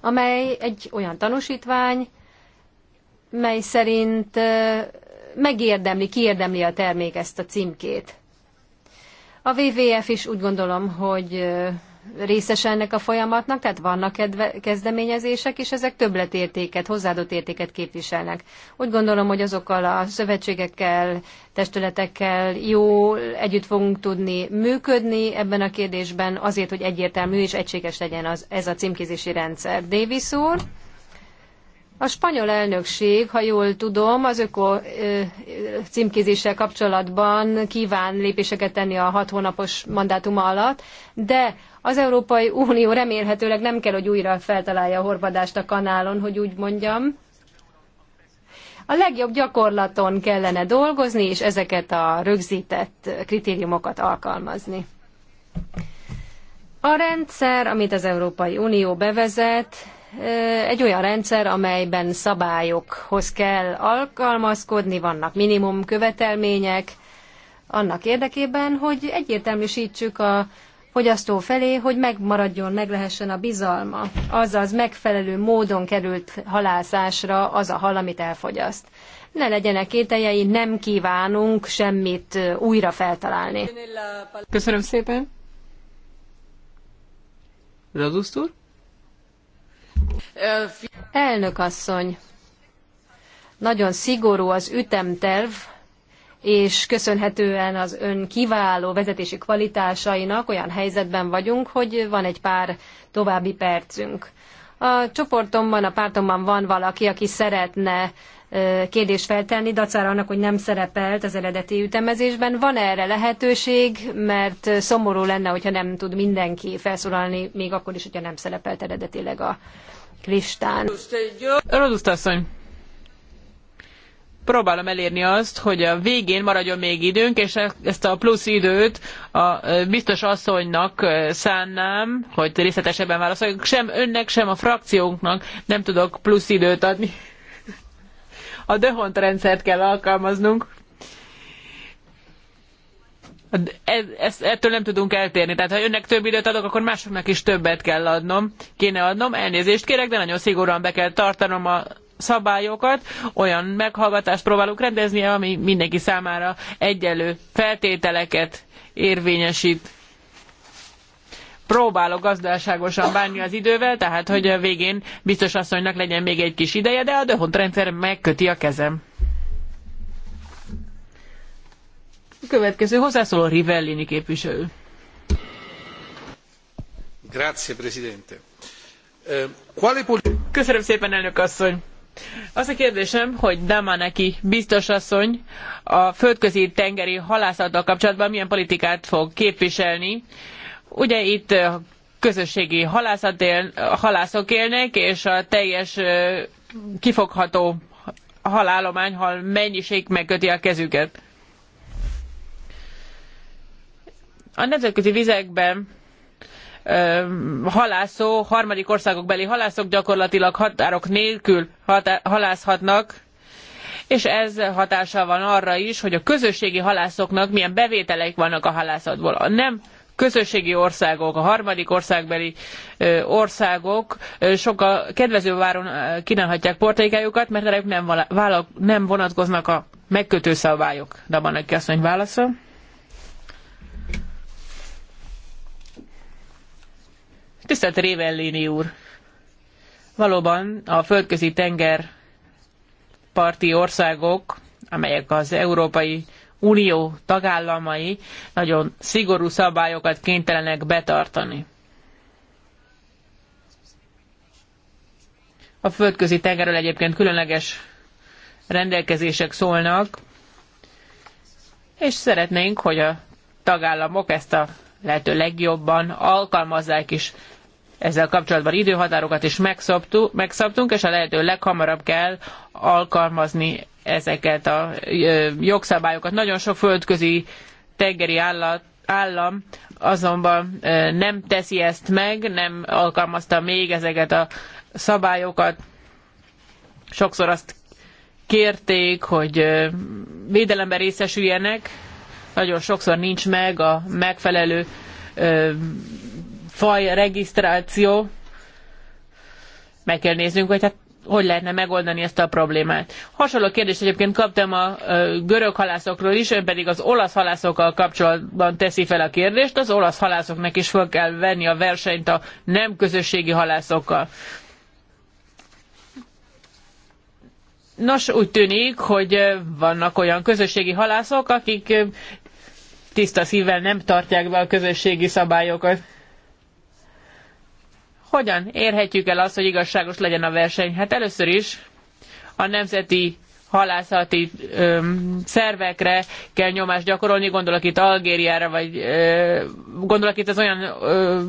amely egy olyan tanúsítvány, mely szerint megérdemli, kiérdemli a termék ezt a címkét a WWF is úgy gondolom, hogy részes ennek a folyamatnak, tehát vannak kedve, kezdeményezések, és ezek többletértéket, hozzáadott értéket képviselnek. Úgy gondolom, hogy azokkal a szövetségekkel, testületekkel jó együtt fogunk tudni működni ebben a kérdésben, azért, hogy egyértelmű és egységes legyen az, ez a címkézési rendszer. Davis úr? A spanyol elnökség, ha jól tudom, az öko címkézéssel kapcsolatban kíván lépéseket tenni a hat hónapos mandátuma alatt, de az Európai Unió remélhetőleg nem kell, hogy újra feltalálja a horvadást a kanálon, hogy úgy mondjam. A legjobb gyakorlaton kellene dolgozni, és ezeket a rögzített kritériumokat alkalmazni. A rendszer, amit az Európai Unió bevezet, egy olyan rendszer, amelyben szabályokhoz kell alkalmazkodni, vannak minimum követelmények, annak érdekében, hogy egyértelműsítsük a fogyasztó felé, hogy megmaradjon, meg lehessen a bizalma. Azaz megfelelő módon került halászásra az a hal, amit elfogyaszt. Ne legyenek kételjei, nem kívánunk semmit újra feltalálni. Köszönöm szépen. Radusz úr? Elnök asszony, nagyon szigorú az ütemterv, és köszönhetően az ön kiváló vezetési kvalitásainak olyan helyzetben vagyunk, hogy van egy pár további percünk. A csoportomban, a pártomban van valaki, aki szeretne kérdést feltenni, dacára annak, hogy nem szerepelt az eredeti ütemezésben. Van -e erre lehetőség, mert szomorú lenne, hogyha nem tud mindenki felszólalni, még akkor is, hogyha nem szerepelt eredetileg a listán. Roduszt asszony, próbálom elérni azt, hogy a végén maradjon még időnk, és e- ezt a plusz időt a e, biztos asszonynak e, szánnám, hogy részletesebben válaszoljunk. Sem önnek, sem a frakciónknak nem tudok plusz időt adni. A dehont rendszert kell alkalmaznunk ezt, ettől nem tudunk eltérni. Tehát ha önnek több időt adok, akkor másoknak is többet kell adnom, kéne adnom. Elnézést kérek, de nagyon szigorúan be kell tartanom a szabályokat, olyan meghallgatást próbálok rendezni, ami mindenki számára egyenlő feltételeket érvényesít. Próbálok gazdaságosan bánni az idővel, tehát hogy a végén biztos asszonynak legyen még egy kis ideje, de a döhont rendszer megköti a kezem. következő hozzászóló Rivellini képviselő. Presidente. Eh, Köszönöm szépen, elnök asszony! Az a kérdésem, hogy Damanaki biztos asszony a földközi tengeri halászattal kapcsolatban milyen politikát fog képviselni. Ugye itt eh, közösségi halászat él, halászok élnek, és a teljes eh, kifogható halálomány, hal mennyiség megköti a kezüket. a nemzetközi vizekben halászó, harmadik országok beli halászok gyakorlatilag határok nélkül hatá halászhatnak, és ez hatással van arra is, hogy a közösségi halászoknak milyen bevételeik vannak a halászatból. A nem közösségi országok, a harmadik országbeli országok sokkal kedvező váron kínálhatják portaikájukat, mert rájuk nem, nem vonatkoznak a megkötő szabályok. Dabanak azt, hogy válaszol. Tisztelt Révellini úr! Valóban a földközi tenger parti országok, amelyek az Európai Unió tagállamai nagyon szigorú szabályokat kénytelenek betartani. A földközi tengerről egyébként különleges rendelkezések szólnak, és szeretnénk, hogy a tagállamok ezt a lehető legjobban alkalmazzák is ezzel kapcsolatban időhatárokat is megszabtunk, és a lehető leghamarabb kell alkalmazni ezeket a jogszabályokat. Nagyon sok földközi tengeri állat, állam azonban nem teszi ezt meg, nem alkalmazta még ezeket a szabályokat. Sokszor azt kérték, hogy védelemben részesüljenek, nagyon sokszor nincs meg a megfelelő faj regisztráció. Meg kell néznünk, hogy hát hogy lehetne megoldani ezt a problémát. Hasonló kérdést egyébként kaptam a görög halászokról is, ön pedig az olasz halászokkal kapcsolatban teszi fel a kérdést. Az olasz halászoknak is fel kell venni a versenyt a nem közösségi halászokkal. Nos, úgy tűnik, hogy vannak olyan közösségi halászok, akik tiszta szívvel nem tartják be a közösségi szabályokat. Hogyan érhetjük el azt, hogy igazságos legyen a verseny? Hát először is a nemzeti halászati szervekre kell nyomást gyakorolni, gondolok itt Algériára, vagy ö, gondolok itt az olyan ö,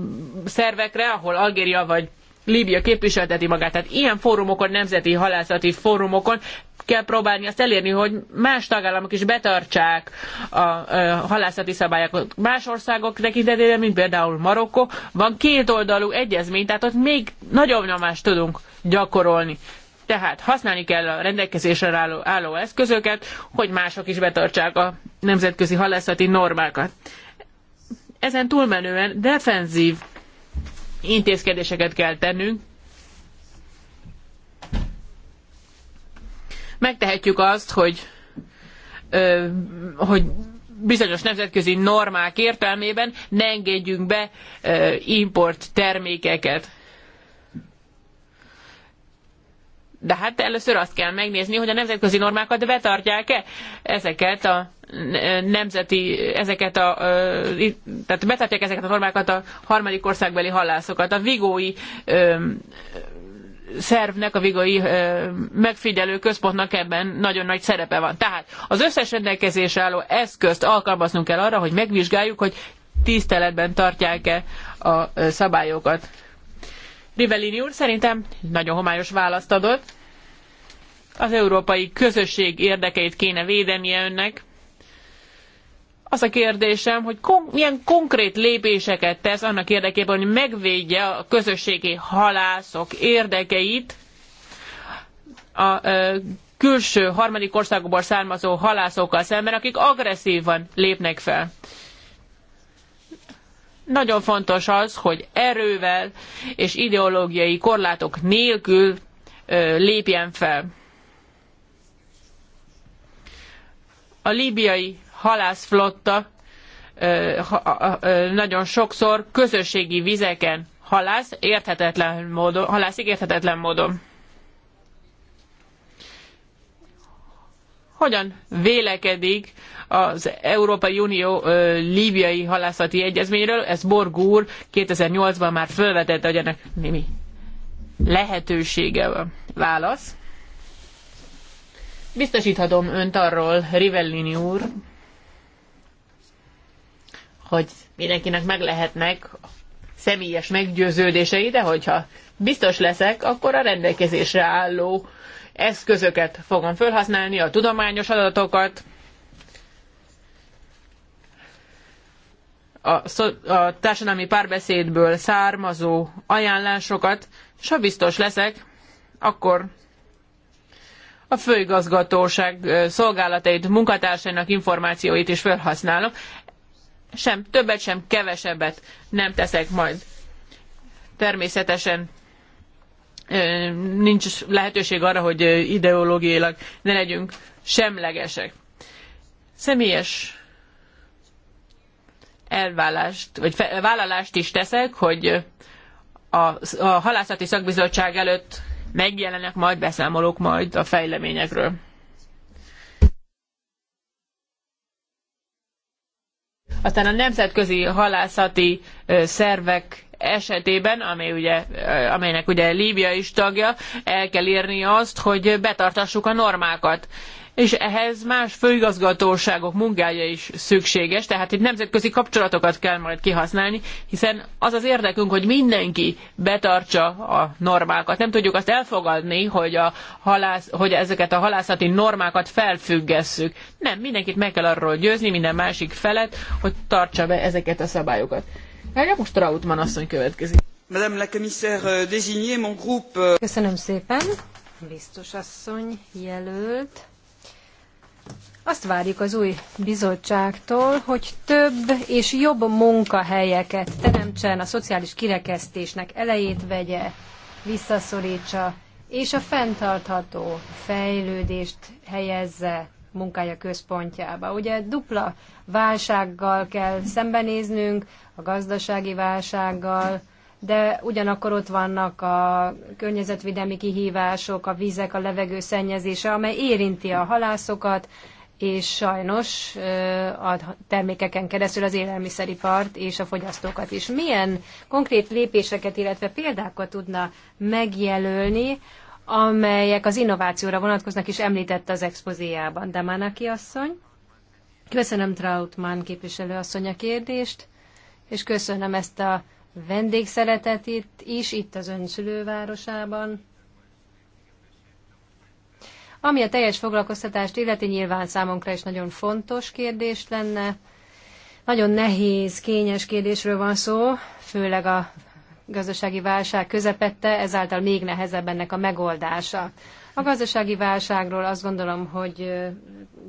szervekre, ahol Algéria vagy Líbia képviselteti magát. Tehát ilyen fórumokon, nemzeti halászati fórumokon kell próbálni azt elérni, hogy más tagállamok is betartsák a, a halászati szabályokat. Más országok tekintetében, mint például Marokko, van kétoldalú egyezmény, tehát ott még nagyobb nyomást tudunk gyakorolni. Tehát használni kell a rendelkezésre álló, álló eszközöket, hogy mások is betartsák a nemzetközi halászati normákat. Ezen túlmenően defenzív intézkedéseket kell tennünk. Megtehetjük azt, hogy, ö, hogy bizonyos nemzetközi normák értelmében ne engedjünk be ö, import termékeket. De hát először azt kell megnézni, hogy a nemzetközi normákat betartják-e ezeket a nemzeti, ezeket a, tehát betartják ezeket a normákat a harmadik országbeli halászokat. A vigói szervnek, a vigai megfigyelő központnak ebben nagyon nagy szerepe van. Tehát az összes rendelkezésre álló eszközt alkalmaznunk kell arra, hogy megvizsgáljuk, hogy tiszteletben tartják-e a szabályokat. Rivellini úr szerintem nagyon homályos választ adott. Az európai közösség érdekeit kéne védenie önnek. Az a kérdésem, hogy kon- milyen konkrét lépéseket tesz annak érdekében, hogy megvédje a közösségi halászok érdekeit a ö, külső harmadik országokból származó halászokkal szemben, akik agresszívan lépnek fel. Nagyon fontos az, hogy erővel és ideológiai korlátok nélkül lépjen fel. A líbiai halászflotta nagyon sokszor közösségi vizeken halász, érthetetlen módon, halászik érthetetlen módon. Hogyan vélekedik az Európai Unió líbiai halászati egyezményről. Ez Borg úr 2008-ban már felvetett hogy ennek némi lehetősége van. Válasz. Biztosíthatom önt arról, Rivellini úr, hogy mindenkinek meg lehetnek személyes meggyőződései, de hogyha biztos leszek, akkor a rendelkezésre álló eszközöket fogom felhasználni, a tudományos adatokat, a, a társadalmi párbeszédből származó ajánlásokat, és ha biztos leszek, akkor a főigazgatóság szolgálatait, munkatársainak információit is felhasználom. Sem többet, sem kevesebbet nem teszek majd. Természetesen nincs lehetőség arra, hogy ideológiailag ne legyünk semlegesek. Személyes elvállást, vagy fe, vállalást is teszek, hogy a, a halászati szakbizottság előtt megjelenek, majd beszámolok majd a fejleményekről. Aztán a nemzetközi halászati szervek esetében, amely ugye, amelynek ugye Líbia is tagja, el kell érni azt, hogy betartassuk a normákat és ehhez más főigazgatóságok munkája is szükséges, tehát itt nemzetközi kapcsolatokat kell majd kihasználni, hiszen az az érdekünk, hogy mindenki betartsa a normákat. Nem tudjuk azt elfogadni, hogy, a halász, hogy ezeket a halászati normákat felfüggesszük. Nem, mindenkit meg kell arról győzni, minden másik felet, hogy tartsa be ezeket a szabályokat. Erre most Trautmann asszony következik. Madame la commissaire euh, désignée, mon groupe... Euh, Köszönöm szépen, biztos asszony jelölt. Azt várjuk az új bizottságtól, hogy több és jobb munkahelyeket teremtsen, a szociális kirekesztésnek elejét vegye, visszaszorítsa, és a fenntartható fejlődést helyezze munkája központjába. Ugye dupla válsággal kell szembenéznünk, a gazdasági válsággal, de ugyanakkor ott vannak a környezetvédelmi kihívások, a vízek, a levegő szennyezése, amely érinti a halászokat, és sajnos a termékeken keresztül az élelmiszeripart és a fogyasztókat is. Milyen konkrét lépéseket, illetve példákat tudna megjelölni, amelyek az innovációra vonatkoznak, is említette az expozéjában. De Mánaki asszony, köszönöm Trautmann képviselő asszony a kérdést, és köszönöm ezt a vendégszeretet itt is, itt az ön szülővárosában. Ami a teljes foglalkoztatást illeti, nyilván számunkra is nagyon fontos kérdés lenne. Nagyon nehéz, kényes kérdésről van szó, főleg a gazdasági válság közepette, ezáltal még nehezebb ennek a megoldása. A gazdasági válságról azt gondolom, hogy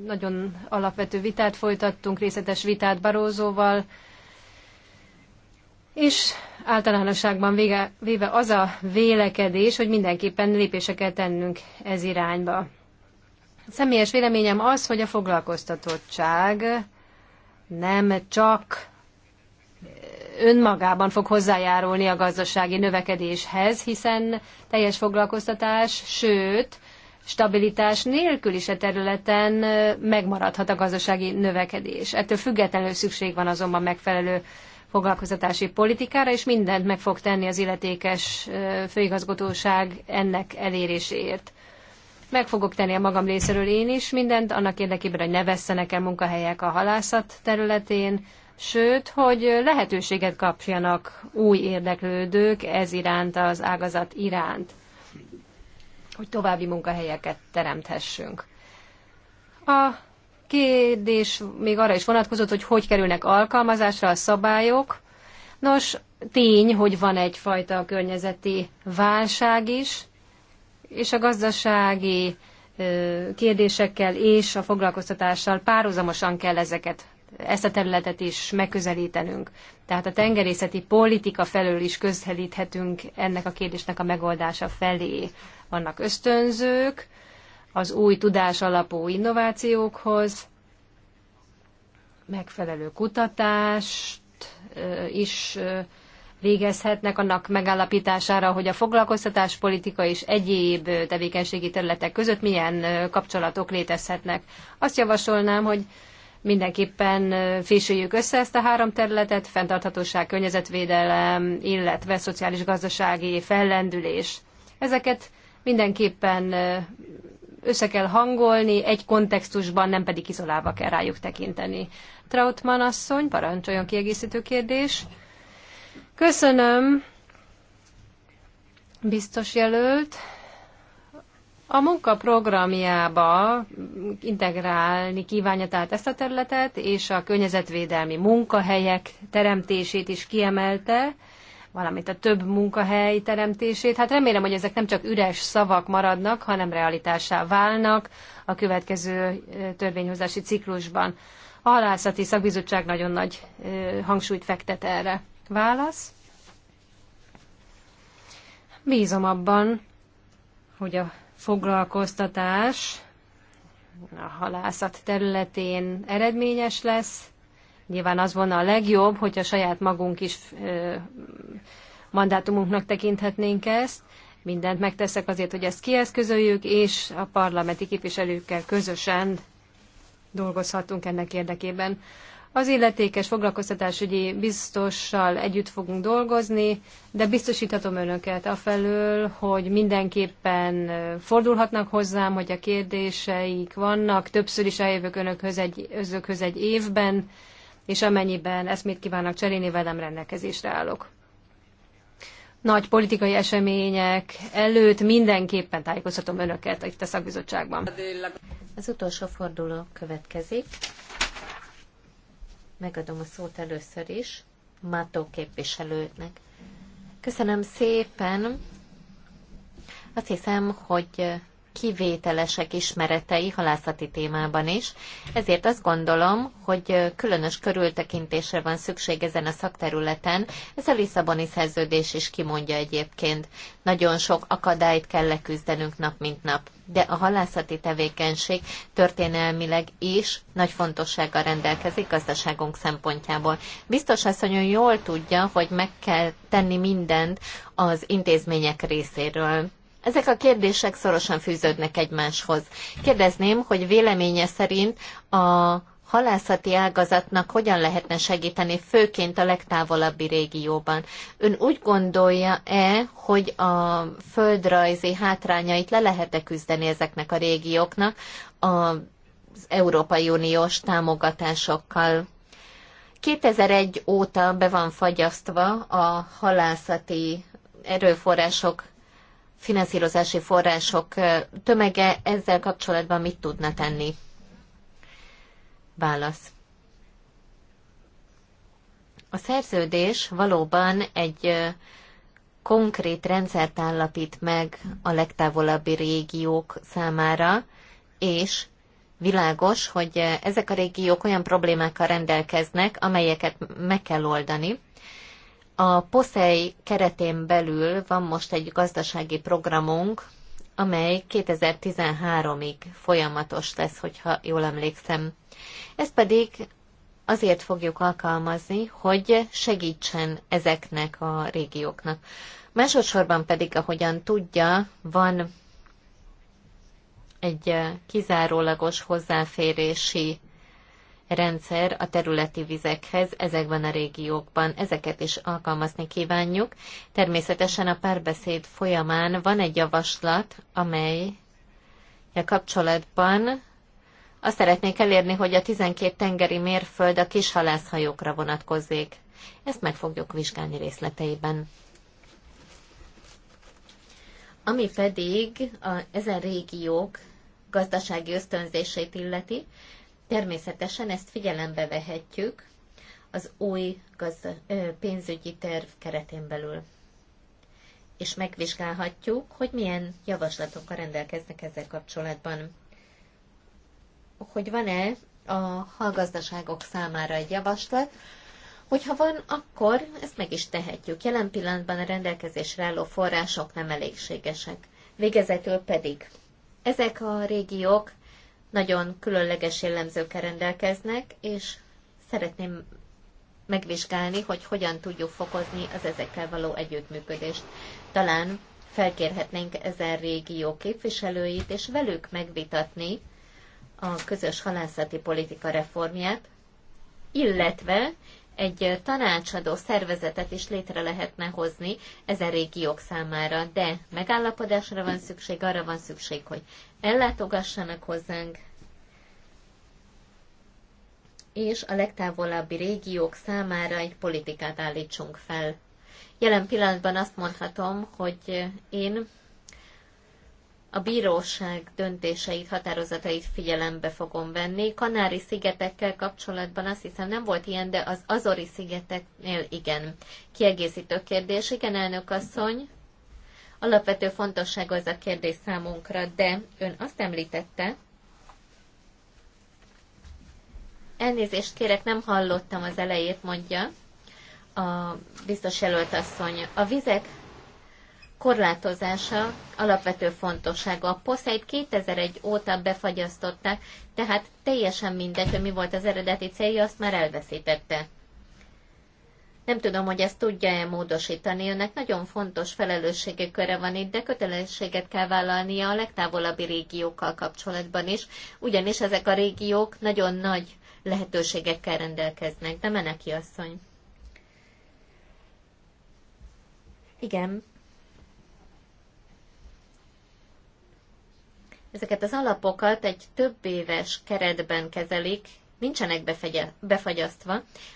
nagyon alapvető vitát folytattunk, részletes vitát Barózóval, és általánosságban vége, véve az a vélekedés, hogy mindenképpen lépéseket tennünk ez irányba. Személyes véleményem az, hogy a foglalkoztatottság nem csak önmagában fog hozzájárulni a gazdasági növekedéshez, hiszen teljes foglalkoztatás, sőt, stabilitás nélkül is a e területen megmaradhat a gazdasági növekedés. Ettől függetlenül szükség van azonban megfelelő foglalkoztatási politikára, és mindent meg fog tenni az illetékes főigazgatóság ennek eléréséért. Meg fogok tenni a magam részéről én is mindent, annak érdekében, hogy ne vesszenek el munkahelyek a halászat területén, sőt, hogy lehetőséget kapjanak új érdeklődők ez iránt, az ágazat iránt, hogy további munkahelyeket teremthessünk. A kérdés még arra is vonatkozott, hogy hogy kerülnek alkalmazásra a szabályok. Nos, tény, hogy van egyfajta környezeti válság is, és a gazdasági kérdésekkel és a foglalkoztatással párhuzamosan kell ezeket, ezt a területet is megközelítenünk. Tehát a tengerészeti politika felől is közelíthetünk ennek a kérdésnek a megoldása felé. Vannak ösztönzők az új tudás alapú innovációkhoz, megfelelő kutatást is végezhetnek annak megállapítására, hogy a foglalkoztatáspolitika és egyéb tevékenységi területek között milyen kapcsolatok létezhetnek. Azt javasolnám, hogy mindenképpen fésüljük össze ezt a három területet, fenntarthatóság, környezetvédelem, illetve szociális-gazdasági fellendülés. Ezeket mindenképpen össze kell hangolni, egy kontextusban, nem pedig izolálva kell rájuk tekinteni. Trautmann asszony, parancsoljon kiegészítő kérdés. Köszönöm, biztos jelölt. A munka programjába integrálni kívánja tehát ezt a területet, és a környezetvédelmi munkahelyek teremtését is kiemelte, valamint a több munkahely teremtését. Hát remélem, hogy ezek nem csak üres szavak maradnak, hanem realitássá válnak a következő törvényhozási ciklusban. A halászati szakbizottság nagyon nagy hangsúlyt fektet erre. Válasz. Bízom abban, hogy a foglalkoztatás a halászat területén eredményes lesz. Nyilván az volna a legjobb, hogyha saját magunk is ö, mandátumunknak tekinthetnénk ezt. Mindent megteszek azért, hogy ezt kieszközöljük, és a parlamenti képviselőkkel közösen dolgozhatunk ennek érdekében. Az illetékes foglalkoztatásügyi biztossal együtt fogunk dolgozni, de biztosíthatom önöket afelől, hogy mindenképpen fordulhatnak hozzám, hogy a kérdéseik vannak. Többször is eljövök önökhöz egy, önökhöz egy évben, és amennyiben eszmét kívánnak cserélni, velem rendelkezésre állok. Nagy politikai események előtt mindenképpen tájékoztatom önöket itt a szakbizottságban. Az utolsó forduló következik. Megadom a szót először is Mátó képviselőnek. Köszönöm szépen. Azt hiszem, hogy kivételesek ismeretei halászati témában is, ezért azt gondolom, hogy különös körültekintésre van szükség ezen a szakterületen, ez a Lisszaboni szerződés is kimondja egyébként. Nagyon sok akadályt kell leküzdenünk nap mint nap, de a halászati tevékenység történelmileg is nagy fontossággal rendelkezik gazdaságunk szempontjából. Biztos asszony jól tudja, hogy meg kell tenni mindent az intézmények részéről ezek a kérdések szorosan fűződnek egymáshoz. Kérdezném, hogy véleménye szerint a halászati ágazatnak hogyan lehetne segíteni, főként a legtávolabbi régióban. Ön úgy gondolja-e, hogy a földrajzi hátrányait le lehet-e küzdeni ezeknek a régióknak az Európai Uniós támogatásokkal? 2001 óta be van fagyasztva a halászati erőforrások finanszírozási források tömege ezzel kapcsolatban mit tudna tenni? Válasz. A szerződés valóban egy konkrét rendszert állapít meg a legtávolabbi régiók számára, és világos, hogy ezek a régiók olyan problémákkal rendelkeznek, amelyeket meg kell oldani, a POSEI keretén belül van most egy gazdasági programunk, amely 2013-ig folyamatos lesz, hogyha jól emlékszem. Ezt pedig azért fogjuk alkalmazni, hogy segítsen ezeknek a régióknak. Másodszorban pedig, ahogyan tudja, van egy kizárólagos hozzáférési rendszer a területi vizekhez ezekben a régiókban. Ezeket is alkalmazni kívánjuk. Természetesen a párbeszéd folyamán van egy javaslat, amely a kapcsolatban azt szeretnék elérni, hogy a 12 tengeri mérföld a kis halászhajókra vonatkozzék. Ezt meg fogjuk vizsgálni részleteiben. Ami pedig a, ezen régiók gazdasági ösztönzését illeti, Természetesen ezt figyelembe vehetjük az új ö, pénzügyi terv keretén belül. És megvizsgálhatjuk, hogy milyen javaslatokkal rendelkeznek ezzel kapcsolatban. Hogy van-e a hallgazdaságok számára egy javaslat, Hogyha van, akkor ezt meg is tehetjük. Jelen pillanatban a rendelkezésre álló források nem elégségesek. Végezetül pedig ezek a régiók nagyon különleges jellemzőkkel rendelkeznek, és szeretném megvizsgálni, hogy hogyan tudjuk fokozni az ezekkel való együttműködést. Talán felkérhetnénk ezen régió képviselőit, és velük megvitatni a közös halászati politika reformját, illetve egy tanácsadó szervezetet is létre lehetne hozni ezen régiók számára, de megállapodásra van szükség, arra van szükség, hogy ellátogassanak hozzánk, és a legtávolabbi régiók számára egy politikát állítsunk fel. Jelen pillanatban azt mondhatom, hogy én a bíróság döntéseit, határozatait figyelembe fogom venni. Kanári-szigetekkel kapcsolatban azt hiszem nem volt ilyen, de az Azori-szigeteknél igen. Kiegészítő kérdés, igen, elnök asszony. Alapvető fontosság az a kérdés számunkra, de ön azt említette, elnézést kérek, nem hallottam az elejét, mondja a biztos jelölt asszony. A vizek korlátozása alapvető fontossága. A poszeit 2001 óta befagyasztották, tehát teljesen mindegy, hogy mi volt az eredeti célja, azt már elveszítette. Nem tudom, hogy ezt tudja-e módosítani. Önnek nagyon fontos felelőssége köre van itt, de kötelességet kell vállalnia a legtávolabbi régiókkal kapcsolatban is, ugyanis ezek a régiók nagyon nagy lehetőségekkel rendelkeznek. De meneki asszony. Igen, ezeket az alapokat egy több éves keretben kezelik, nincsenek befagyasztva,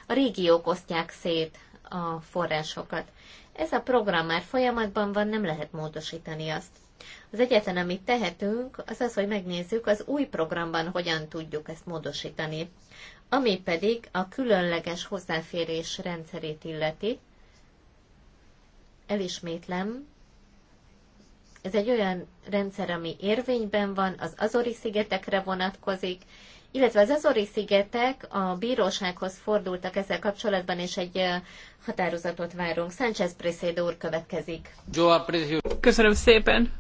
a régiók osztják szét a forrásokat. Ez a program már folyamatban van, nem lehet módosítani azt. Az egyetlen, amit tehetünk, az az, hogy megnézzük az új programban hogyan tudjuk ezt módosítani. Ami pedig a különleges hozzáférés rendszerét illeti, elismétlem, ez egy olyan rendszer, ami érvényben van, az Azori-szigetekre vonatkozik, illetve az Azori-szigetek a bírósághoz fordultak ezzel kapcsolatban, és egy határozatot várunk. Sánchez Presedo úr következik. Köszönöm szépen!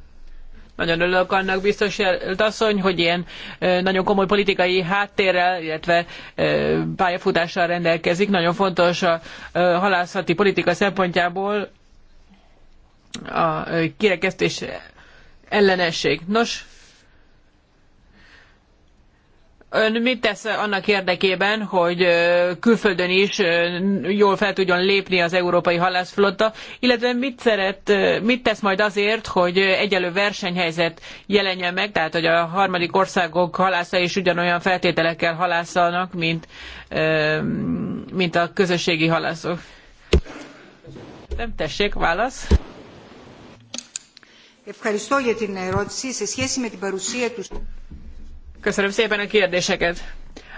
Nagyon örülök annak biztos asszony, hogy ilyen nagyon komoly politikai háttérrel, illetve pályafutással rendelkezik. Nagyon fontos a halászati politika szempontjából a kirekesztés ellenesség. Nos, Ön mit tesz annak érdekében, hogy külföldön is jól fel tudjon lépni az európai halászflotta, illetve mit, szeret, mit tesz majd azért, hogy egyelő versenyhelyzet jelenjen meg, tehát hogy a harmadik országok halásza is ugyanolyan feltételekkel halászanak, mint, mint a közösségi halászok? Nem tessék, válasz. Ευχαριστώ για την ερώτηση. Σε σχέση με την παρουσία του... Köszönöm szépen a kérdéseket.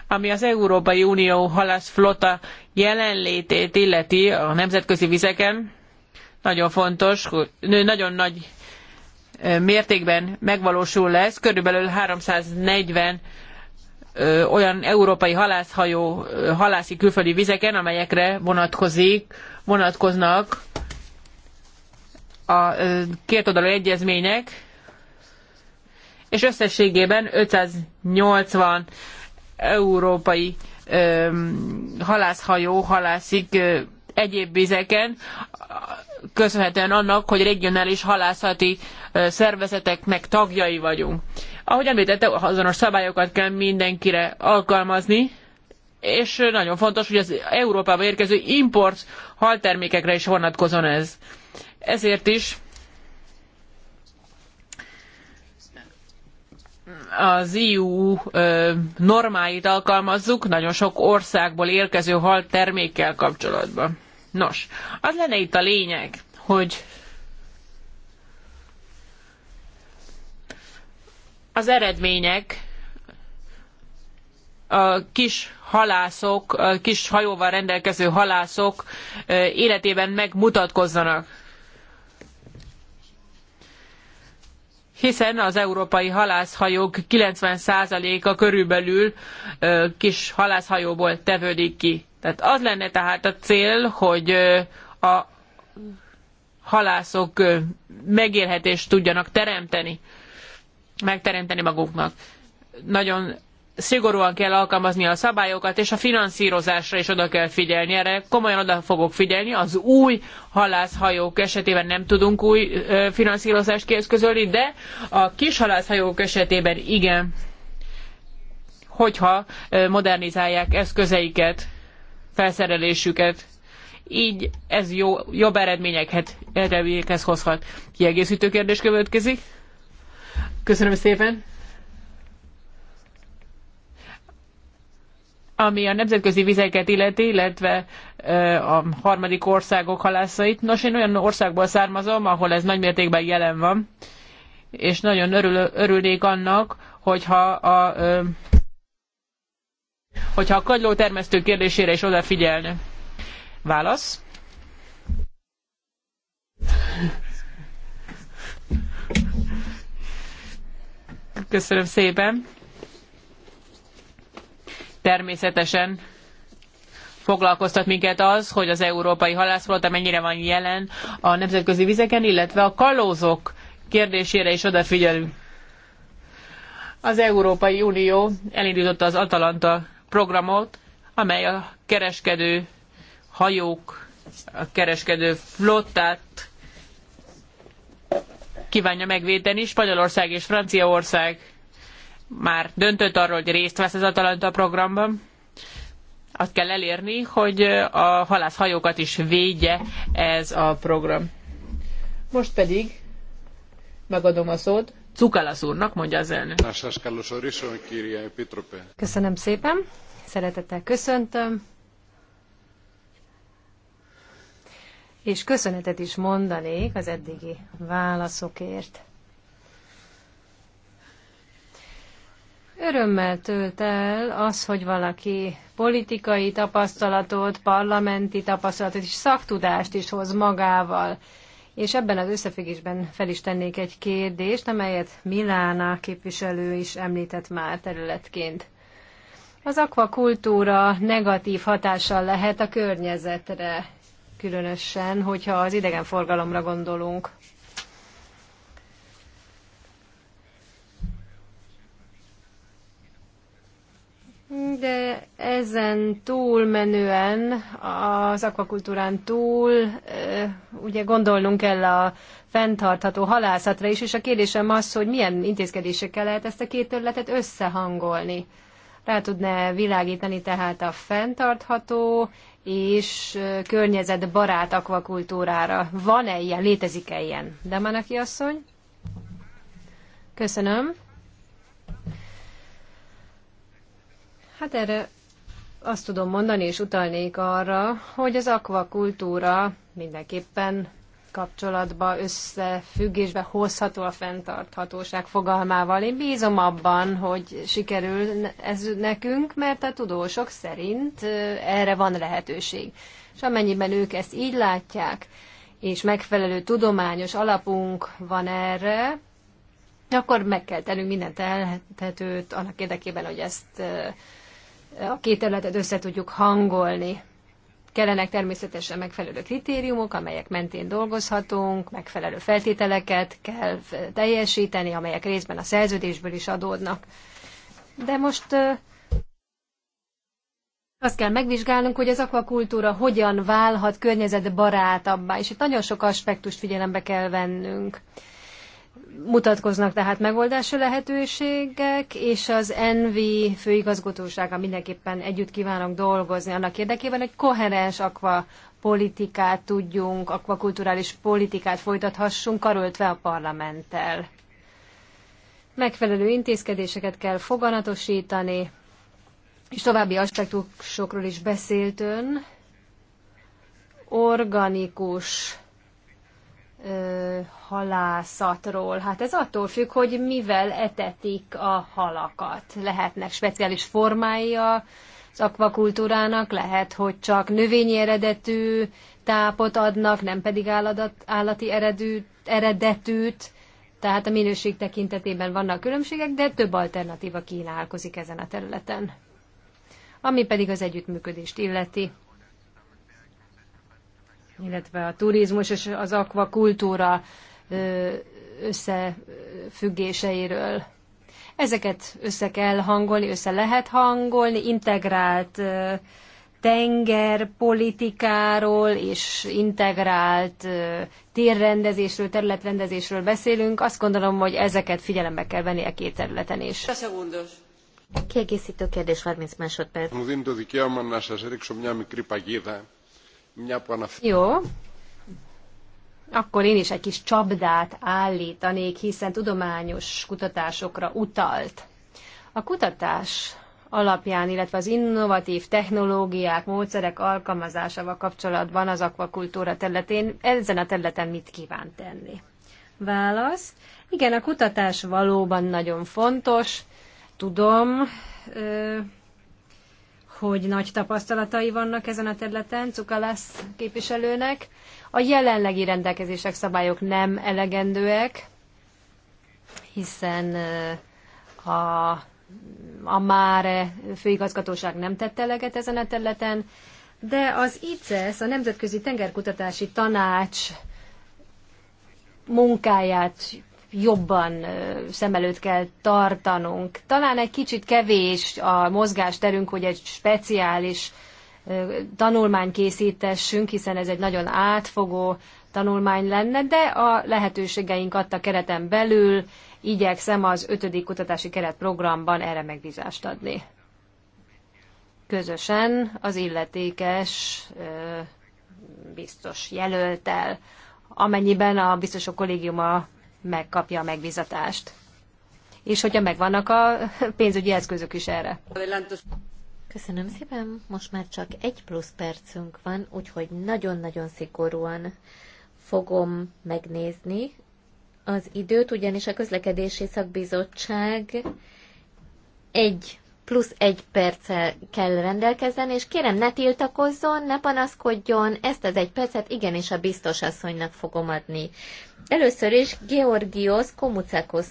Ami az Európai Unió halászflotta jelenlétét illeti a nemzetközi vizeken, nagyon fontos, hogy nagyon nagy mértékben megvalósul lesz. Körülbelül 340 olyan európai halászhajó halászi külföldi vizeken, amelyekre vonatkozik, vonatkoznak a kétoldalú egyezménynek, és összességében 580 európai öm, halászhajó halászik egyéb vizeken, köszönhetően annak, hogy regionális halászati öm, szervezeteknek tagjai vagyunk. Ahogy említette, azonos szabályokat kell mindenkire alkalmazni, és nagyon fontos, hogy az Európába érkező import haltermékekre is vonatkozon ez. Ezért is az EU normáit alkalmazzuk nagyon sok országból érkező hal termékkel kapcsolatban. Nos, az lenne itt a lényeg, hogy az eredmények a kis halászok, a kis hajóval rendelkező halászok életében megmutatkozzanak. hiszen az európai halászhajók 90%-a körülbelül kis halászhajóból tevődik ki. Tehát az lenne tehát a cél, hogy a halászok megélhetést tudjanak teremteni, megteremteni maguknak. Nagyon szigorúan kell alkalmazni a szabályokat, és a finanszírozásra is oda kell figyelni. Erre komolyan oda fogok figyelni. Az új halászhajók esetében nem tudunk új finanszírozást kieszközölni, de a kis halászhajók esetében igen, hogyha modernizálják eszközeiket, felszerelésüket. Így ez jó, jobb eredményeket, eredményekhez hozhat. Kiegészítő kérdés következik. Köszönöm szépen! ami a nemzetközi vizeket illeti, illetve a harmadik országok halászait. Nos, én olyan országból származom, ahol ez nagymértékben jelen van, és nagyon örül, örülnék annak, hogyha a, hogyha a kagyló termesztő kérdésére is odafigyelne. Válasz? Köszönöm szépen. Természetesen foglalkoztat minket az, hogy az európai halászflotta mennyire van jelen a nemzetközi vizeken, illetve a kalózok kérdésére is odafigyelünk. Az Európai Unió elindította az Atalanta programot, amely a kereskedő hajók, a kereskedő flottát kívánja megvédeni. Spanyolország és Franciaország már döntött arról, hogy részt vesz az Atalanta programban. Azt kell elérni, hogy a halászhajókat is védje ez a program. Most pedig megadom a szót Cukalasz úrnak, mondja az elnök. Köszönöm szépen, szeretettel köszöntöm. És köszönetet is mondanék az eddigi válaszokért. Örömmel tölt el az, hogy valaki politikai tapasztalatot, parlamenti tapasztalatot és szaktudást is hoz magával. És ebben az összefüggésben fel is tennék egy kérdést, amelyet Milána képviselő is említett már területként. Az akvakultúra negatív hatással lehet a környezetre, különösen, hogyha az idegenforgalomra gondolunk. De ezen túlmenően, az akvakultúrán túl, ugye gondolnunk kell a fenntartható halászatra is, és a kérdésem az, hogy milyen intézkedésekkel lehet ezt a két területet összehangolni. Rá tudná világítani tehát a fenntartható és környezetbarát akvakultúrára. Van-e ilyen? Létezik-e ilyen? Demanaki asszony? Köszönöm. Hát erre azt tudom mondani, és utalnék arra, hogy az akvakultúra mindenképpen kapcsolatba, összefüggésbe hozható a fenntarthatóság fogalmával. Én bízom abban, hogy sikerül ez nekünk, mert a tudósok szerint erre van lehetőség. És amennyiben ők ezt így látják, és megfelelő tudományos alapunk van erre, akkor meg kell tennünk mindent elhetetőt annak érdekében, hogy ezt a két területet össze tudjuk hangolni. Kellenek természetesen megfelelő kritériumok, amelyek mentén dolgozhatunk, megfelelő feltételeket kell teljesíteni, amelyek részben a szerződésből is adódnak. De most azt kell megvizsgálnunk, hogy az akvakultúra hogyan válhat környezetbarátabbá, és itt nagyon sok aspektust figyelembe kell vennünk mutatkoznak tehát megoldási lehetőségek, és az NV főigazgatósága mindenképpen együtt kívánok dolgozni annak érdekében, hogy koherens akva politikát tudjunk, akvakulturális politikát folytathassunk, karöltve a parlamenttel. Megfelelő intézkedéseket kell foganatosítani, és további aspektusokról is beszélt ön. Organikus ö, halászatról. Hát ez attól függ, hogy mivel etetik a halakat. Lehetnek speciális formái az akvakultúrának, lehet, hogy csak növényi eredetű tápot adnak, nem pedig állat állati eredű, eredetűt. Tehát a minőség tekintetében vannak különbségek, de több alternatíva kínálkozik ezen a területen. Ami pedig az együttműködést illeti illetve a turizmus és az akvakultúra összefüggéseiről. Ezeket össze kell hangolni, össze lehet hangolni, integrált tengerpolitikáról és integrált térrendezésről, területrendezésről beszélünk. Azt gondolom, hogy ezeket figyelembe kell venni a e két területen is. Kiegészítő kérdés 30 másodperc. Μου δίνετε το δικαίωμα να σας ρίξω μια μικρή παγίδα jó. Akkor én is egy kis csapdát állítanék, hiszen tudományos kutatásokra utalt. A kutatás alapján, illetve az innovatív technológiák, módszerek alkalmazásával kapcsolatban az akvakultúra területén, ezen a területen mit kíván tenni? Válasz. Igen, a kutatás valóban nagyon fontos. Tudom, hogy nagy tapasztalatai vannak ezen a területen Cukalász képviselőnek. A jelenlegi rendelkezések, szabályok nem elegendőek, hiszen a, a MÁRE főigazgatóság nem tette eleget ezen a területen, de az ICES, a Nemzetközi Tengerkutatási Tanács munkáját jobban szem előtt kell tartanunk. Talán egy kicsit kevés a mozgásterünk, hogy egy speciális tanulmány készítessünk, hiszen ez egy nagyon átfogó tanulmány lenne, de a lehetőségeink adta kereten belül igyekszem az ötödik kutatási keretprogramban erre megbízást adni. Közösen az illetékes biztos jelöltel, amennyiben a biztosok kollégiuma megkapja a megbizatást. És hogyha megvannak a pénzügyi eszközök is erre. Köszönöm szépen, most már csak egy plusz percünk van, úgyhogy nagyon-nagyon szigorúan fogom megnézni az időt, ugyanis a közlekedési szakbizottság egy plusz egy perccel kell rendelkezzen, és kérem, ne tiltakozzon, ne panaszkodjon, ezt az egy percet igenis a biztos asszonynak fogom adni. Először is Georgios Komucakos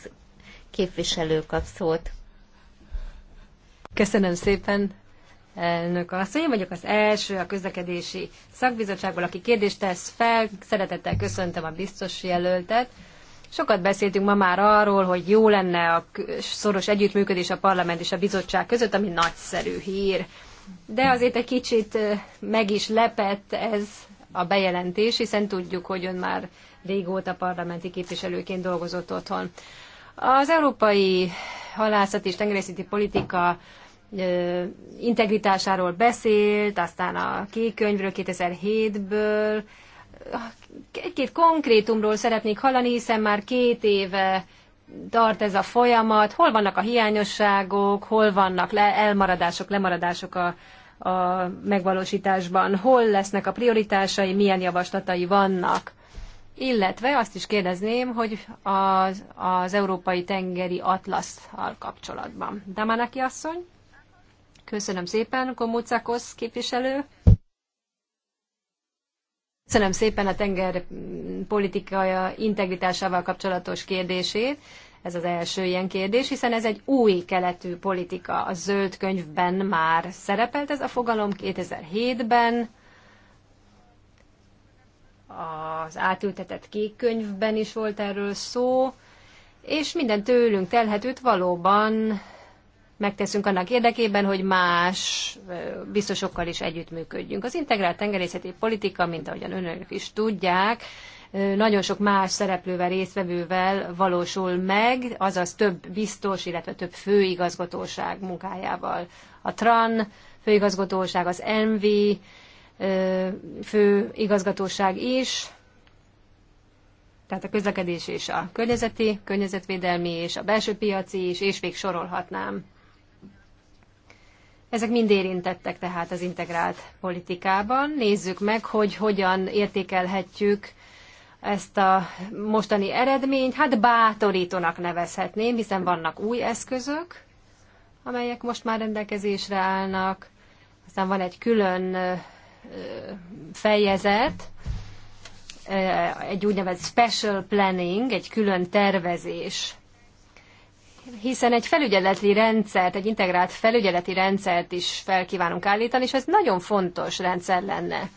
képviselő kap szót. Köszönöm szépen, elnök asszony. Én vagyok az első a közlekedési szakbizottságból, aki kérdést tesz fel. Szeretettel köszöntöm a biztos jelöltet. Sokat beszéltünk ma már arról, hogy jó lenne a szoros együttműködés a parlament és a bizottság között, ami nagyszerű hír. De azért egy kicsit meg is lepett ez a bejelentés, hiszen tudjuk, hogy ön már régóta parlamenti képviselőként dolgozott otthon. Az európai halászat és tengerészeti politika integritásáról beszélt, aztán a kék könyvről 2007-ből, egy-két konkrétumról szeretnék hallani, hiszen már két éve tart ez a folyamat, hol vannak a hiányosságok, hol vannak le, elmaradások, lemaradások a, a megvalósításban, hol lesznek a prioritásai, milyen javaslatai vannak. Illetve azt is kérdezném, hogy az, az Európai Tengeri Atlaszal kapcsolatban. Damanaki asszony, köszönöm szépen, Komucakosz képviselő. Köszönöm szépen a tenger politikája integritásával kapcsolatos kérdését. Ez az első ilyen kérdés, hiszen ez egy új keletű politika. A zöld könyvben már szerepelt ez a fogalom 2007-ben, az átültetett kék könyvben is volt erről szó, és minden tőlünk telhetőt valóban megteszünk annak érdekében, hogy más biztosokkal is együttműködjünk. Az integrált tengerészeti politika, mint ahogyan önök is tudják, nagyon sok más szereplővel, résztvevővel valósul meg, azaz több biztos, illetve több főigazgatóság munkájával. A TRAN főigazgatóság, az NV főigazgatóság is, tehát a közlekedés és a környezeti, környezetvédelmi és a belső piaci is, és még sorolhatnám. Ezek mind érintettek tehát az integrált politikában. Nézzük meg, hogy hogyan értékelhetjük ezt a mostani eredményt. Hát bátorítónak nevezhetném, hiszen vannak új eszközök, amelyek most már rendelkezésre állnak. Aztán van egy külön fejezet, egy úgynevezett special planning, egy külön tervezés hiszen egy felügyeleti rendszert, egy integrált felügyeleti rendszert is kívánunk állítani, és ez nagyon fontos rendszer lenne.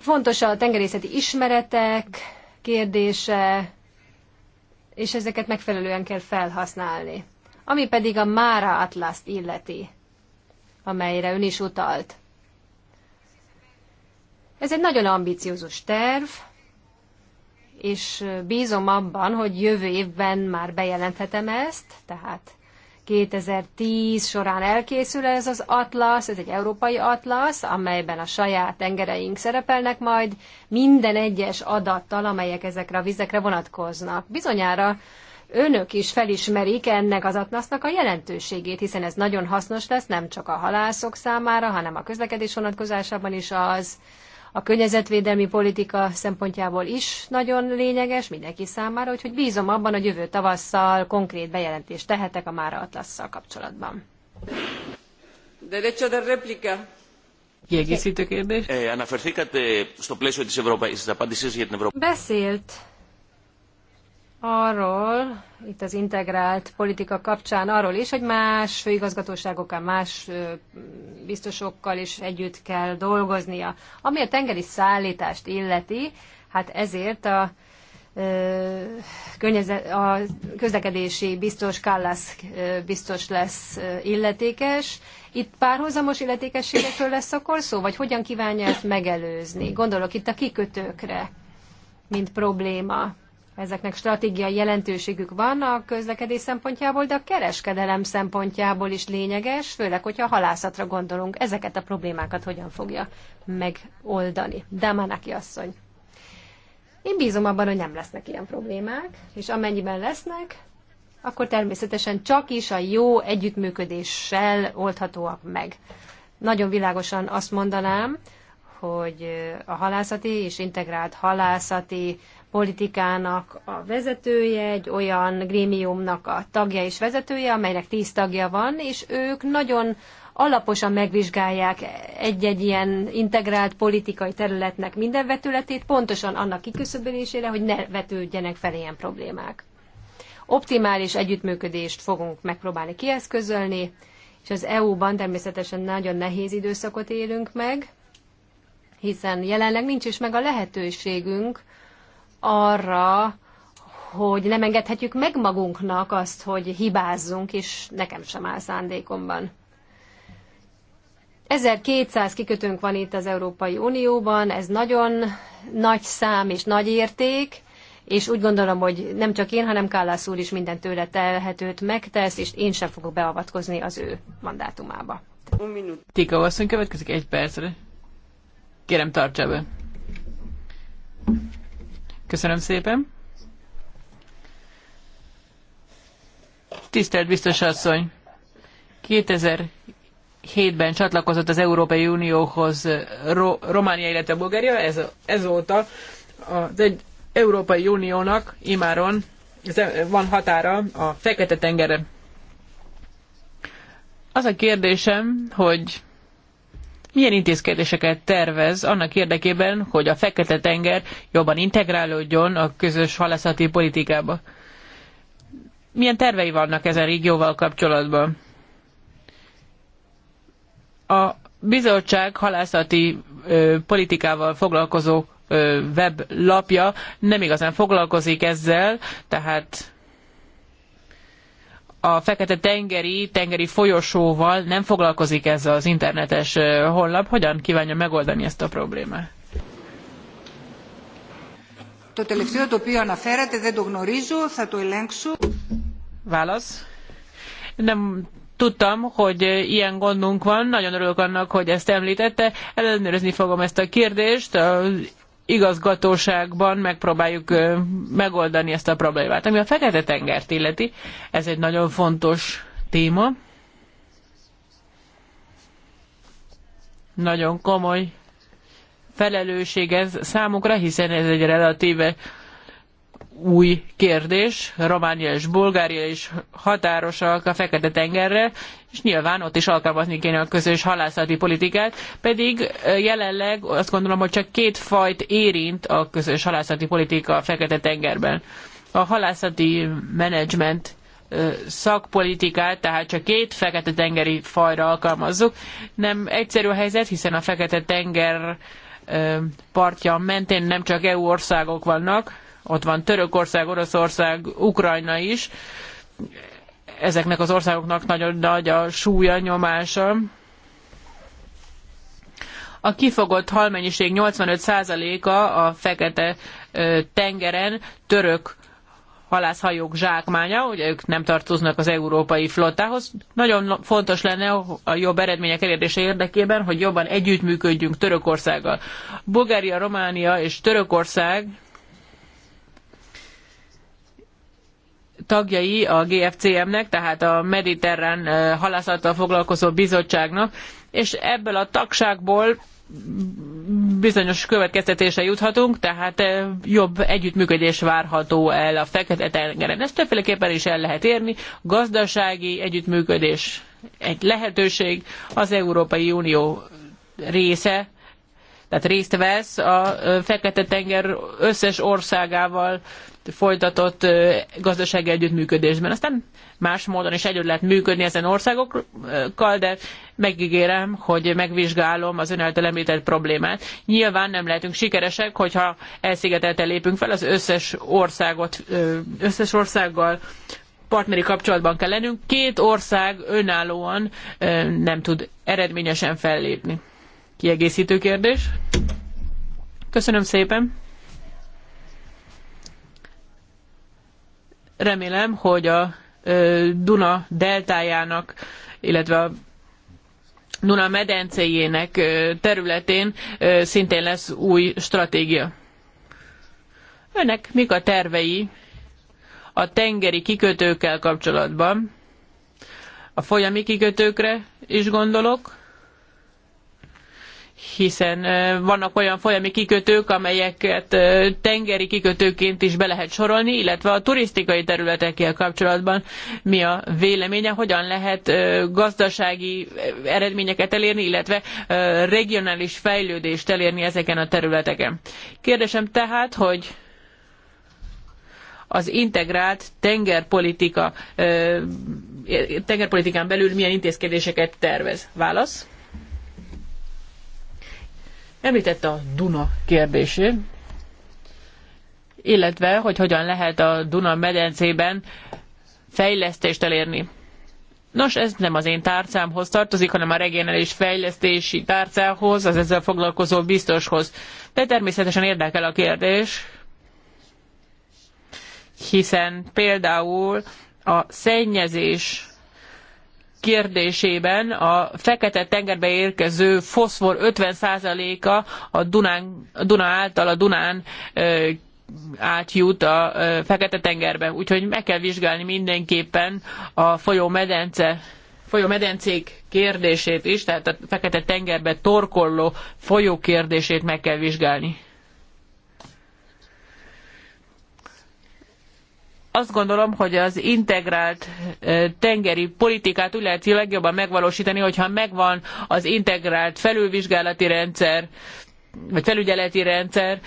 Fontos a tengerészeti ismeretek kérdése, és ezeket megfelelően kell felhasználni. Ami pedig a Mára Atlaszt illeti, amelyre ön is utalt. Ez egy nagyon ambiciózus terv, és bízom abban, hogy jövő évben már bejelenthetem ezt, tehát 2010 során elkészül ez az atlasz, ez egy európai atlasz, amelyben a saját tengereink szerepelnek majd, minden egyes adattal, amelyek ezekre a vizekre vonatkoznak. Bizonyára önök is felismerik ennek az atlasznak a jelentőségét, hiszen ez nagyon hasznos lesz nem csak a halászok számára, hanem a közlekedés vonatkozásában is az, a környezetvédelmi politika szempontjából is nagyon lényeges mindenki számára, úgyhogy bízom abban, hogy jövő tavasszal konkrét bejelentést tehetek a Mára Atlasszal kapcsolatban. Derecho de réplica. Kiegészítő kérdés? Eh, Beszélt arról, itt az integrált politika kapcsán arról is, hogy más főigazgatóságokkal, más biztosokkal is együtt kell dolgoznia. Ami a tengeri szállítást illeti, hát ezért a a közlekedési biztos Kallász biztos lesz illetékes. Itt párhuzamos illetékességekről lesz akkor szó, vagy hogyan kívánja ezt megelőzni? Gondolok itt a kikötőkre, mint probléma ezeknek stratégiai jelentőségük van a közlekedés szempontjából, de a kereskedelem szempontjából is lényeges, főleg, hogyha a halászatra gondolunk, ezeket a problémákat hogyan fogja megoldani. Damanaki asszony. Én bízom abban, hogy nem lesznek ilyen problémák, és amennyiben lesznek, akkor természetesen csak is a jó együttműködéssel oldhatóak meg. Nagyon világosan azt mondanám, hogy a halászati és integrált halászati politikának a vezetője, egy olyan grémiumnak a tagja és vezetője, amelynek tíz tagja van, és ők nagyon alaposan megvizsgálják egy-egy ilyen integrált politikai területnek minden vetületét, pontosan annak kiküszöbölésére, hogy ne vetődjenek fel ilyen problémák. Optimális együttműködést fogunk megpróbálni kieszközölni, és az EU-ban természetesen nagyon nehéz időszakot élünk meg, hiszen jelenleg nincs is meg a lehetőségünk, arra, hogy nem engedhetjük meg magunknak azt, hogy hibázzunk, és nekem sem áll szándékomban. 1200 kikötőnk van itt az Európai Unióban, ez nagyon nagy szám és nagy érték, és úgy gondolom, hogy nem csak én, hanem Kállász úr is minden tőle telhetőt megtesz, és én sem fogok beavatkozni az ő mandátumába. Tika asszony, következik egy percre. Kérem, tartsa be. Köszönöm szépen. Tisztelt biztos asszony! 2007-ben csatlakozott az Európai Unióhoz Ro- Románia, illetve Bulgária, ez, ezóta az egy Európai Uniónak imáron van határa a Fekete-tengerre. Az a kérdésem, hogy milyen intézkedéseket tervez annak érdekében, hogy a Fekete-tenger jobban integrálódjon a közös halászati politikába? Milyen tervei vannak ezen régióval kapcsolatban? A bizottság halászati ö, politikával foglalkozó ö, weblapja nem igazán foglalkozik ezzel, tehát a Fekete-tengeri, tengeri folyosóval nem foglalkozik ez az internetes honlap. Hogyan kívánja megoldani ezt a problémát? Το τελευταίο το οποίο αναφέρατε δεν το γνωρίζω, θα το ελέγξω. Válasz. Nem tudtam, hogy ilyen gondunk van, nagyon örülök annak, hogy ezt említette. Ellenőrizni fogom ezt a kérdést. Az igazgatóságban megpróbáljuk megoldani ezt a problémát. Ami a Fekete-tengert illeti, ez egy nagyon fontos téma. Nagyon komoly felelősség ez számukra, hiszen ez egy relatíve új kérdés. Románia és Bulgária is határosak a Fekete-tengerre, és nyilván ott is alkalmazni kéne a közös halászati politikát, pedig jelenleg azt gondolom, hogy csak két fajt érint a közös halászati politika a Fekete-tengerben. A halászati menedzsment szakpolitikát, tehát csak két Fekete-tengeri fajra alkalmazzuk. Nem egyszerű a helyzet, hiszen a Fekete-tenger partja mentén nem csak EU országok vannak, ott van Törökország, Oroszország, Ukrajna is. Ezeknek az országoknak nagyon nagy a súlya, nyomása. A kifogott halmennyiség 85%-a a fekete tengeren török halászhajók zsákmánya, ugye ők nem tartoznak az európai flottához. Nagyon fontos lenne a jobb eredmények elérése érdekében, hogy jobban együttműködjünk Törökországgal. Bulgária, Románia és Törökország tagjai a GFCM-nek, tehát a Mediterrán halászattal foglalkozó bizottságnak, és ebből a tagságból bizonyos következtetése juthatunk, tehát jobb együttműködés várható el a Fekete-tengeren. Ezt többféleképpen is el lehet érni. Gazdasági együttműködés egy lehetőség, az Európai Unió része, tehát részt vesz a Fekete-tenger összes országával folytatott gazdasági együttműködésben. Aztán más módon is együtt lehet működni ezen országokkal, de megígérem, hogy megvizsgálom az ön által említett problémát. Nyilván nem lehetünk sikeresek, hogyha elszigetelte lépünk fel, az összes országot, összes országgal partneri kapcsolatban kell lennünk. Két ország önállóan nem tud eredményesen fellépni. Kiegészítő kérdés? Köszönöm szépen! Remélem, hogy a Duna deltájának, illetve a Duna medencéjének területén szintén lesz új stratégia. Önnek mik a tervei a tengeri kikötőkkel kapcsolatban? A folyami kikötőkre is gondolok, hiszen vannak olyan folyami kikötők, amelyeket tengeri kikötőként is be lehet sorolni, illetve a turisztikai területekkel kapcsolatban mi a véleménye, hogyan lehet gazdasági eredményeket elérni, illetve regionális fejlődést elérni ezeken a területeken. Kérdésem tehát, hogy az integrált tengerpolitika, tengerpolitikán belül milyen intézkedéseket tervez? Válasz? Említette a Duna kérdését, illetve hogy hogyan lehet a Duna medencében fejlesztést elérni. Nos, ez nem az én tárcámhoz tartozik, hanem a regionális fejlesztési tárcához, az ezzel foglalkozó biztoshoz. De természetesen érdekel a kérdés, hiszen például a szennyezés kérdésében a fekete tengerbe érkező foszfor 50%-a a Dunán, a Duna által a Dunán átjut a fekete tengerbe. Úgyhogy meg kell vizsgálni mindenképpen a folyómedence folyómedencék kérdését is, tehát a Fekete-tengerbe torkolló folyó kérdését meg kell vizsgálni. azt gondolom, hogy az integrált tengeri politikát úgy lehet legjobban megvalósítani, hogyha megvan az integrált felülvizsgálati rendszer, vagy felügyeleti rendszer.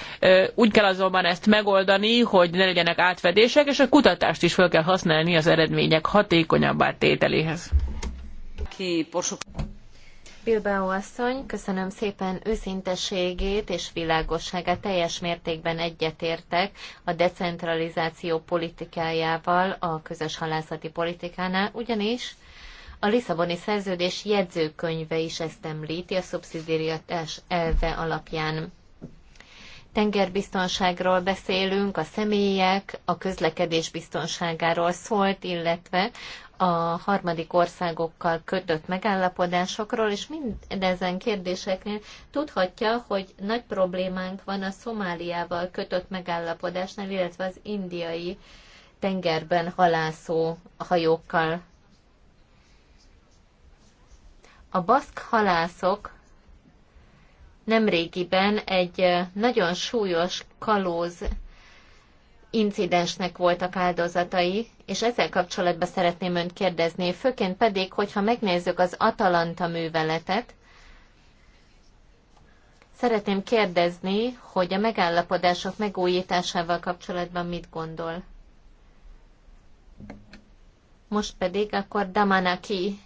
Úgy kell azonban ezt megoldani, hogy ne legyenek átfedések, és a kutatást is fel kell használni az eredmények hatékonyabbá tételéhez. Bilbao asszony, köszönöm szépen őszinteségét és világosságát. Teljes mértékben egyetértek a decentralizáció politikájával a közös halászati politikánál, ugyanis a Lisszaboni szerződés jegyzőkönyve is ezt említi a szubszidiaritás elve alapján. Tengerbiztonságról beszélünk, a személyek, a közlekedés biztonságáról szólt, illetve a harmadik országokkal kötött megállapodásokról, és mindezen kérdéseknél tudhatja, hogy nagy problémánk van a Szomáliával kötött megállapodásnál, illetve az indiai tengerben halászó hajókkal. A baszk halászok nemrégiben egy nagyon súlyos kalóz incidensnek voltak áldozatai, és ezzel kapcsolatban szeretném önt kérdezni, főként pedig, hogyha megnézzük az Atalanta műveletet, szeretném kérdezni, hogy a megállapodások megújításával kapcsolatban mit gondol. Most pedig akkor Damanaki,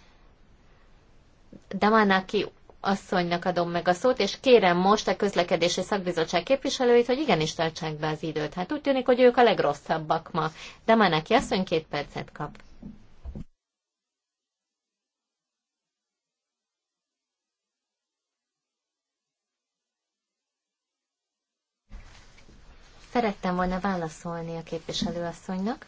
Damanaki asszonynak adom meg a szót, és kérem most a közlekedési szakbizottság képviselőit, hogy igenis tartsák be az időt. Hát úgy tűnik, hogy ők a legrosszabbak ma. De már neki asszony két percet kap. Szerettem volna válaszolni a képviselőasszonynak.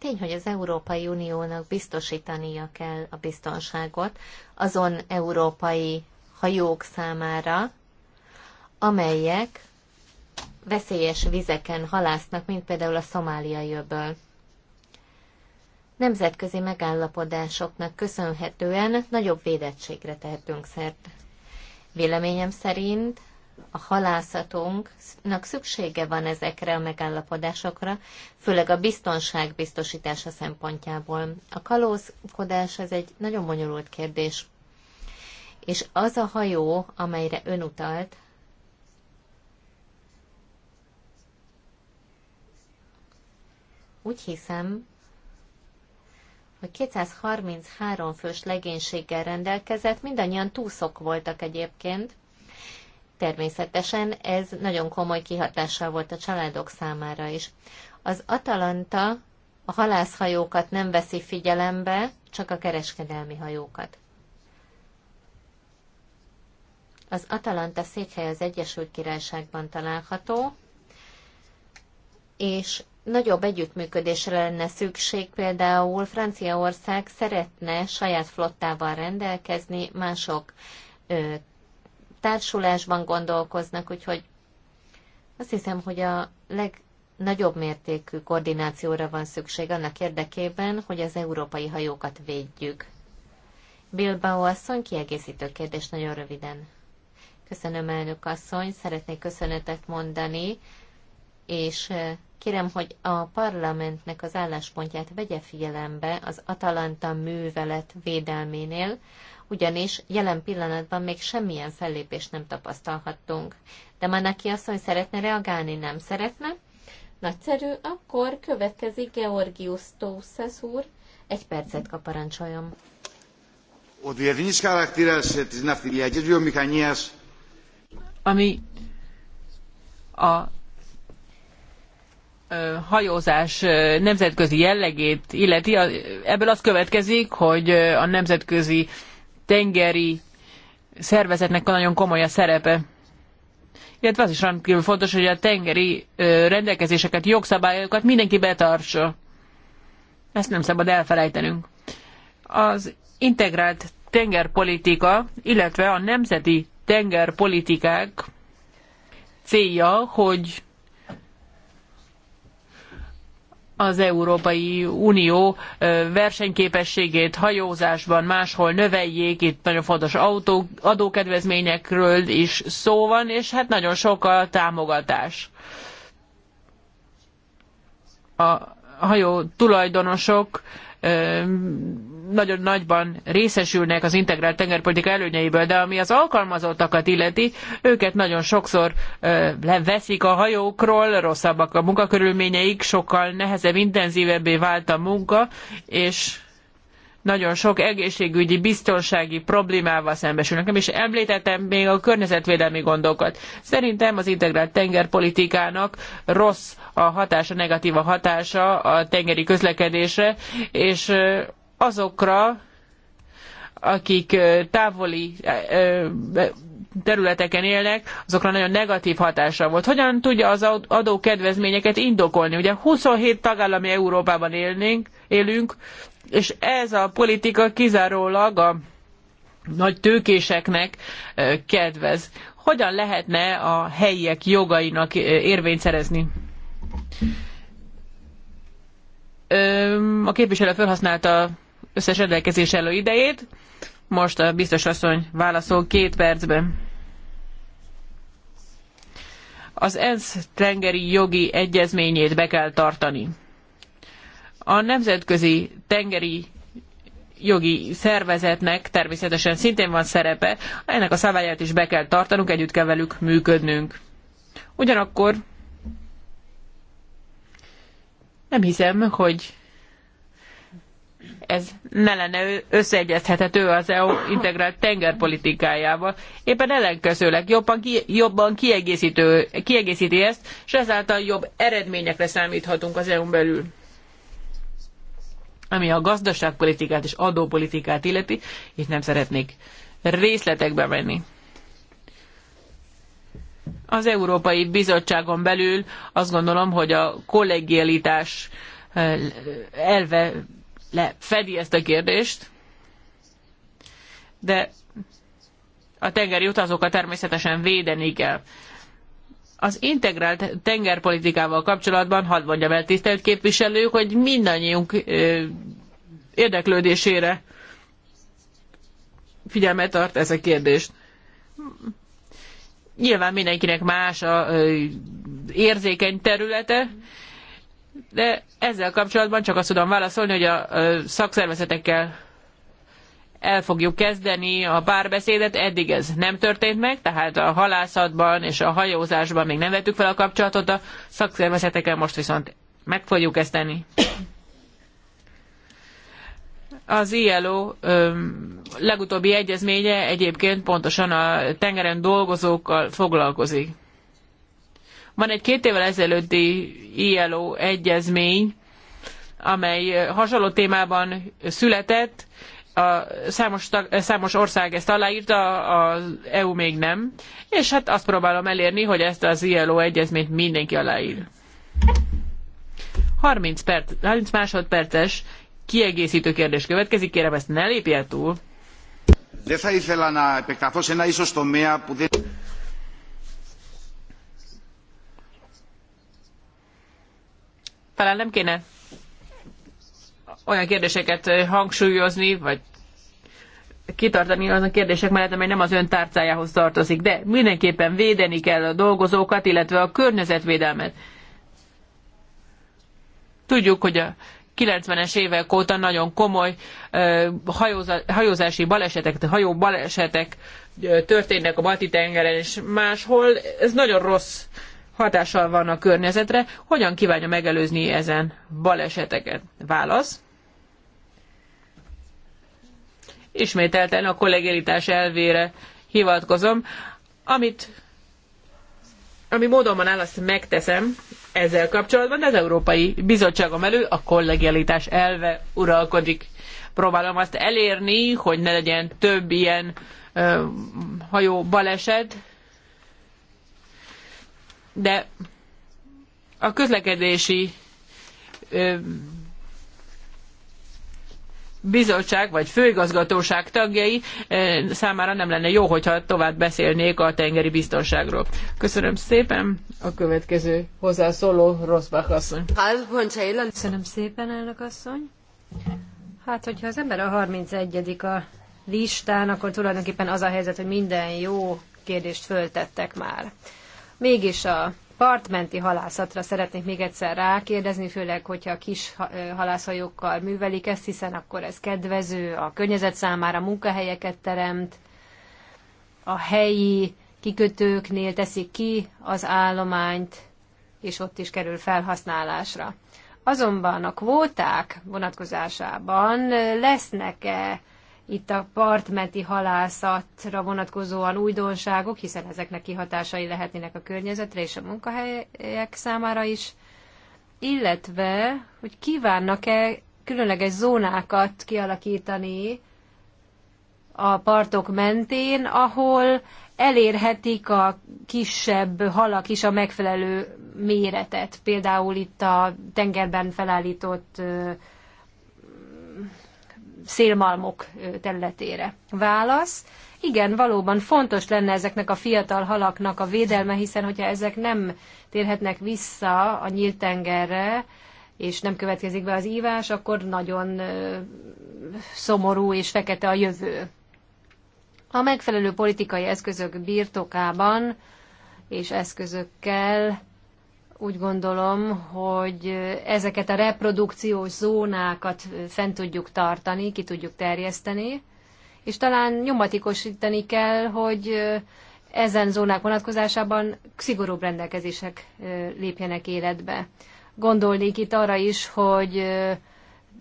Tény, hogy az Európai Uniónak biztosítania kell a biztonságot azon európai hajók számára, amelyek veszélyes vizeken halásznak, mint például a szomáliai öböl. Nemzetközi megállapodásoknak köszönhetően nagyobb védettségre tehetünk szert. Véleményem szerint a halászatunknak szüksége van ezekre a megállapodásokra, főleg a biztonság biztosítása szempontjából. A kalózkodás ez egy nagyon bonyolult kérdés. És az a hajó, amelyre ön utalt, úgy hiszem, hogy 233 fős legénységgel rendelkezett, mindannyian túszok voltak egyébként, Természetesen ez nagyon komoly kihatással volt a családok számára is. Az Atalanta a halászhajókat nem veszi figyelembe, csak a kereskedelmi hajókat. Az Atalanta székhely az Egyesült Királyságban található, és nagyobb együttműködésre lenne szükség, például Franciaország szeretne saját flottával rendelkezni, mások társulásban gondolkoznak, úgyhogy azt hiszem, hogy a legnagyobb mértékű koordinációra van szükség annak érdekében, hogy az európai hajókat védjük. Bilbao asszony, kiegészítő kérdés nagyon röviden. Köszönöm, elnök asszony, szeretnék köszönetet mondani, és eh, kérem, hogy a parlamentnek az álláspontját vegye figyelembe az Atalanta művelet védelménél, ugyanis jelen pillanatban még semmilyen fellépést nem tapasztalhattunk. De Manaki asszony szeretne reagálni, nem szeretne? Nagyszerű, akkor következik Georgius Tószesz úr. Egy percet kap parancsoljon. Ο ami a hajózás nemzetközi jellegét illeti, ebből az következik, hogy a nemzetközi tengeri szervezetnek nagyon komoly a szerepe. Illetve az is rendkívül fontos, hogy a tengeri rendelkezéseket, jogszabályokat mindenki betartsa. Ezt nem szabad elfelejtenünk. Az integrált tengerpolitika, illetve a nemzeti tengerpolitikák célja, hogy az Európai Unió versenyképességét hajózásban máshol növeljék, itt nagyon fontos autó, adókedvezményekről is szó van, és hát nagyon sok a támogatás. A hajó tulajdonosok nagyon nagyban részesülnek az integrált tengerpolitika előnyeiből, de ami az alkalmazottakat illeti, őket nagyon sokszor leveszik a hajókról, rosszabbak a munkakörülményeik, sokkal nehezebb, intenzívebbé vált a munka, és nagyon sok egészségügyi, biztonsági problémával szembesülnek. Nem is említettem még a környezetvédelmi gondokat. Szerintem az integrált tengerpolitikának rossz a hatása, negatív a hatása a tengeri közlekedésre, és azokra, akik távoli területeken élnek, azokra nagyon negatív hatása volt. Hogyan tudja az adókedvezményeket indokolni? Ugye 27 tagállami Európában élnénk, élünk, és ez a politika kizárólag a nagy tőkéseknek kedvez. Hogyan lehetne a helyiek jogainak érvényt szerezni? A képviselő felhasználta összes rendelkezés elő idejét. Most a biztos asszony válaszol két percben. Az ENSZ tengeri jogi egyezményét be kell tartani. A nemzetközi tengeri jogi szervezetnek természetesen szintén van szerepe, ennek a szabályát is be kell tartanunk, együtt kell velük működnünk. Ugyanakkor nem hiszem, hogy ez ne lenne összeegyeztethető az EU integrált tengerpolitikájával. Éppen ellenkezőleg jobban, ki, jobban kiegészítő, kiegészíti ezt, és ezáltal jobb eredményekre számíthatunk az EU-n belül ami a gazdaságpolitikát és adópolitikát illeti, itt nem szeretnék részletekbe menni. Az Európai Bizottságon belül azt gondolom, hogy a kollegialitás eh, elve lefedi ezt a kérdést, de a tengeri utazókat természetesen védeni kell. Az integrált tengerpolitikával kapcsolatban hadd mondjam el tisztelt képviselők, hogy mindannyiunk érdeklődésére figyelmet tart ez a kérdés. Nyilván mindenkinek más a érzékeny területe, de ezzel kapcsolatban csak azt tudom válaszolni, hogy a szakszervezetekkel el fogjuk kezdeni a párbeszédet, eddig ez nem történt meg, tehát a halászatban és a hajózásban még nem vettük fel a kapcsolatot, a szakszervezetekkel most viszont meg fogjuk ezt tenni. Az ILO legutóbbi egyezménye egyébként pontosan a tengeren dolgozókkal foglalkozik. Van egy két évvel ezelőtti ILO egyezmény, amely eh, hasonló témában született, a számos, tag, eh, számos ország ezt aláírta, az EU még nem, és hát azt próbálom elérni, hogy ezt az ILO egyezményt mindenki aláír. 30, perc, 30 másodperces kiegészítő kérdés következik, kérem ezt ne lépje túl. talán nem kéne olyan kérdéseket hangsúlyozni, vagy kitartani azon kérdések mellett, amely nem az ön tárcájához tartozik, de mindenképpen védeni kell a dolgozókat, illetve a környezetvédelmet. Tudjuk, hogy a 90-es évek óta nagyon komoly hajózási balesetek, hajó balesetek történnek a Balti-tengeren és máshol. Ez nagyon rossz hatással van a környezetre, hogyan kívánja megelőzni ezen baleseteket? Válasz. Ismételten a kollegialitás elvére hivatkozom, amit ami módonban áll, azt megteszem ezzel kapcsolatban, de az Európai Bizottságon belül a kollegialitás elve uralkodik. Próbálom azt elérni, hogy ne legyen több ilyen ö, hajó baleset, de a közlekedési bizottság vagy főigazgatóság tagjai számára nem lenne jó, hogyha tovább beszélnék a tengeri biztonságról. Köszönöm szépen. A következő hozzászóló Rosbach asszony. Köszönöm szépen, elnök asszony. Hát, hogyha az ember a 31 a listán, akkor tulajdonképpen az a helyzet, hogy minden jó kérdést föltettek már. Mégis a partmenti halászatra szeretnék még egyszer rákérdezni, főleg, hogyha a kis halászhajókkal művelik ezt, hiszen akkor ez kedvező, a környezet számára munkahelyeket teremt, a helyi kikötőknél teszik ki az állományt, és ott is kerül felhasználásra. Azonban a kvóták vonatkozásában lesznek-e itt a partmenti halászatra vonatkozóan újdonságok, hiszen ezeknek kihatásai lehetnének a környezetre és a munkahelyek számára is, illetve, hogy kívánnak-e különleges zónákat kialakítani a partok mentén, ahol elérhetik a kisebb halak is a megfelelő méretet. Például itt a tengerben felállított szélmalmok területére. Válasz. Igen, valóban fontos lenne ezeknek a fiatal halaknak a védelme, hiszen hogyha ezek nem térhetnek vissza a nyílt tengerre, és nem következik be az ívás, akkor nagyon szomorú és fekete a jövő. A megfelelő politikai eszközök birtokában és eszközökkel úgy gondolom, hogy ezeket a reprodukciós zónákat fent tudjuk tartani, ki tudjuk terjeszteni, és talán nyomatikosítani kell, hogy ezen zónák vonatkozásában szigorúbb rendelkezések lépjenek életbe. Gondolnék itt arra is, hogy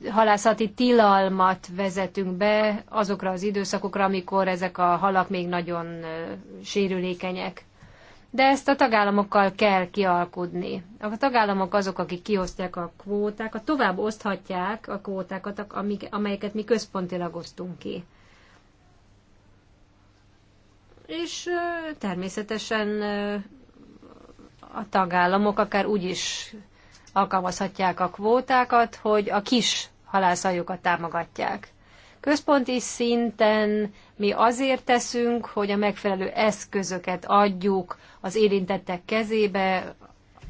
halászati tilalmat vezetünk be azokra az időszakokra, amikor ezek a halak még nagyon sérülékenyek de ezt a tagállamokkal kell kialkudni. A tagállamok azok, akik kiosztják a kvótákat, tovább oszthatják a kvótákat, amik, amelyeket mi központilag osztunk ki. És természetesen a tagállamok akár úgy is alkalmazhatják a kvótákat, hogy a kis halászajokat támogatják. Központi szinten mi azért teszünk, hogy a megfelelő eszközöket adjuk az érintettek kezébe,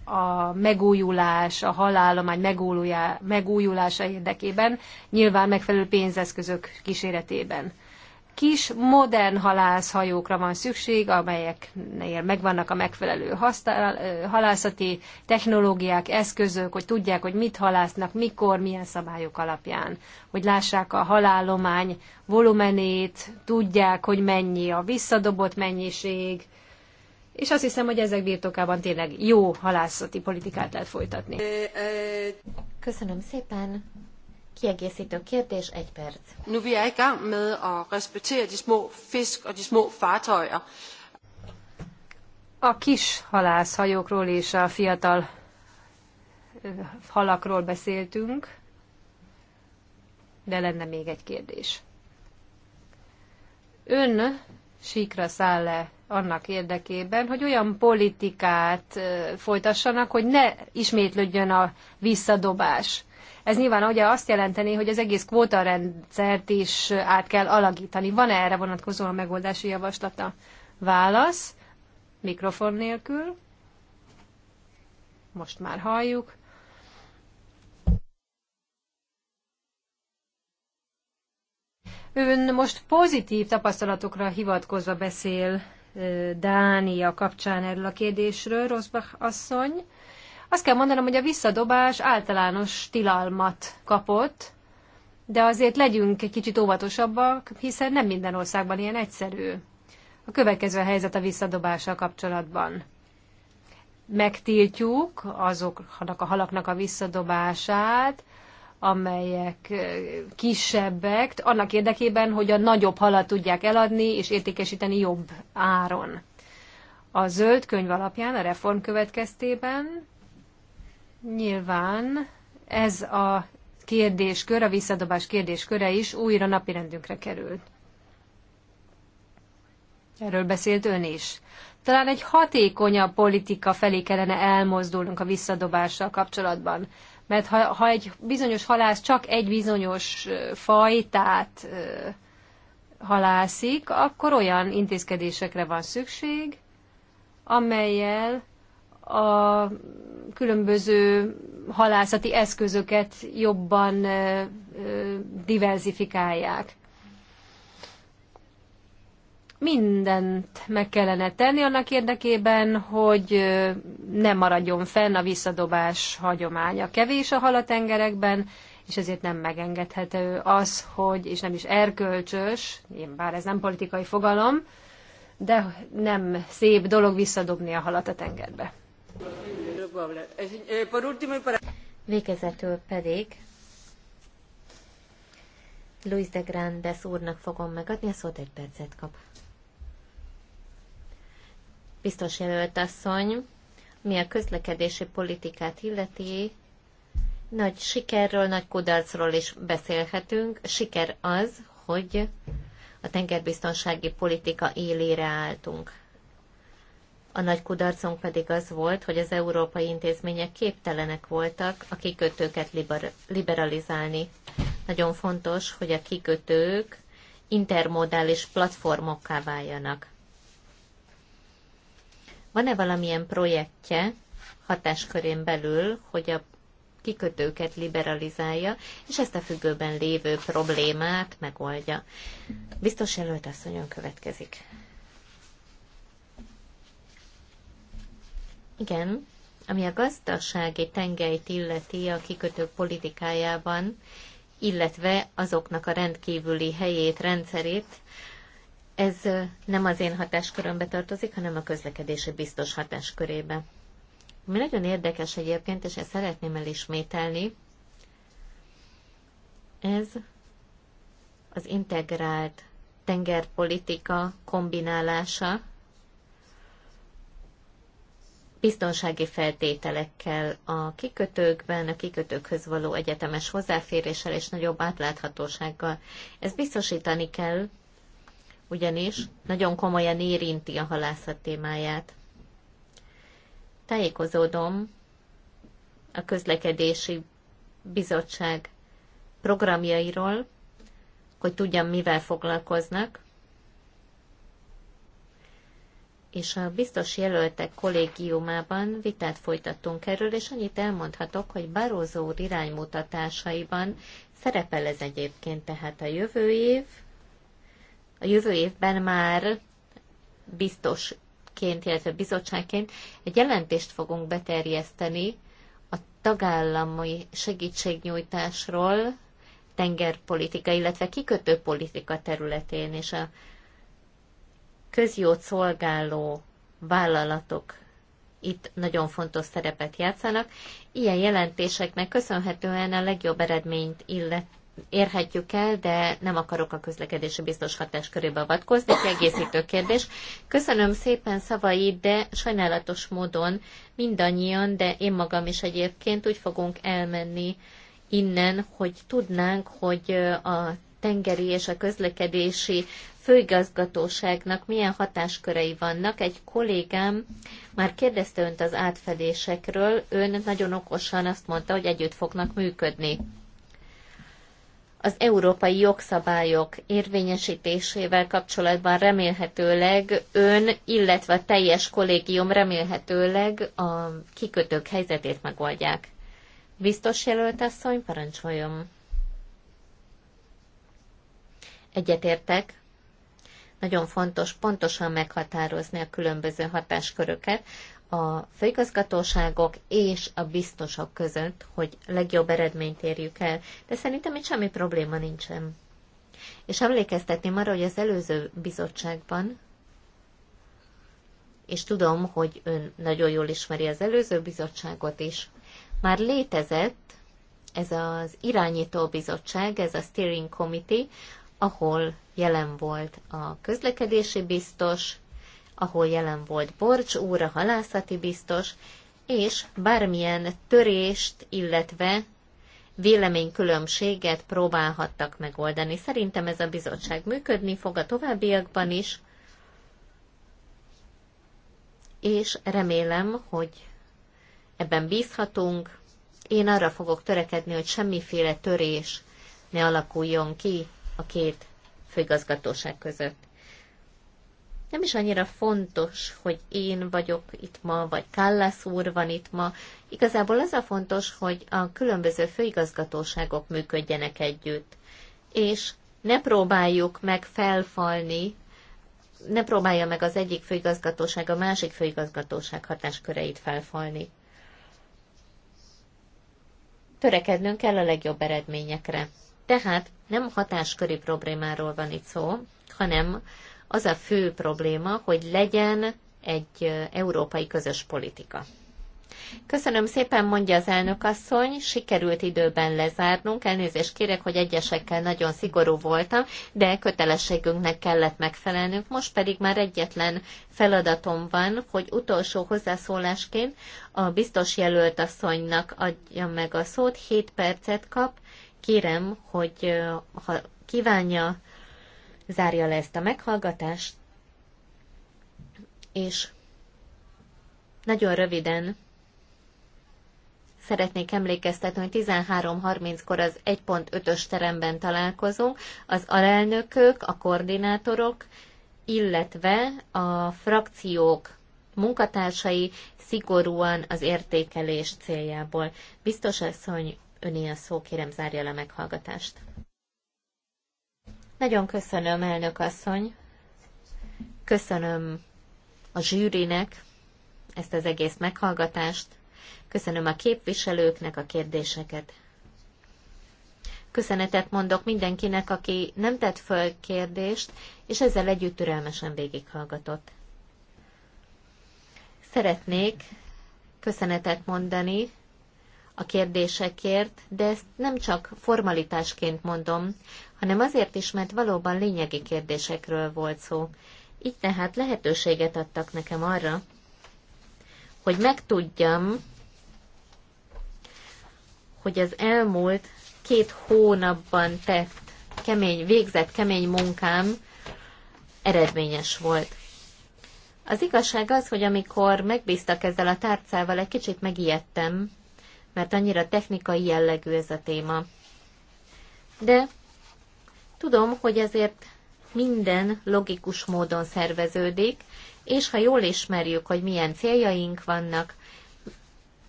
a megújulás, a halállomány megújulása érdekében, nyilván megfelelő pénzeszközök kíséretében kis, modern halászhajókra van szükség, amelyeknél megvannak a megfelelő halászati technológiák, eszközök, hogy tudják, hogy mit halásznak, mikor, milyen szabályok alapján, hogy lássák a halállomány volumenét, tudják, hogy mennyi a visszadobott mennyiség, és azt hiszem, hogy ezek birtokában tényleg jó halászati politikát lehet folytatni. Köszönöm szépen! Kiegészítő kérdés, egy perc. Nu er vi er i gang med at respektere de små fisk og de små fartøjer. A kis halászhajókról és a fiatal halakról beszéltünk, de lenne még egy kérdés. Ön síkra száll le annak érdekében, hogy olyan politikát folytassanak, hogy ne ismétlődjön a visszadobás. Ez nyilván ugye azt jelenteni, hogy az egész kvótarendszert is át kell alakítani. Van-e erre vonatkozóan megoldási javaslata? Válasz, mikrofon nélkül. Most már halljuk. Ön most pozitív tapasztalatokra hivatkozva beszél Dánia kapcsán erről a kérdésről, Rosbach asszony. Azt kell mondanom, hogy a visszadobás általános tilalmat kapott, de azért legyünk egy kicsit óvatosabbak, hiszen nem minden országban ilyen egyszerű. A következő a helyzet a visszadobással kapcsolatban. Megtiltjuk azoknak a halaknak a visszadobását, amelyek kisebbek, annak érdekében, hogy a nagyobb halat tudják eladni és értékesíteni jobb áron. A zöld könyv alapján, a reform következtében Nyilván ez a kérdéskör, a visszadobás kérdésköre is újra napirendünkre került. Erről beszélt ön is. Talán egy hatékonyabb politika felé kellene elmozdulnunk a visszadobással kapcsolatban. Mert ha, ha egy bizonyos halász csak egy bizonyos fajtát ö, halászik, akkor olyan intézkedésekre van szükség, amelyel a különböző halászati eszközöket jobban diverzifikálják. Mindent meg kellene tenni annak érdekében, hogy ne maradjon fenn a visszadobás hagyománya. Kevés a tengerekben, és ezért nem megengedhető az, hogy, és nem is erkölcsös, én bár ez nem politikai fogalom, de nem szép dolog visszadobni a halat a tengerbe. Végezetül pedig Luis de Grandes úrnak fogom megadni, a szót egy percet kap. Biztos jelölt asszony, mi a közlekedési politikát illeti, nagy sikerről, nagy kudarcról is beszélhetünk. Siker az, hogy a tengerbiztonsági politika élére álltunk. A nagy kudarcunk pedig az volt, hogy az európai intézmények képtelenek voltak a kikötőket liberalizálni. Nagyon fontos, hogy a kikötők intermodális platformokká váljanak. Van-e valamilyen projektje hatáskörén belül, hogy a kikötőket liberalizálja, és ezt a függőben lévő problémát megoldja? Biztos jelölt asszonyon következik. Igen, ami a gazdasági tengelyt illeti a kikötők politikájában, illetve azoknak a rendkívüli helyét, rendszerét, ez nem az én hatáskörömbe tartozik, hanem a közlekedési biztos hatáskörébe. Mi nagyon érdekes egyébként, és ezt szeretném elismételni, ez az integrált tengerpolitika kombinálása biztonsági feltételekkel a kikötőkben, a kikötőkhöz való egyetemes hozzáféréssel és nagyobb átláthatósággal. Ez biztosítani kell, ugyanis nagyon komolyan érinti a halászat témáját. Tájékozódom a közlekedési bizottság programjairól, hogy tudjam, mivel foglalkoznak, és a biztos jelöltek kollégiumában vitát folytattunk erről, és annyit elmondhatok, hogy Barózó úr iránymutatásaiban szerepel ez egyébként, tehát a jövő év, a jövő évben már biztosként, illetve bizottságként egy jelentést fogunk beterjeszteni a tagállami segítségnyújtásról, tengerpolitika, illetve kikötőpolitika területén, és a közjót szolgáló vállalatok itt nagyon fontos szerepet játszanak. Ilyen jelentéseknek köszönhetően a legjobb eredményt illet, érhetjük el, de nem akarok a közlekedési biztos hatás körébe avatkozni. Kiegészítő kérdés. Köszönöm szépen szavaid, de sajnálatos módon mindannyian, de én magam is egyébként úgy fogunk elmenni innen, hogy tudnánk, hogy a tengeri és a közlekedési főigazgatóságnak milyen hatáskörei vannak. Egy kollégám már kérdezte önt az átfedésekről, ön nagyon okosan azt mondta, hogy együtt fognak működni. Az európai jogszabályok érvényesítésével kapcsolatban remélhetőleg ön, illetve a teljes kollégium remélhetőleg a kikötők helyzetét megoldják. Biztos jelölt asszony, parancsoljon! Egyetértek, nagyon fontos pontosan meghatározni a különböző hatásköröket a főigazgatóságok és a biztosok között, hogy legjobb eredményt érjük el, de szerintem itt semmi probléma nincsen. És emlékeztetném arra, hogy az előző bizottságban, és tudom, hogy ön nagyon jól ismeri az előző bizottságot is, már létezett ez az irányító bizottság, ez a steering committee, ahol jelen volt a közlekedési biztos, ahol jelen volt Borcs úr, a halászati biztos, és bármilyen törést, illetve véleménykülönbséget próbálhattak megoldani. Szerintem ez a bizottság működni fog a továbbiakban is, és remélem, hogy ebben bízhatunk. Én arra fogok törekedni, hogy semmiféle törés ne alakuljon ki a két főigazgatóság között. Nem is annyira fontos, hogy én vagyok itt ma, vagy Kallász úr van itt ma. Igazából az a fontos, hogy a különböző főigazgatóságok működjenek együtt. És ne próbáljuk meg felfalni, ne próbálja meg az egyik főigazgatóság a másik főigazgatóság hatásköreit felfalni. Törekednünk kell a legjobb eredményekre. Tehát nem hatásköri problémáról van itt szó, hanem az a fő probléma, hogy legyen egy európai közös politika. Köszönöm szépen, mondja az elnök asszony, sikerült időben lezárnunk, elnézést kérek, hogy egyesekkel nagyon szigorú voltam, de kötelességünknek kellett megfelelnünk, most pedig már egyetlen feladatom van, hogy utolsó hozzászólásként a biztos jelölt asszonynak adja meg a szót, 7 percet kap, kérem, hogy ha kívánja, zárja le ezt a meghallgatást, és nagyon röviden szeretnék emlékeztetni, hogy 13.30-kor az 1.5-ös teremben találkozunk, az alelnökök, a koordinátorok, illetve a frakciók munkatársai szigorúan az értékelés céljából. Biztos asszony, Öné a szó, kérem zárja le meghallgatást. Nagyon köszönöm, elnök asszony. Köszönöm a zsűrinek ezt az egész meghallgatást. Köszönöm a képviselőknek a kérdéseket. Köszönetet mondok mindenkinek, aki nem tett föl kérdést, és ezzel együtt türelmesen végighallgatott. Szeretnék köszönetet mondani a kérdésekért, de ezt nem csak formalitásként mondom, hanem azért is, mert valóban lényegi kérdésekről volt szó. Így tehát lehetőséget adtak nekem arra, hogy megtudjam, hogy az elmúlt két hónapban tett, kemény, végzett kemény munkám eredményes volt. Az igazság az, hogy amikor megbíztak ezzel a tárcával, egy kicsit megijedtem, mert annyira technikai jellegű ez a téma. De tudom, hogy ezért minden logikus módon szerveződik, és ha jól ismerjük, hogy milyen céljaink vannak,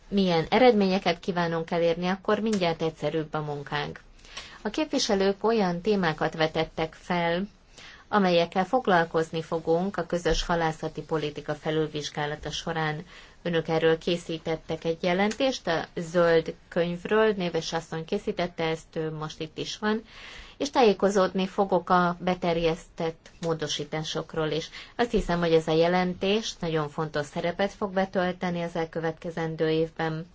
milyen eredményeket kívánunk elérni, akkor mindjárt egyszerűbb a munkánk. A képviselők olyan témákat vetettek fel, amelyekkel foglalkozni fogunk a közös halászati politika felülvizsgálata során. Önök erről készítettek egy jelentést, a zöld könyvről, néves asszony készítette, ezt most itt is van, és tájékozódni fogok a beterjesztett módosításokról is. Azt hiszem, hogy ez a jelentés nagyon fontos szerepet fog betölteni az elkövetkezendő évben,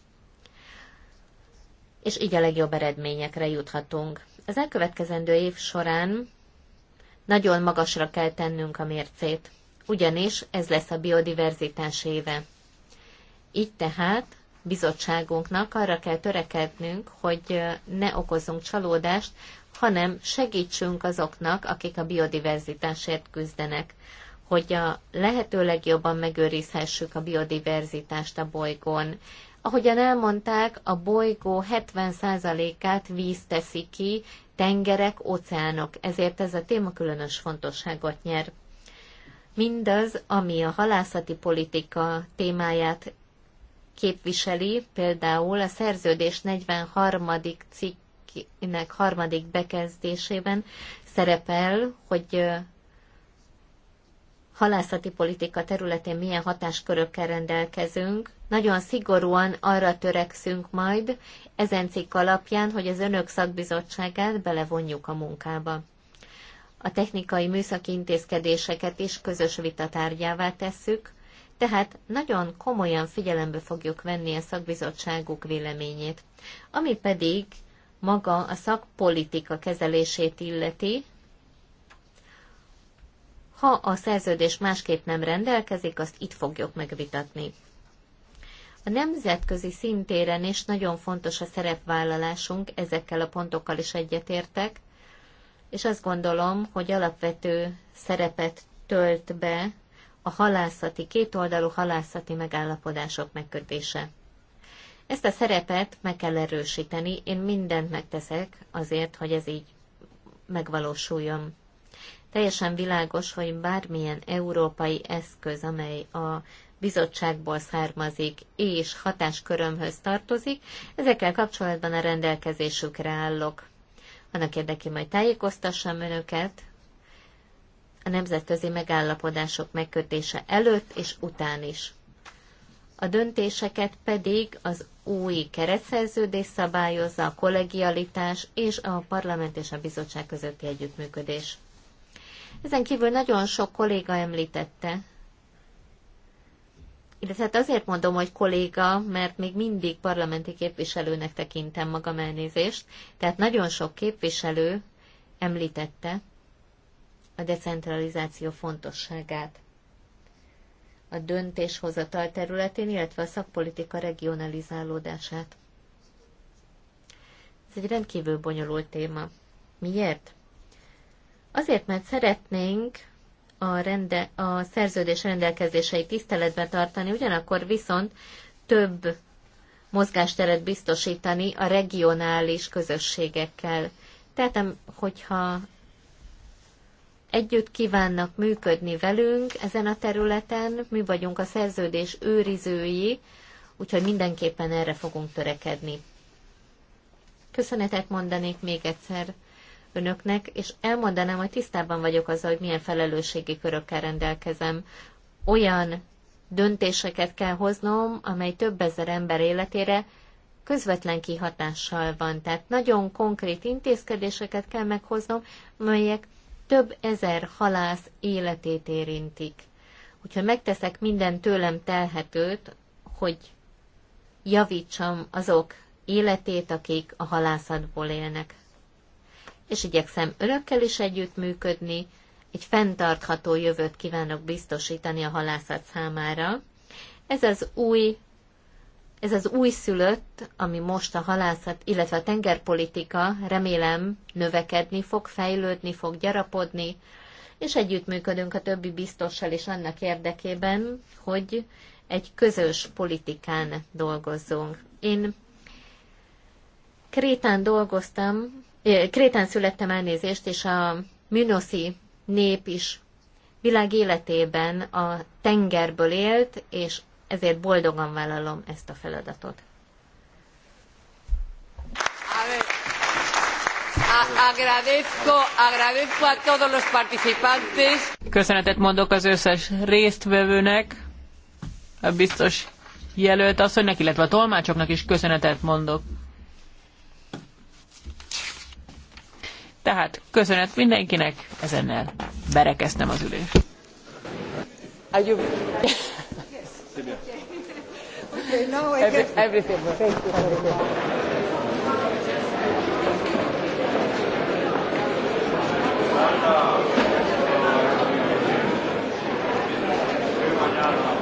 és így a legjobb eredményekre juthatunk. Az elkövetkezendő év során nagyon magasra kell tennünk a mércét, ugyanis ez lesz a biodiverzitás éve. Így tehát bizottságunknak arra kell törekednünk, hogy ne okozunk csalódást, hanem segítsünk azoknak, akik a biodiverzitásért küzdenek, hogy a lehető legjobban megőrizhessük a biodiverzitást a bolygón. Ahogyan elmondták, a bolygó 70%-át víz teszi ki, tengerek, óceánok, ezért ez a téma különös fontosságot nyer. Mindaz, ami a halászati politika témáját képviseli például a szerződés 43. cikkének harmadik bekezdésében szerepel, hogy halászati politika területén milyen hatáskörökkel rendelkezünk. Nagyon szigorúan arra törekszünk majd ezen cikk alapján, hogy az önök szakbizottságát belevonjuk a munkába. A technikai műszaki intézkedéseket is közös vitatárgyává tesszük, tehát nagyon komolyan figyelembe fogjuk venni a szakbizottságuk véleményét. Ami pedig maga a szakpolitika kezelését illeti, ha a szerződés másképp nem rendelkezik, azt itt fogjuk megvitatni. A nemzetközi szintéren is nagyon fontos a szerepvállalásunk, ezekkel a pontokkal is egyetértek, és azt gondolom, hogy alapvető szerepet tölt be a halászati, kétoldalú halászati megállapodások megkötése. Ezt a szerepet meg kell erősíteni, én mindent megteszek azért, hogy ez így megvalósuljon. Teljesen világos, hogy bármilyen európai eszköz, amely a bizottságból származik és hatáskörömhöz tartozik, ezekkel kapcsolatban a rendelkezésükre állok. Annak érdekében, hogy tájékoztassam önöket, a nemzetközi megállapodások megkötése előtt és után is. A döntéseket pedig az új keretszerződés szabályozza a kollegialitás és a parlament és a bizottság közötti együttműködés. Ezen kívül nagyon sok kolléga említette, illetve hát azért mondom, hogy kolléga, mert még mindig parlamenti képviselőnek tekintem magam elnézést, tehát nagyon sok képviselő említette, a decentralizáció fontosságát a döntéshozatal területén, illetve a szakpolitika regionalizálódását. Ez egy rendkívül bonyolult téma. Miért? Azért, mert szeretnénk a, rende, a szerződés rendelkezései tiszteletben tartani, ugyanakkor viszont több mozgásteret biztosítani a regionális közösségekkel. Tehát, hogyha együtt kívánnak működni velünk ezen a területen, mi vagyunk a szerződés őrizői, úgyhogy mindenképpen erre fogunk törekedni. Köszönetet mondanék még egyszer önöknek, és elmondanám, hogy tisztában vagyok azzal, hogy milyen felelősségi körökkel rendelkezem. Olyan döntéseket kell hoznom, amely több ezer ember életére közvetlen kihatással van. Tehát nagyon konkrét intézkedéseket kell meghoznom, melyek több ezer halász életét érintik. Úgyhogy megteszek minden tőlem telhetőt, hogy javítsam azok életét, akik a halászatból élnek. És igyekszem örökkel is együttműködni, egy fenntartható jövőt kívánok biztosítani a halászat számára. Ez az új ez az újszülött, ami most a halászat, illetve a tengerpolitika, remélem növekedni fog, fejlődni fog, gyarapodni, és együttműködünk a többi biztossal is annak érdekében, hogy egy közös politikán dolgozzunk. Én Krétán dolgoztam, Krétán születtem elnézést, és a Műnoszi nép is világ életében a tengerből élt, és ezért boldogan vállalom ezt a feladatot. Köszönetet mondok az összes résztvevőnek, a biztos jelölt asszonynak, illetve a tolmácsoknak is köszönetet mondok. Tehát köszönet mindenkinek, ezennel berekeztem az ülést. bien. Okay, now I Every, get... Everything. Thank you